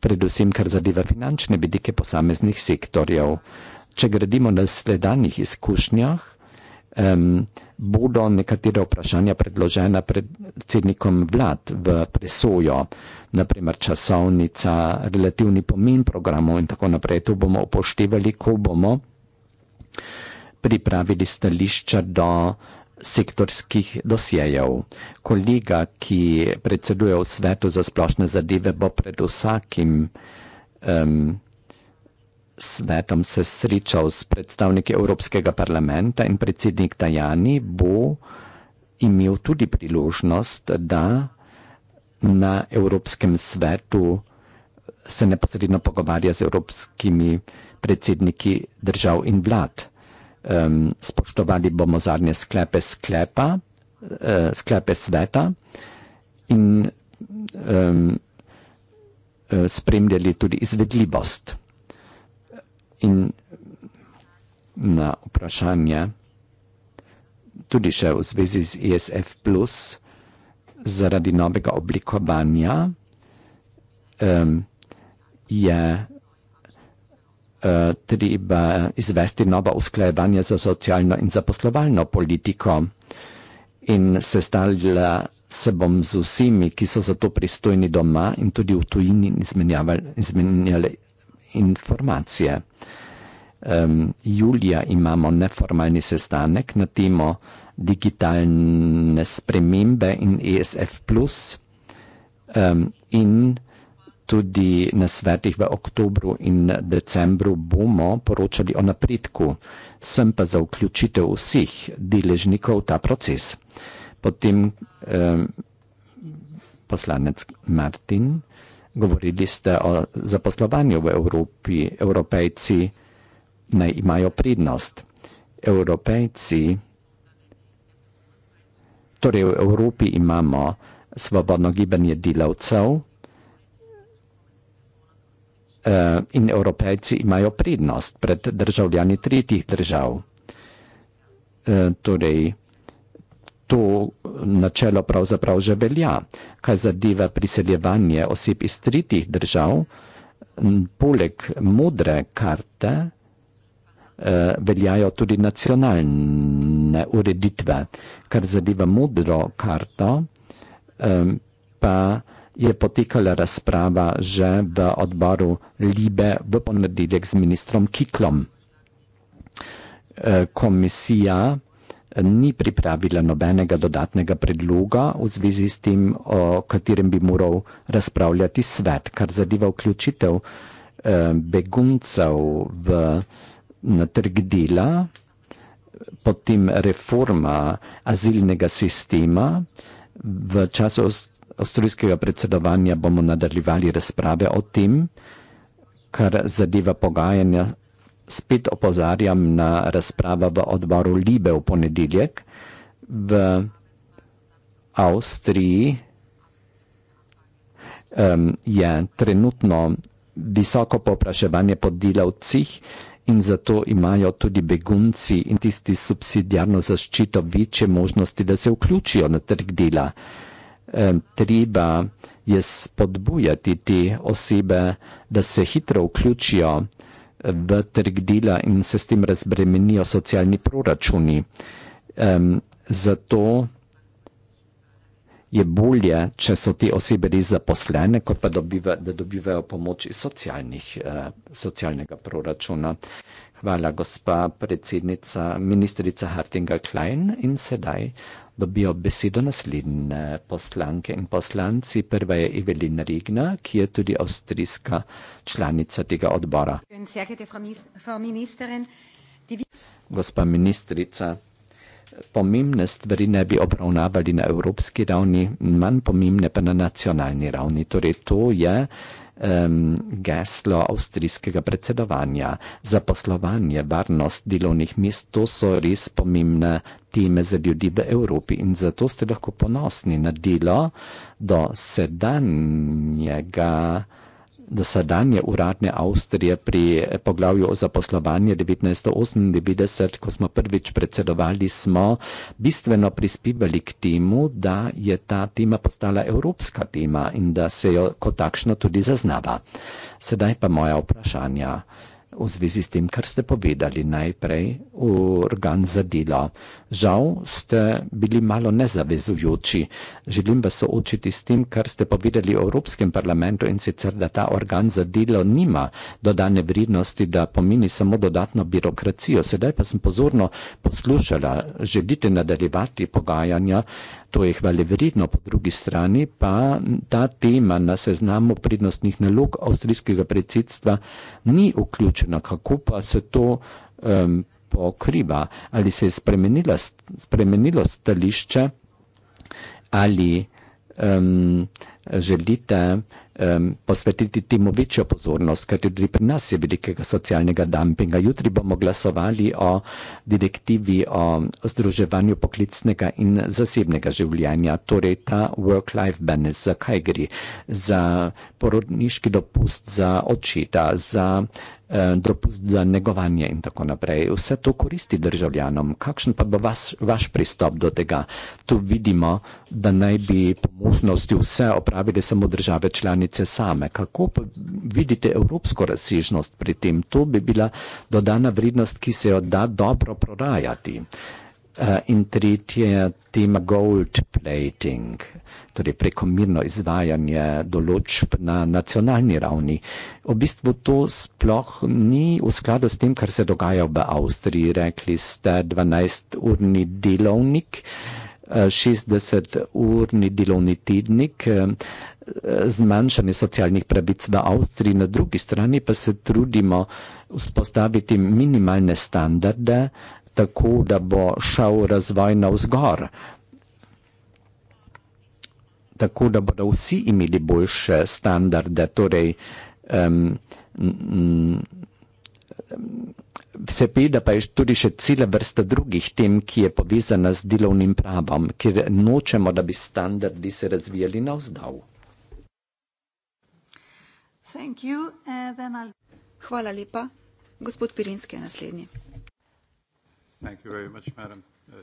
predvsem kar zadeva finančne vidike posameznih sektorjev. Če gradimo na sledanjih izkušnjah, um, bodo nekatera vprašanja predložena predsednikom vlad v presojo, naprimer časovnica, relativni pomen programov in tako naprej. To bomo upoštevali, ko bomo pripravili stališča do sektorskih dosjejev. Kolega, ki predseduje v svetu za splošne zadeve, bo pred vsakim um, svetom se srečal s predstavniki Evropskega parlamenta in predsednik Tajani bo imel tudi priložnost, da na Evropskem svetu se neposredno pogovarja z evropskimi predsedniki držav in vlad. Um, spoštovali bomo zadnje sklepe sklepa, uh, sklepe sveta in um, uh, spremljali tudi izvedljivost in na vprašanja, tudi še v zvezi z ISF, e zaradi novega oblikovanja, um, je uh, treba izvesti nova usklajevanja za socialno in zaposlovalno politiko. In se stalila se bom z vsemi, ki so za to pristojni doma in tudi v tujini izmenjale informacije. Um, julija imamo neformalni sestanek na temo digitalne spremembe in ESF. Um, in tudi na svetih v oktobru in decembru bomo poročali o napredku, sem pa za vključitev vseh deležnikov v ta proces. Potem um, poslanec Martin. Govorili ste o zaposlovanju v Evropi. Evropejci naj imajo prednost. Evropejci, torej v Evropi imamo svobodno gibanje delavcev eh, in Evropejci imajo prednost pred državljani tretjih držav. Eh, torej, to načelo pravzaprav že velja, kaj zadeva priseljevanje oseb iz tretjih držav, poleg modre karte eh, veljajo tudi nacionalne ureditve. Kar zadeva modro karto, pa je potekala razprava že v odboru Libe v ponedeljek z ministrom Kiklom. Eh, komisija ni pripravila nobenega dodatnega predloga v zvezi s tem, o katerem bi moral razpravljati svet, kar zadeva vključitev eh, beguncev v, na trg dela, potem reforma azilnega sistema. V času avstrijskega predsedovanja bomo nadaljevali razprave o tem, kar zadeva pogajanja spet opozarjam na razpravo v odboru Libe v ponedeljek. V Avstriji um, je trenutno visoko popraševanje po delavcih in zato imajo tudi begunci in tisti s subsidijarno zaščito večje možnosti, da se vključijo na trg dela. Um, treba je spodbujati te osebe, da se hitro vključijo v trg dela in se s tem razbremenijo socialni proračuni. Um, zato je bolje, če so te osebe res zaposlene, kot pa dobiva, da dobivajo pomoč iz socialnih, eh, socialnega proračuna. Hvala, gospa predsednica, ministrica Hartinga Klein in sedaj dobijo besedo naslednje poslanke in poslanci. Prva je Evelina Regna, ki je tudi avstrijska članica tega odbora. Gospa ministrica, pomembne stvari ne bi obravnavali na evropski ravni, manj pomembne pa na nacionalni ravni. Torej, to je um, geslo avstrijskega predsedovanja. Zaposlovanje, varnost delovnih mest, to so res pomembne teme za ljudi v Evropi in zato ste lahko ponosni na delo do sedanjega dosedanje uradne Avstrije pri eh, poglavju o zaposlovanju 1998, ko smo prvič predsedovali, smo bistveno prispevali k temu, da je ta tema postala evropska tema in da se jo kot takšno tudi zaznava. Sedaj pa moja vprašanja v zvezi s tem, kar ste povedali najprej, organ za delo. Žal ste bili malo nezavezujoči. Želim vas soočiti s tem, kar ste povedali v Evropskem parlamentu in sicer, da ta organ za delo nima dodane vrednosti, da pomeni samo dodatno birokracijo. Sedaj pa sem pozorno poslušala, želite nadaljevati pogajanja. To je hvale vredno, po drugi strani pa ta tema na seznamu prednostnih nalog avstrijskega predsedstva ni vključena. Kako pa se to um, pokriva? Ali se je spremenila, spremenilo stališče ali um, želite? um, posvetiti temu večjo pozornost, ker tudi pri nas je velikega socialnega dumpinga. Jutri bomo glasovali o direktivi o združevanju poklicnega in zasebnega življenja, torej ta work-life balance, za kaj gre, za porodniški dopust, za očeta, za. Eh, dopust za negovanje in tako naprej. Vse to koristi državljanom. Kakšen pa bo vas, vaš pristop do tega? Tu vidimo, da naj bi po možnosti vse opravili samo države članice same. Kako pa vidite evropsko razsežnost pri tem? To bi bila dodana vrednost, ki se jo da dobro prodajati. Eh, in tretje tema gold plating, torej prekomirno izvajanje določb na nacionalni ravni. V bistvu to sploh ni v skladu s tem, kar se dogaja v Avstriji. Rekli ste 12-urni delovnik, 60-urni eh, delovni tednik, eh, zmanjšanje socialnih pravic v Avstriji, na drugi strani pa se trudimo vzpostaviti minimalne standarde tako, da bo šel razvoj na vzgor, tako da bodo vsi imeli boljše standarde. Torej, um, Vse pride pa je tudi še cela vrsta drugih tem, ki je povezana z delovnim pravom, ker nočemo, da bi standardi se razvijali na vzdal. Eh, Hvala lepa. Gospod Pirinski je naslednji. Uh,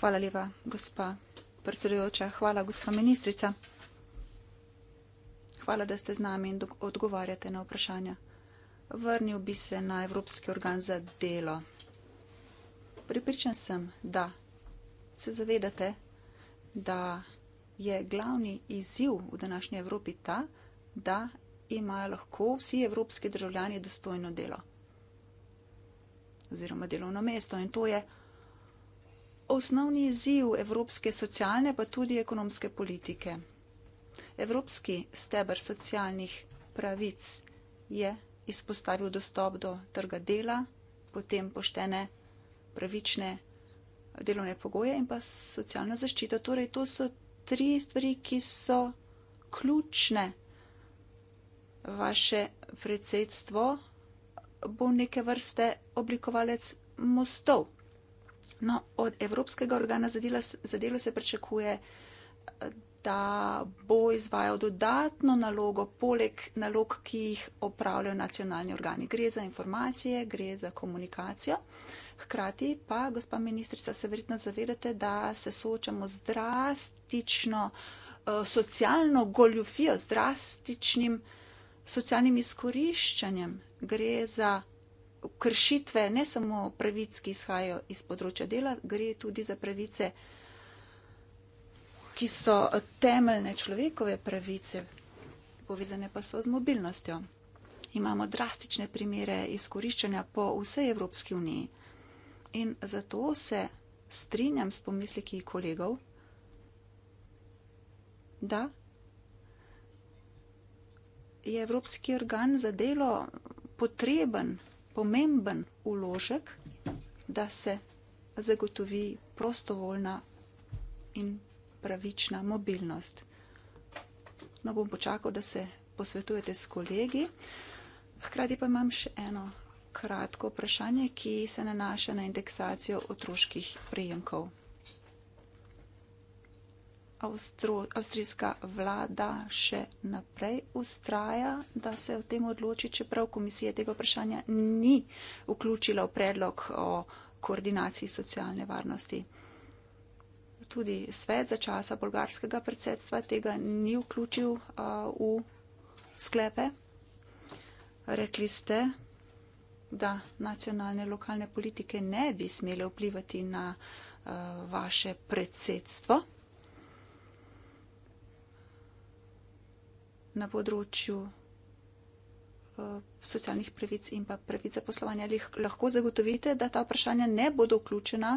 Hvala lepa, gospa predsedujoča. Hvala, gospa ministrica. Hvala, da ste z nami in odgovarjate na vprašanja. Vrnil bi se na Evropski organ za delo. Pripričan sem, da se zavedate, da je glavni izziv v današnji Evropi ta, da imajo lahko vsi evropski državljani dostojno delo oziroma delovno mesto. In to je osnovni izziv evropske socialne pa tudi ekonomske politike. Evropski steber socialnih pravic je izpostavil dostop do trga dela, potem poštene pravične delovne pogoje in pa socialna zaščita. Torej, to so tri stvari, ki so ključne vaše predsedstvo bil neke vrste oblikovalec mostov. No, od Evropskega organa za delo se pričakuje, da bo izvajal dodatno nalogo poleg nalog, ki jih opravljajo nacionalni organi. Gre za informacije, gre za komunikacijo. Hkrati pa, gospa ministrica, se verjetno zavedate, da se soočamo z drastično eh, socialno goljufijo, z drastičnim socialnim izkoriščanjem gre za kršitve ne samo pravic, ki izhajajo iz področja dela, gre tudi za pravice, ki so temeljne človekove pravice, povezane pa so z mobilnostjo. Imamo drastične primere izkoriščanja po vsej Evropski uniji in zato se strinjam s pomisliki kolegov, da je Evropski organ za delo potreben, pomemben uložek, da se zagotovi prostovoljna in pravična mobilnost. No, bom počakal, da se posvetujete s kolegi. Hkrati pa imam še eno kratko vprašanje, ki se nanaša na indeksacijo otroških prejemkov. Avstro, avstrijska vlada še naprej ustraja, da se o tem odloči, čeprav komisija tega vprašanja ni vključila v predlog o koordinaciji socialne varnosti. Tudi svet za časa bolgarskega predsedstva tega ni vključil a, v sklepe. Rekli ste, da nacionalne lokalne politike ne bi smele vplivati na a, vaše predsedstvo. na področju eh, socialnih pravic in pa pravice poslovanja, ali lahko zagotovite, da ta vprašanja ne bodo vključena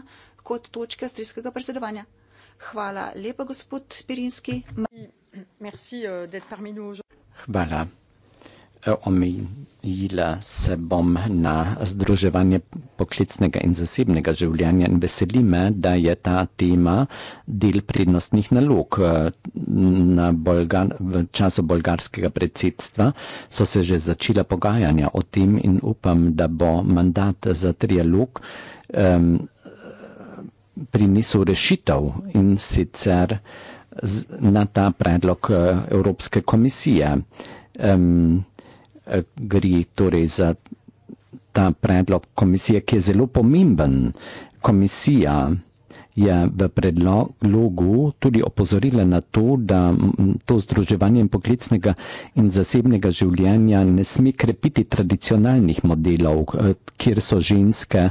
kot točke avstrijskega predsedovanja. Hvala lepa, gospod Pirinski. Eh, Hvala omejila se bom na združevanje poklicnega in zasebnega življenja in veseli me, da je ta tema del prednostnih nalog. Bolgar, v času bolgarskega predsedstva so se že začela pogajanja o tem in upam, da bo mandat za trialog um, prinesel rešitev in sicer na ta predlog eh, Evropske komisije. Um, Eh, gre torej za ta predlog komisije, ki je zelo pomemben. Komisija je v predlogu tudi opozorila na to, da to združevanje poklicnega in zasebnega življenja ne sme krepiti tradicionalnih modelov, eh, kjer so ženske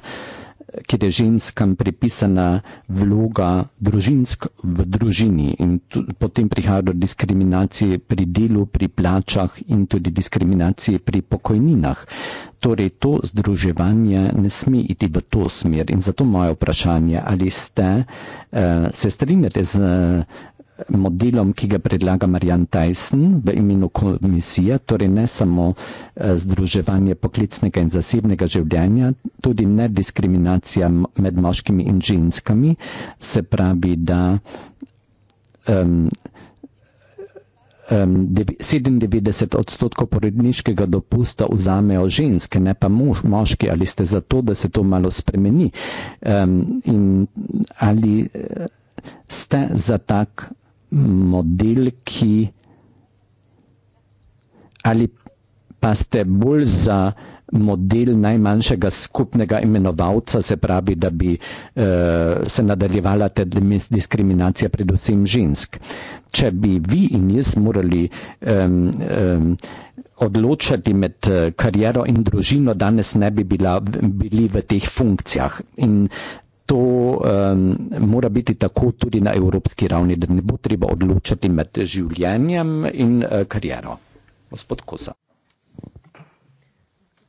kjer je ženskam prepisana vloga družinsk v družini in potem prihaja do diskriminacije pri delu, pri plačah in tudi diskriminacije pri pokojninah. Torej, to združevanje ne sme iti v to smer in zato moje vprašanje, ali ste, eh, se strinjate z eh, modelom, ki ga predlaga Marjan Tyson v imenu komisije, torej ne samo eh, združevanje poklicnega in zasebnega življenja, tudi ne diskriminacija med moškimi in ženskami, se pravi, da. Um, 97 odstotkov porodniškega dopusta vzamejo ženske, ne pa mož, moški, ali ste za to, da se to malo spremeni. Um, ali eh, ste za tak model, ki ali pa ste bolj za model najmanjšega skupnega imenovalca, se pravi, da bi uh, se nadaljevala ta diskriminacija predvsem žensk. Če bi vi in jaz morali um, um, odločati med eh, kariero in družino, danes ne bi bila, bili v teh funkcijah. In to um, mora biti tako tudi na evropski ravni, da ne bo treba odločati med življenjem in uh, kariero. Gospod Kosa.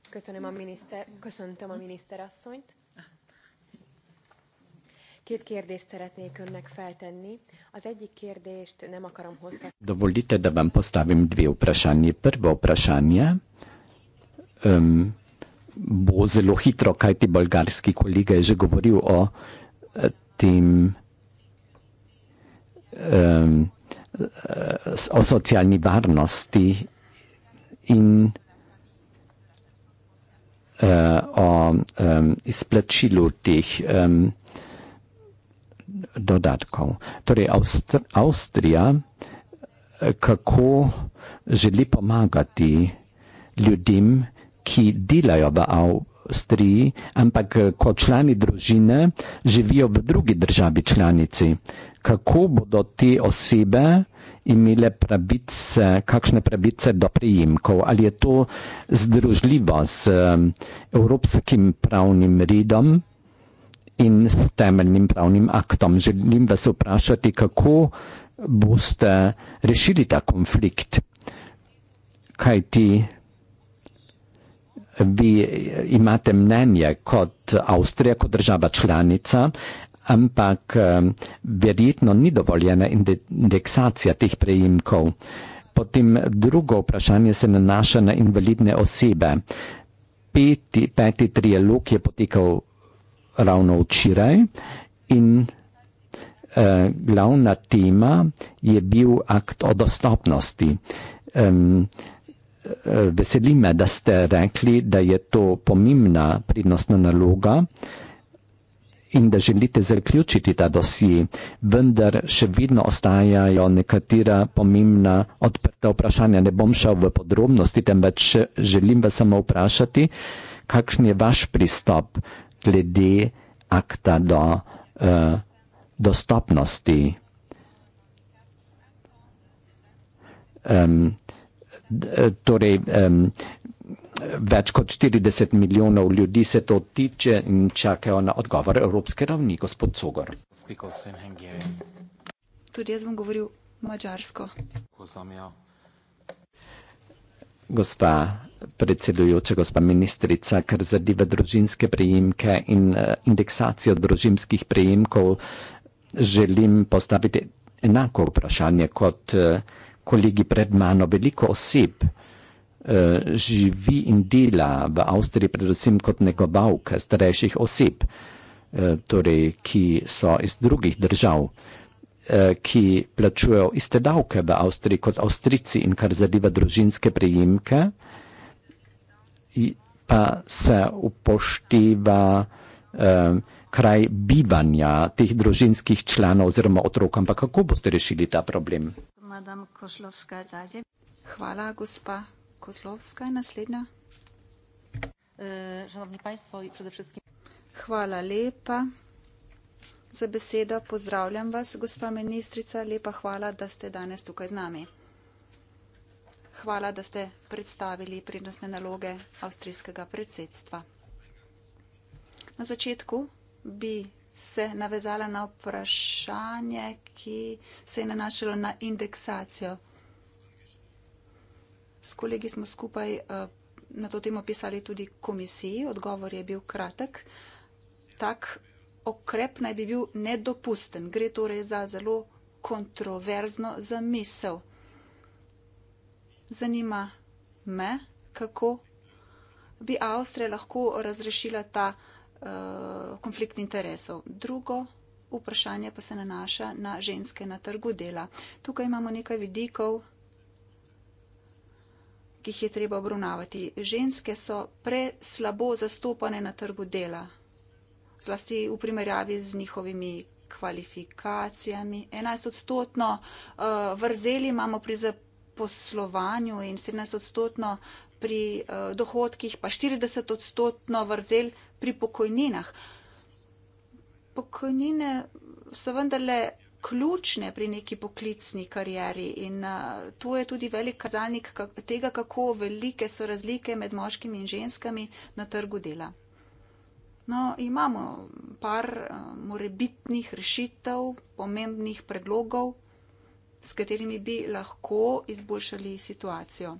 Köszönöm, minister, miniszter, köszöntöm a miniszterasszonyt. Két kérdést szeretnék önnek feltenni. Az egyik kérdést nem akarom hosszú. Dovolite, de ben postavim dvě uprašanje. Prvo uprašanje. Um, bo zelo hitro, kajti bolgarski kolega je že govoril o eh, tem, um, o socialni varnosti in uh, o um, izplačilu teh um, dodatkov. Torej, Avstr Avstrija, kako želi pomagati ljudem, ki delajo v Avstriji, ampak eh, kot člani družine živijo v drugi državi članici. Kako bodo te osebe imele pravice, kakšne pravice do prejemkov? Ali je to združljivo z eh, evropskim pravnim redom? In s temeljnim pravnim aktom. Želim vas vprašati, kako boste rešili ta konflikt, kaj ti vi imate mnenje kot Avstrija, kot država članica, ampak eh, verjetno ni dovoljena indeksacija teh prejemkov. Potem drugo vprašanje se nanaša na invalidne osebe. Peti, peti trialog je potekal ravno včeraj in eh, glavna tema je bil akt o dostopnosti. Eh, veseli me, da ste rekli, da je to pomembna prednostna naloga in da želite zaključiti ta dosji, vendar še vedno ostajajo nekatera pomembna odprta vprašanja. Ne bom šel v podrobnosti, temveč želim vas samo vprašati, kakšen je vaš pristop glede akta do uh, dostopnosti. Um, Eh, torej, um, več kot 40 milijonov ljudi se to tiče in čakajo na odgovor Evropske ravni, gospod Cogor. Tudi jaz bom govoril mačarsko. Gospa predsedujoča, gospa ministrica, kar zadeva družinske prejemke in eh, indeksacijo družinskih prejemkov, želim postaviti enako vprašanje kot uh, kolegi pred mano, veliko oseb uh, živi in dela v Avstriji, predvsem kot negovalka starejših oseb, uh, torej, ki so iz drugih držav, uh, ki plačujejo iste davke v Avstriji kot Avstrici in kar zadeva družinske prejemke, pa se upošteva uh, kraj bivanja teh družinskih članov oziroma otrok. Ampak kako boste rešili ta problem? Hvala, gospa Kozlovska. Naslednja. E, hvala lepa za besedo. Pozdravljam vas, gospa ministrica. Lepa hvala, da ste danes tukaj z nami. Hvala, da ste predstavili prednostne naloge avstrijskega predsedstva. Na začetku bi se navezala na vprašanje, ki se je nanašalo na indeksacijo. S kolegi smo skupaj eh, na to temo pisali tudi komisiji. Odgovor je bil kratek. Tak okrep naj bi bil nedopusten. Gre torej za zelo kontroverzno zamisel. Zanima me, kako bi Avstrija lahko razrešila ta problem. Eh, konflikt interesov. Drugo vprašanje pa se nanaša na ženske na trgu dela. Tukaj imamo nekaj vidikov, ki jih je treba obravnavati. Ženske so preslabo zastopane na trgu dela, zlasti v primerjavi z njihovimi kvalifikacijami. 11 odstotno eh, vrzeli imamo pri zaposlovanju in 17 odstotno pri eh, dohodkih, pa 40 odstotno vrzel pri pokojninah. Pokojnine so vendarle ključne pri neki poklicni karieri in uh, to je tudi velik kazalnik tega, kako velike so razlike med moškimi in ženskami na trgu dela. No, imamo par uh, morebitnih rešitev, pomembnih predlogov, s katerimi bi lahko izboljšali situacijo.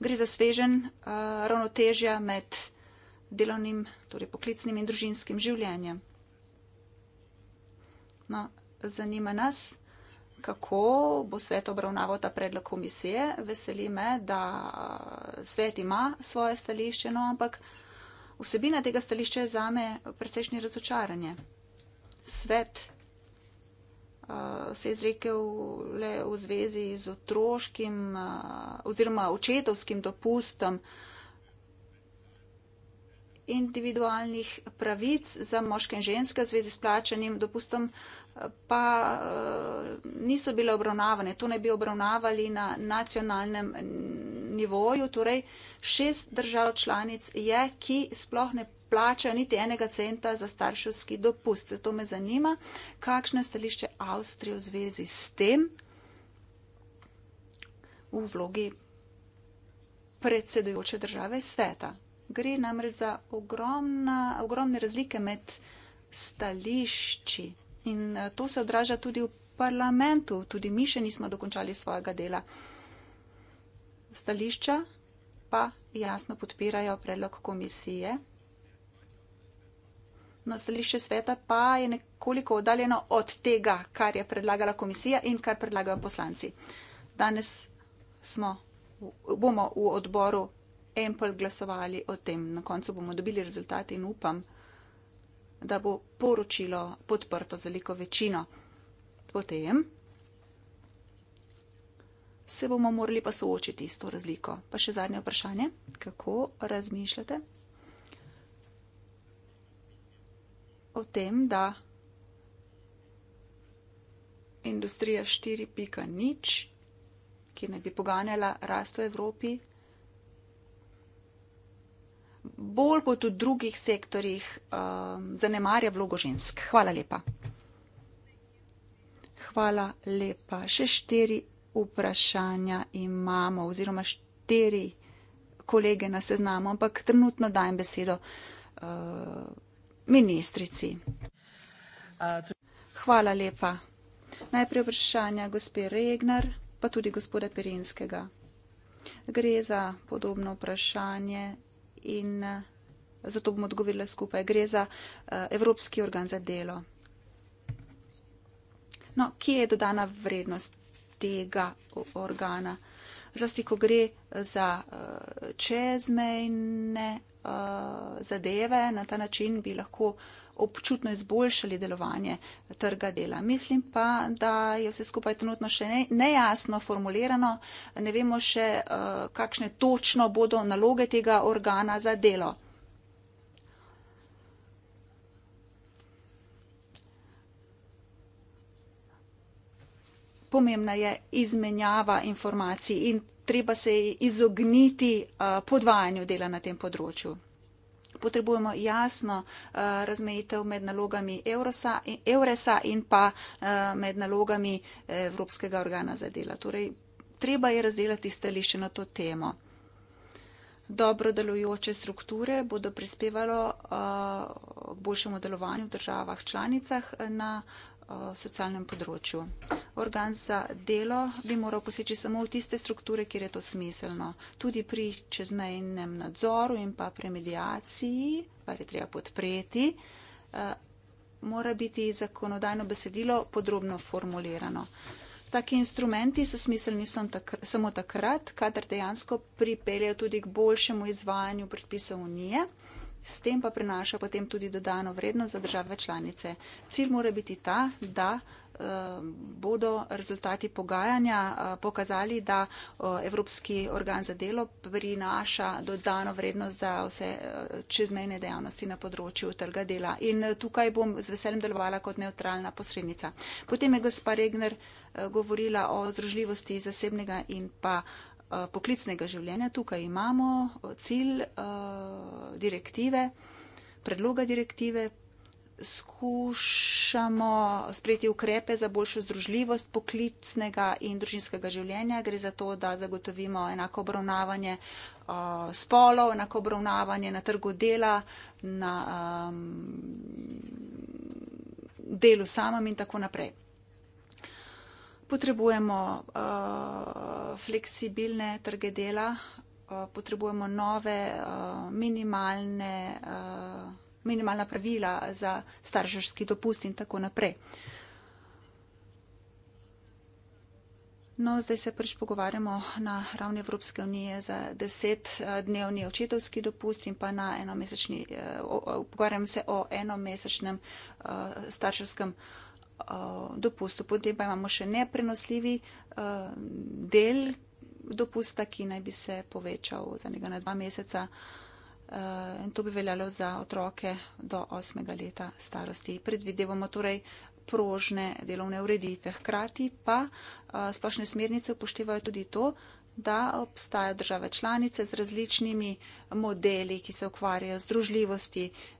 Gre za svežen uh, ravnotežja med delovnim, torej poklicnim in družinskim življenjem. No, zanima nas, kako bo svet obravnaval ta predlog komisije. Veseli me, da svet ima svoje stališče, no, ampak vsebina tega stališča je za me precejšnje razočaranje. Svet uh, se je izrekel le v zvezi z otroškim uh, oziroma očetovskim dopustom. Uh, individualnih pravic za moške in ženske v zvezi s plačanim dopustom, eh, pa eh, niso bile obravnavane. To ne bi obravnavali na nacionalnem nivoju. Torej, šest držav članic je, ki sploh ne plačajo niti enega centa za starševski dopust. Zato me zanima, kakšno je stališče Avstrije v zvezi s tem v vlogi predsedujoče države sveta gre namreč za ogromna, ogromne razlike med stališči. In eh, to se odraža tudi v parlamentu, tudi mi še nismo dokončali svojega dela. Stališča pa jasno podpirajo predlog komisije. No, stališče sveta pa je nekoliko oddaljeno od tega, kar je predlagala komisija in kar predlagajo poslanci. Danes smo, bomo v odboru en pol glasovali o tem. Na koncu bomo dobili rezultate in upam, da bo poročilo podprto z veliko večino. Potem se bomo morali pa soočiti s to razliko. Pa še zadnje vprašanje, kako razmišljate o tem, da industrija 4.0, ki naj bi poganjala rast v Evropi, bolj kot v drugih sektorjih um, zanemarja vlogo žensk. Hvala lepa. Hvala lepa. Še štiri vprašanja imamo oziroma štiri kolege na seznamu, ampak trenutno dajem besedo uh, ministrici. Hvala lepa. Najprej vprašanja gospe Regnar, pa tudi gospoda Perinskega. Gre za podobno vprašanje in eh, zato bom odgovorila skupaj. Gre za eh, Evropski organ za delo. No, kje je dodana vrednost tega organa? Zlasti, ko gre eh, za čezmejne zadeve, na ta način bi lahko uh, občutno izboljšali delovanje trga dela. Mislim pa, da je vse skupaj trenutno še nejasno formulirano, ne vemo še, eh, kakšne točno bodo naloge tega organa za delo. Pomembna je izmenjava informacij in treba se izogniti eh, podvajanju dela na tem področju potrebujemo jasno eh, razmejitev med nalogami Evresa in pa eh, med nalogami Evropskega organa za dela. Torej, treba je razdelati stališče na to temo. Dobro delujoče strukture bodo prispevalo uh, k boljšemu delovanju v državah članicah na uh, Eh, socialnem področju. Organ za delo bi moral poseči samo v tiste strukture, kjer je to smiselno. Tudi pri čezmejnem nadzoru in pa pri medijaciji, kar je treba podpreti, eh, mora biti zakonodajno besedilo podrobno formulirano. Taki instrumenti so smiselni samo takrat, kadar dejansko pripeljajo tudi k boljšemu izvajanju predpisov unije s tem pa prenaša potem tudi dodano vrednost za države članice. Cilj mora biti ta, da eh, bodo rezultati pogajanja eh, pokazali, da eh, Evropski organ za delo prinaša dodano vrednost za vse čezmejne dejavnosti na področju trga dela. In tukaj bom z veseljem delovala kot neutralna posrednica. Potem je gospa Regner govorila o združljivosti zasebnega in pa uh, Eh, poklicnega življenja. Tukaj imamo eh, cilj eh, direktive, predloga direktive. Skušamo sprejeti ukrepe za boljšo združljivost poklicnega in družinskega življenja. Gre za to, da zagotovimo enako obravnavanje spolov, enako obravnavanje na trgu dela, na um, delu samem in tako naprej. Potrebujemo uh, fleksibilne trge dela, uh, potrebujemo nove uh, minimalne, uh, minimalna pravila za staržerski dopust in tako naprej. No, zdaj se prvič pogovarjamo na ravni Evropske unije za desetdnevni uh, očetovski dopust in pa na enomesečni, eh, uh, pogovarjam se o enomesečnem eh, starševskem dopustu dopustu. Potem pa imamo še neprenosljivi e, del dopusta, ki naj bi se povečal za nekaj na dva meseca. E, in to bi veljalo za otroke do osmega leta starosti. Predvidevamo torej prožne delovne ureditve. Hkrati pa e, splošne smernice upoštevajo tudi to, da obstajajo države članice z različnimi modeli, ki se ukvarjajo z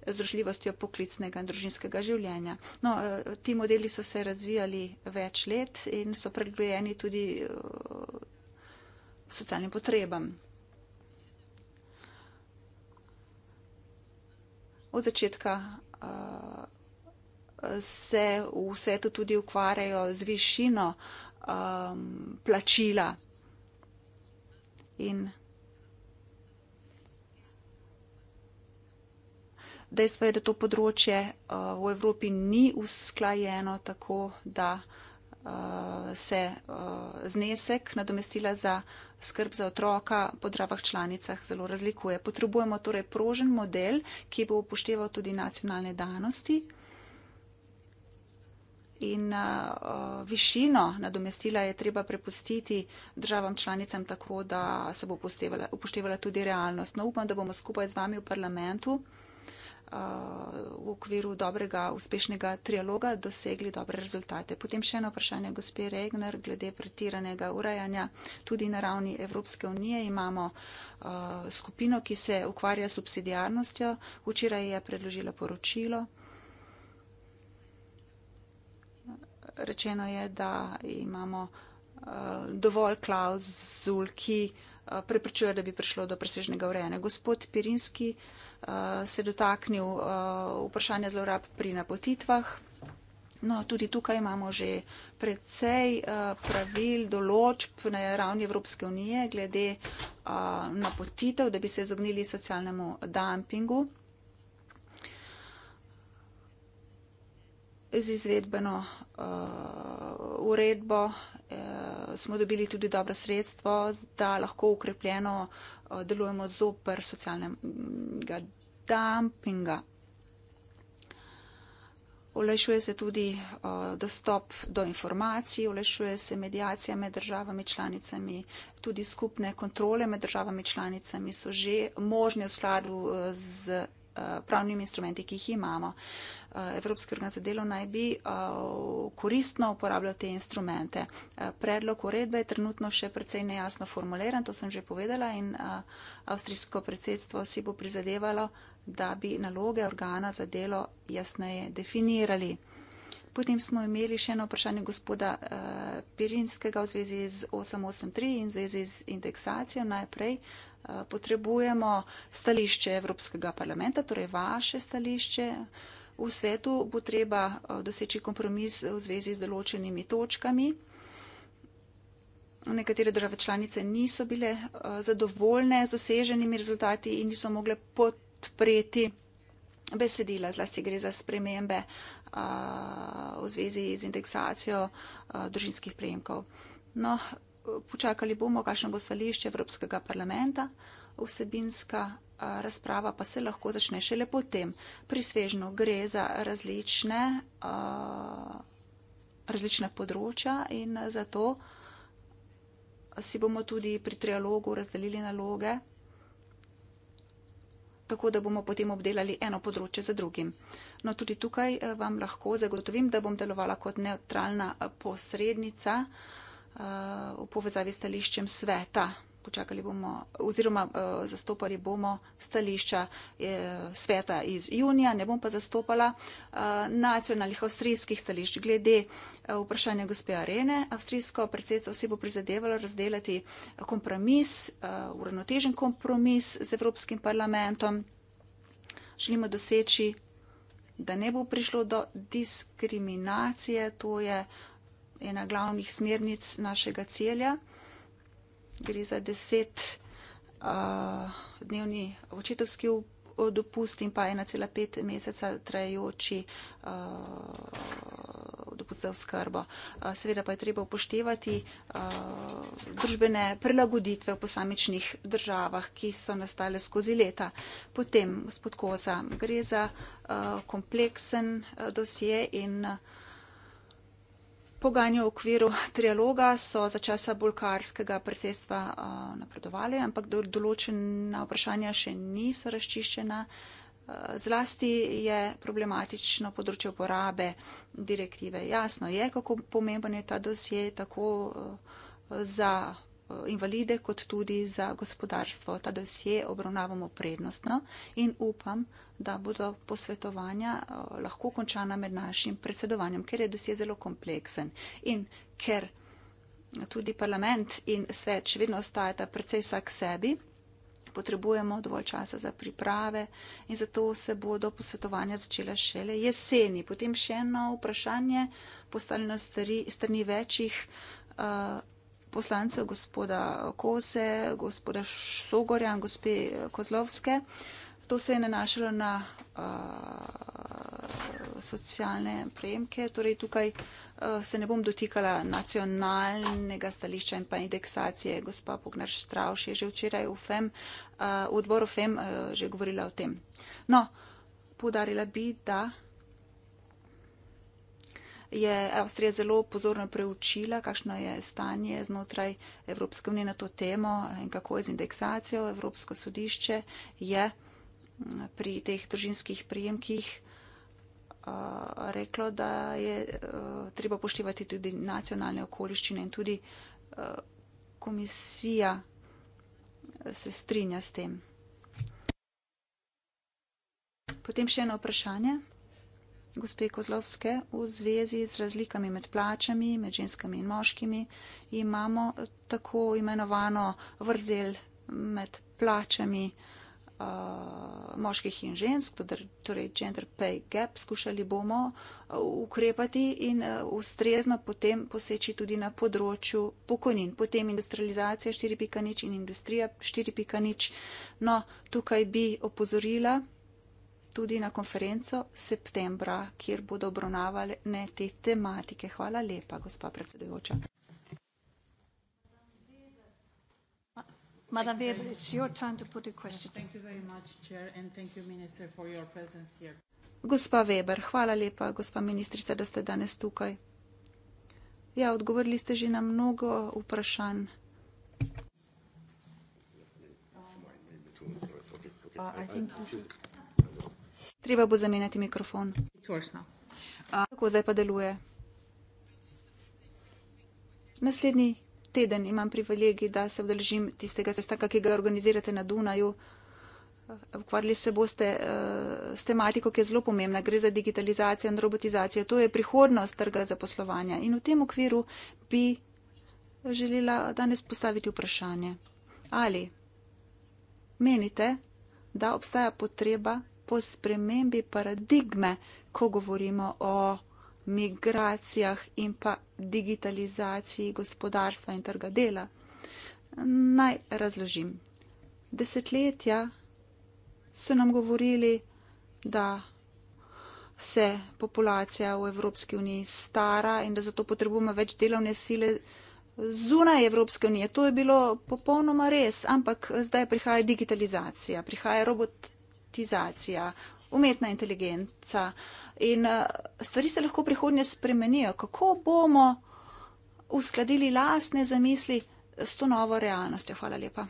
združljivostjo poklicnega in družinskega življenja. No, e, ti modeli so se razvijali več let in so predgrojeni tudi e, socialnim potrebam. Od začetka e, se v svetu tudi ukvarjajo z višino plačila in dejstvo je, da to področje eh, v Evropi ni usklajeno tako, da eh, se eh, znesek nadomestila za skrb za otroka po dravah članicah zelo razlikuje. Potrebujemo torej prožen model, ki bo upošteval tudi nacionalne danosti in uh, uh, višino nadomestila je treba prepustiti državam članicam tako, da se bo upoštevala, upoštevala tudi realnost. No, upam, da bomo skupaj z vami v parlamentu uh, v okviru dobrega, uspešnega trialoga dosegli dobre rezultate. Potem še eno vprašanje, gospe Regner, glede pretiranega urajanja tudi na ravni Evropske unije imamo uh, skupino, ki se ukvarja subsidijarnostjo. Včeraj je predložila poročilo. rečeno je, da imamo eh, dovolj klauzul, ki eh, preprečuje, da bi prišlo do presežnega urejanja. Gospod Pirinski eh, se je dotaknil vprašanja zlorab pri napotitvah. No, tudi tukaj imamo že precej pravil, določb na ravni Evropske unije glede napotitev, da bi se izognili socialnemu dumpingu. z izvedbeno uh, uredbo uh, smo dobili tudi dobro sredstvo, da lahko ukrepljeno uh, delujemo zoper socialnega dumpinga. Olešuje se tudi uh, dostop do informacij, olešuje se medijacija med državami članicami, tudi skupne kontrole med državami članicami so že možne v skladu z Eh, pravnimi instrumenti, ki jih imamo. Eh, Evropski organ za delo naj bi eh, koristno uporabljal te instrumente. Predlog uredbe je trenutno še precej nejasno formuliran, to sem že povedala, in avstrijsko predsedstvo si bo prizadevalo, da bi naloge organa za delo jasneje definirali. Potem smo imeli še eno vprašanje gospoda Pirinskega v zvezi z 883 in v zvezi z indeksacijo najprej. Eh, potrebujemo stališče Evropskega parlamenta, torej vaše stališče. V svetu bo treba eh, doseči kompromis v zvezi z določenimi točkami. Nekatere države članice niso bile eh, zadovoljne z doseženimi rezultati in niso mogle podpreti besedila, zlasti gre za spremembe v zvezi z indeksacijo družinskih prejemkov. No, počakali bomo, kakšno bo stališče Evropskega parlamenta, vsebinska razprava pa se lahko začne šele potem. Pri svežnju gre za različne, različne področja in zato si bomo tudi pri trialogu razdelili naloge, tako da bomo potem obdelali eno področje za drugim. No, tudi tukaj vam lahko zagotovim, da bom delovala kot neutralna posrednica. Eh, v povezavi s stališčem sveta. Počakali bomo, oziroma uh, zastopali bomo stališča eh, sveta iz junija, ne bom pa zastopala uh, nacionalnih avstrijskih stališč. Glede uh, vprašanja gospe Arene, avstrijsko predsedstvo si bo prizadevalo razdelati kompromis, uh, uravnotežen kompromis z Evropskim parlamentom. Želimo doseči, da ne bo prišlo do diskriminacije, to je uh, ena glavnih smernic našega celja. Gre za deset uh, dnevni očetovski dopust in pa 1,5 meseca trajajoči uh, dopust za oskrbo. Uh, seveda pa je treba upoštevati uh, družbene prilagoditve v posamičnih državah, ki so nastale skozi leta. Potem, gospod Koza, gre za uh, kompleksen uh, dosje in uh, Pogajanja v okviru trialoga so za časa bulgarskega predsedstva napredovali, ampak določena vprašanja še niso razčiščena. Zlasti je problematično področje uporabe direktive. Jasno je, kako pomemben je ta dosje tako za invalide, kot tudi za gospodarstvo. Ta dosje obravnavamo prednostno in upam, da bodo posvetovanja eh, lahko končana med našim predsedovanjem, ker je dosje zelo kompleksen in ker tudi parlament in svet še vedno ostajata precej vsak sebi. Potrebujemo dovolj časa za priprave in zato se bodo posvetovanja začela šele jeseni. Potem še eno vprašanje postavljeno strani večjih uh, poslancev gospoda Kose, gospoda Sogorja in gospe Kozlovske. To se je nanašalo na uh, socialne prejemke. Torej tukaj uh, se ne bom dotikala nacionalnega stališča in pa indeksacije. Gospa Pognar Štravš je že včeraj v FEM, uh, eh, v odboru FEM uh, že govorila o tem. No, podarila bi, da je Avstrija zelo pozorno preučila, kakšno je stanje znotraj Evropske unije na to temo in kako je z indeksacijo. Evropsko sodišče je pri teh družinskih prijemkih uh, reklo, da je uh, treba poštivati tudi nacionalne okoliščine in tudi uh, komisija se strinja s tem. Potem še eno vprašanje gospe Kozlovske v zvezi z razlikami med plačami, med ženskami in moškimi. Imamo tako imenovano vrzel med plačami uh, moških in žensk, torej gender pay gap, skušali bomo uh, ukrepati in uh, ustrezno potem poseči tudi na področju pokojnin. Potem industrializacija 4.0 in industrija 4.0. No, tukaj bi opozorila tudi na konferenco septembra, kjer bodo obravnavale te tematike. Hvala lepa, gospa predsedujoča. Madam Weber, it's your time to put a question. Thank you very much, Chair, and thank you, Minister, for your presence here. Gospa Weber, hvala lepa, gospa ministrica, da ste danes tukaj. Ja, odgovorili ste že na mnogo vprašanj. Uh, I think you should... Treba bo zamenjati mikrofon. Tako zdaj pa deluje. Naslednji teden imam privilegij, da se vdeležim tistega sestanka, ki ga organizirate na Dunaju. Ukvarjali se boste uh, s tematiko, ki je zelo pomembna. Gre za digitalizacijo in robotizacijo. To je prihodnost trga zaposlovanja. In v tem okviru bi želela danes postaviti vprašanje. Ali menite, da obstaja potreba po spremembi paradigme, ko govorimo o migracijah in pa digitalizaciji gospodarstva in trga dela. Naj razložim. Desetletja so nam govorili, da se populacija v Evropski uniji stara in da zato potrebujemo več delovne sile zunaj Evropske unije. To je bilo popolnoma res, ampak zdaj prihaja digitalizacija, prihaja robot, robotizacija, umetna inteligenca in eh, stvari se lahko prihodnje spremenijo. Kako bomo uskladili lastne zamisli s to novo realnostjo? Hvala lepa.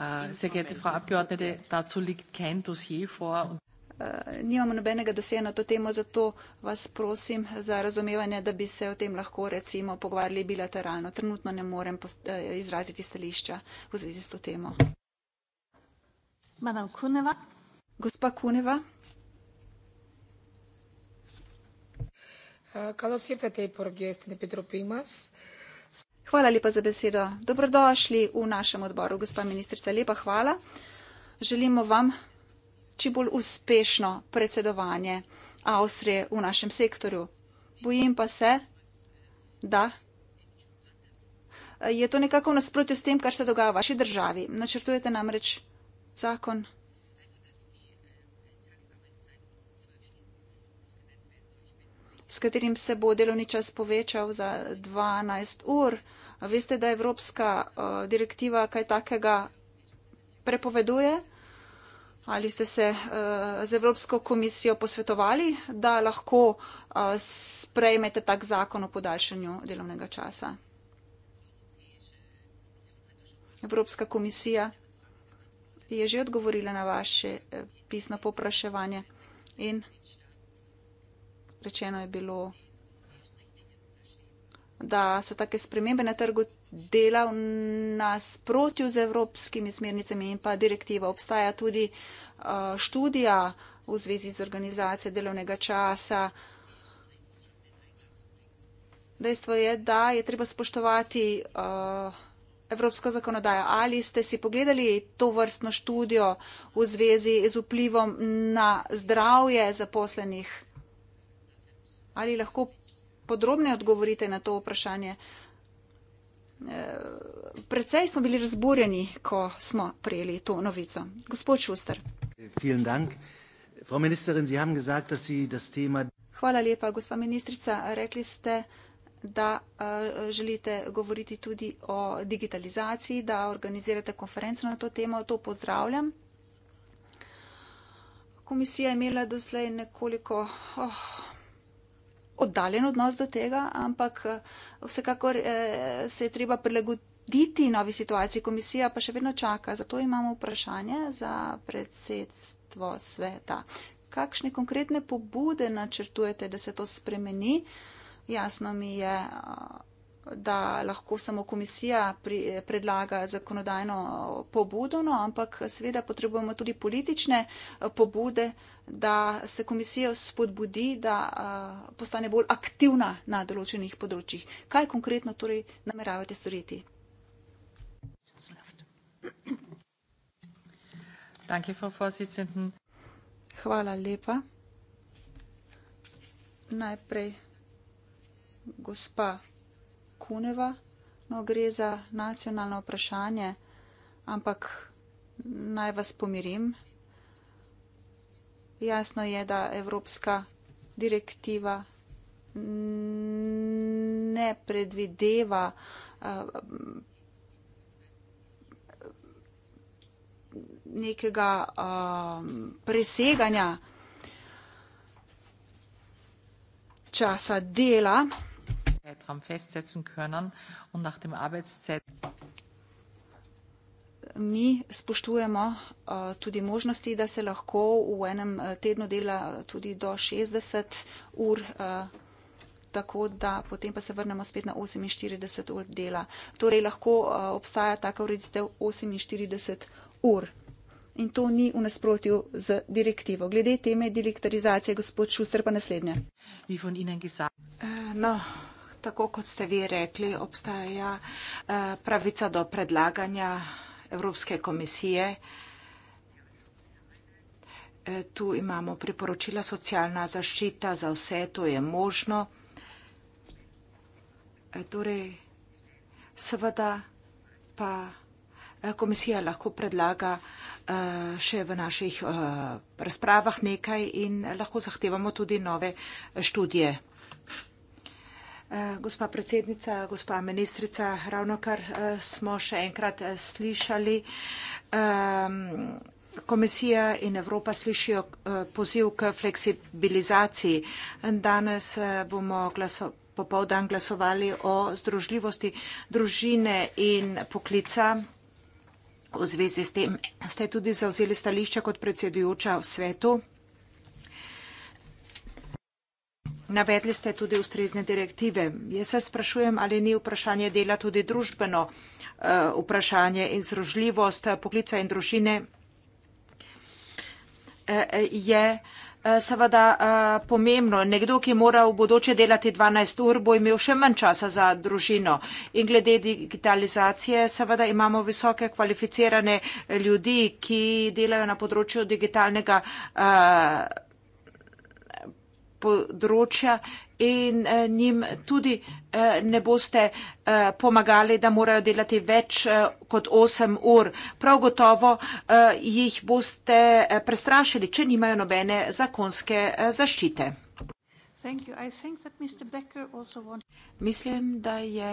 Äh, sehr geehrte Frau Abgeordnete, dazu liegt kein Dossier vor nimamo nobenega dosje na to temo, zato vas prosim za razumevanje, da bi se o tem lahko recimo pogovarjali bilateralno. Trenutno ne morem eh, izraziti stališča v zvezi s to temo. Madam Kuneva. Gospa Kuneva. Eh, hvala lepa za besedo. Dobrodošli v našem odboru, gospa ministrica. Lepa hvala. Želimo vam čim bolj uspešno predsedovanje Avstrije v našem sektorju. Bojim pa se, da eh, je to nekako v nasprotju s tem, kar se dogaja v vaši državi. Načrtujete namreč zakon. s katerim se bo delovni čas povečal za 12 ur. Veste, da Evropska eh, direktiva kaj takega prepoveduje? Ali ste se uh, z Evropsko komisijo posvetovali, da lahko uh, sprejmete tak zakon o podaljšanju delovnega časa? Evropska komisija je že odgovorila na vaše eh, pisno popraševanje in rečeno je bilo, da so take spremembe na trgu dela v nasprotju z evropskimi smernicami in pa direktiva. Obstaja tudi uh, študija v zvezi z organizacijo delovnega časa. Dejstvo je, da je treba spoštovati uh, evropsko zakonodajo. Ali ste si pogledali to vrstno študijo v zvezi z vplivom na zdravje zaposlenih? Ali lahko podrobne odgovorite na to vprašanje? Uh, Eh, Predvsej smo bili razburjeni, ko smo prejeli to novico. Gospod Šuster. Hvala lepa, gospa ministrica. Rekli ste, da eh, želite govoriti tudi o digitalizaciji, da organizirate konferenco na to temo. To pozdravljam. Komisija je imela doslej nekoliko oh, oddaljen odnos do tega, ampak eh, vsekakor eh, se je treba prilagoditi novi situaciji. Komisija pa še vedno čaka, zato imamo vprašanje za predsedstvo sveta. Kakšne konkretne pobude načrtujete, da se to spremeni? Jasno mi je, da lahko samo komisija pri, predlaga zakonodajno pobudo, no, ampak seveda potrebujemo tudi politične eh, pobude, da se komisija spodbudi, da a, eh, postane bolj aktivna na določenih področjih. Kaj konkretno torej nameravate storiti? Hvala lepa. Najprej gospa Kuneva. No, gre za nacionalno vprašanje, ampak naj vas pomirim. Jasno je, da evropska direktiva ne predvideva eh, nekega um, preseganja časa dela, Zeitraum äh, festsetzen können und nach dem Arbeitszeit. Mi spoštujemo uh, tudi možnosti, da se lahko v enem äh, tednu dela tudi do 60 ur, uh, tako da potem pa se vrnemo spet na 48 ur dela. Torej lahko uh, obstaja taka ureditev 48 ur. In to ni v nasprotju z direktivo. Glede teme direktorizacije, gospod Šuster, pa naslednje. Uh, no tako kot ste vi rekli, obstaja eh, pravica do predlaganja Evropske komisije. Eh, tu imamo priporočila socialna zaščita za vse, to je možno. Eh, torej, seveda pa komisija lahko predlaga še v naših razpravah nekaj in lahko zahtevamo tudi nove študije. Eh, gospa predsednica, gospa ministrica, ravno kar eh, smo še enkrat eh, slišali, ehm, komisija in Evropa slišijo poziv k fleksibilizaciji. Danes bomo glaso, popovdan glasovali o združljivosti družine in poklica. V zvezi s tem ste tudi zauzeli stališče kot predsedujoča v svetu. Navedli ste tudi ustrezne direktive. Jaz se sprašujem, ali ni vprašanje dela tudi družbeno eh, vprašanje in zrožljivost eh, poklica in družine eh, je seveda pomembno. Nekdo, ki mora v bodoče delati 12 ur, bo imel še manj časa za družino. In glede digitalizacije, seveda imamo visoke kvalificirane ljudi, ki delajo na področju digitalnega vprašanja področja in eh, njim tudi eh, ne boste eh, pomagali, da morajo delati več eh, kot 8 ur. Prav gotovo eh, jih boste eh, prestrašili, če nimajo nobene zakonske eh, zaščite. Mislim, da je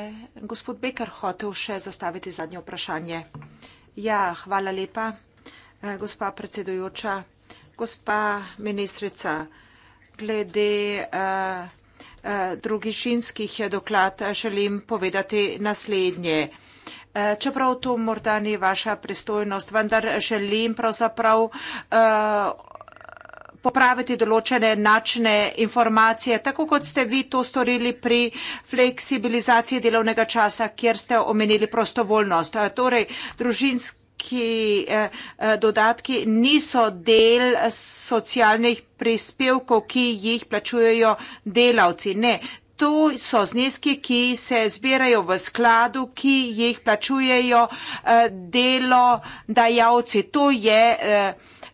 gospod Becker hotel še zastaviti zadnje vprašanje. Ja, hvala lepa, eh, gospa predsedujoča, gospa ministrica glede uh, uh, drugišinskih doklad želim povedati naslednje. Eh, čeprav to morda ni vaša pristojnost, vendar želim pravzaprav uh, popraviti določene načne informacije, tako kot ste vi to storili pri fleksibilizaciji delovnega časa, kjer ste omenili prostovoljnost. Torej, družinski ki, eh, eh, dodatki niso del socialnih prispevkov, ki jih plačujejo delavci. Ne. To so zneski, ki se zbirajo v skladu, ki jih plačujejo eh, delo dajavci. To je,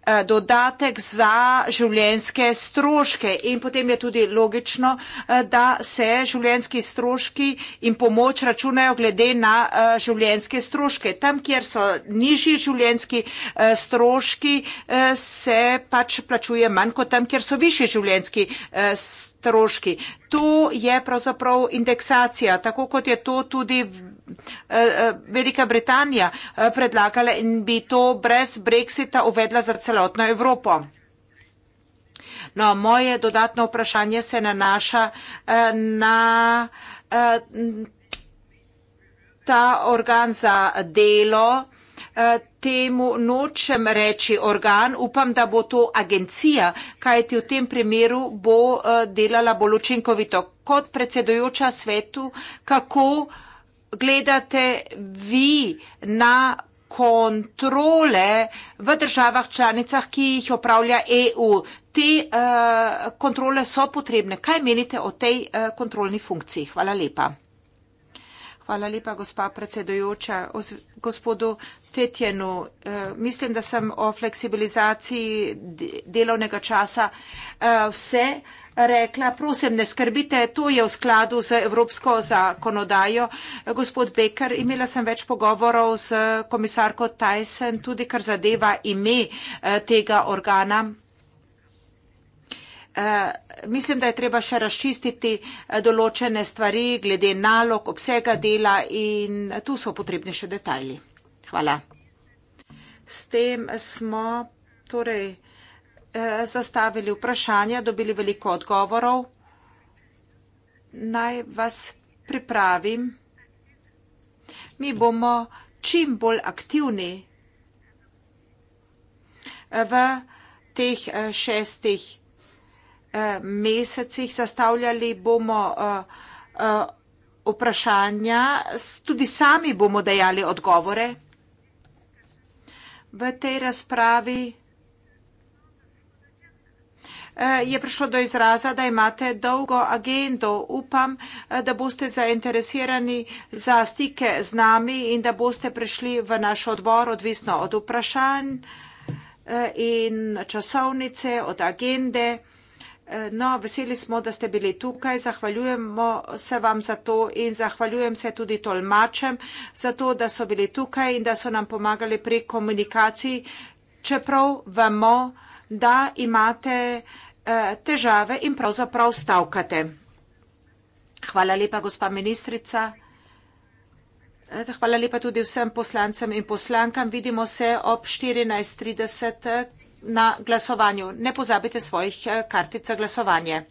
Eh, dodatek za življenjske stroške in potem je tudi logično, eh, da se življenjski stroški in pomoč računajo glede na eh, življenjske stroške. Tam, kjer so nižji življenjski stroški, se pač plačuje manj kot tam, kjer so višji življenjski stroški. To je pravzaprav indeksacija, tako kot je to tudi Eh, Velika Britanija eh, predlagala in bi to brez Brexita uvedla za celotno Evropo. No, moje dodatno vprašanje se nanaša eh, na ta organ za delo. Temu nočem reči organ, upam, da bo to agencija, kaj ti v tem primeru bo delala bolj učinkovito. Kot predsedujoča svetu, kako gledate vi na kontrole v državah članicah, ki jih opravlja EU? Te uh, kontrole so potrebne. Kaj menite o tej uh, kontrolni funkciji? Hvala lepa. Hvala lepa, gospa predsedojoča. Gospodu Tetjenu, eh, mislim, da sem o fleksibilizaciji delovnega časa vse rekla, prosim, ne skrbite, to je v skladu z evropsko zakonodajo. Gospod Becker, imela sem več pogovorov z komisarko Tyson, tudi kar zadeva ime eh, tega organa. Eh, mislim, da je treba še razčistiti eh, določene stvari glede nalog, obsega dela in tu so potrebni še detalji. Hvala. S tem smo torej. Eh, zastavili vprašanja, dobili veliko odgovorov. Naj vas pripravim. Mi bomo čim bolj aktivni eh, v teh eh, šestih mesecih. Zastavljali bomo vprašanja, tudi sami bomo dajali odgovore. V tej razpravi bomo Eh, je prišlo do izraza, da imate dolgo agendo. Upam, eh, da boste zainteresirani za stike z nami in da boste prišli v naš odbor, odvisno od vprašanj eh, in časovnice, od agende. No, veseli smo, da ste bili tukaj. Zahvaljujemo se vam za to in zahvaljujem se tudi tolmačem za to, da so bili tukaj in da so nam pomagali pri komunikaciji, čeprav vemo, da imate. Eh, težave in pravzaprav stavkate. Hvala lepa, gospa ministrica. Eh, hvala lepa tudi vsem poslancem in poslankam. Vidimo se ob 14.30 eh, na glasovanju. Ne pozabite svojih kartic za glasovanje.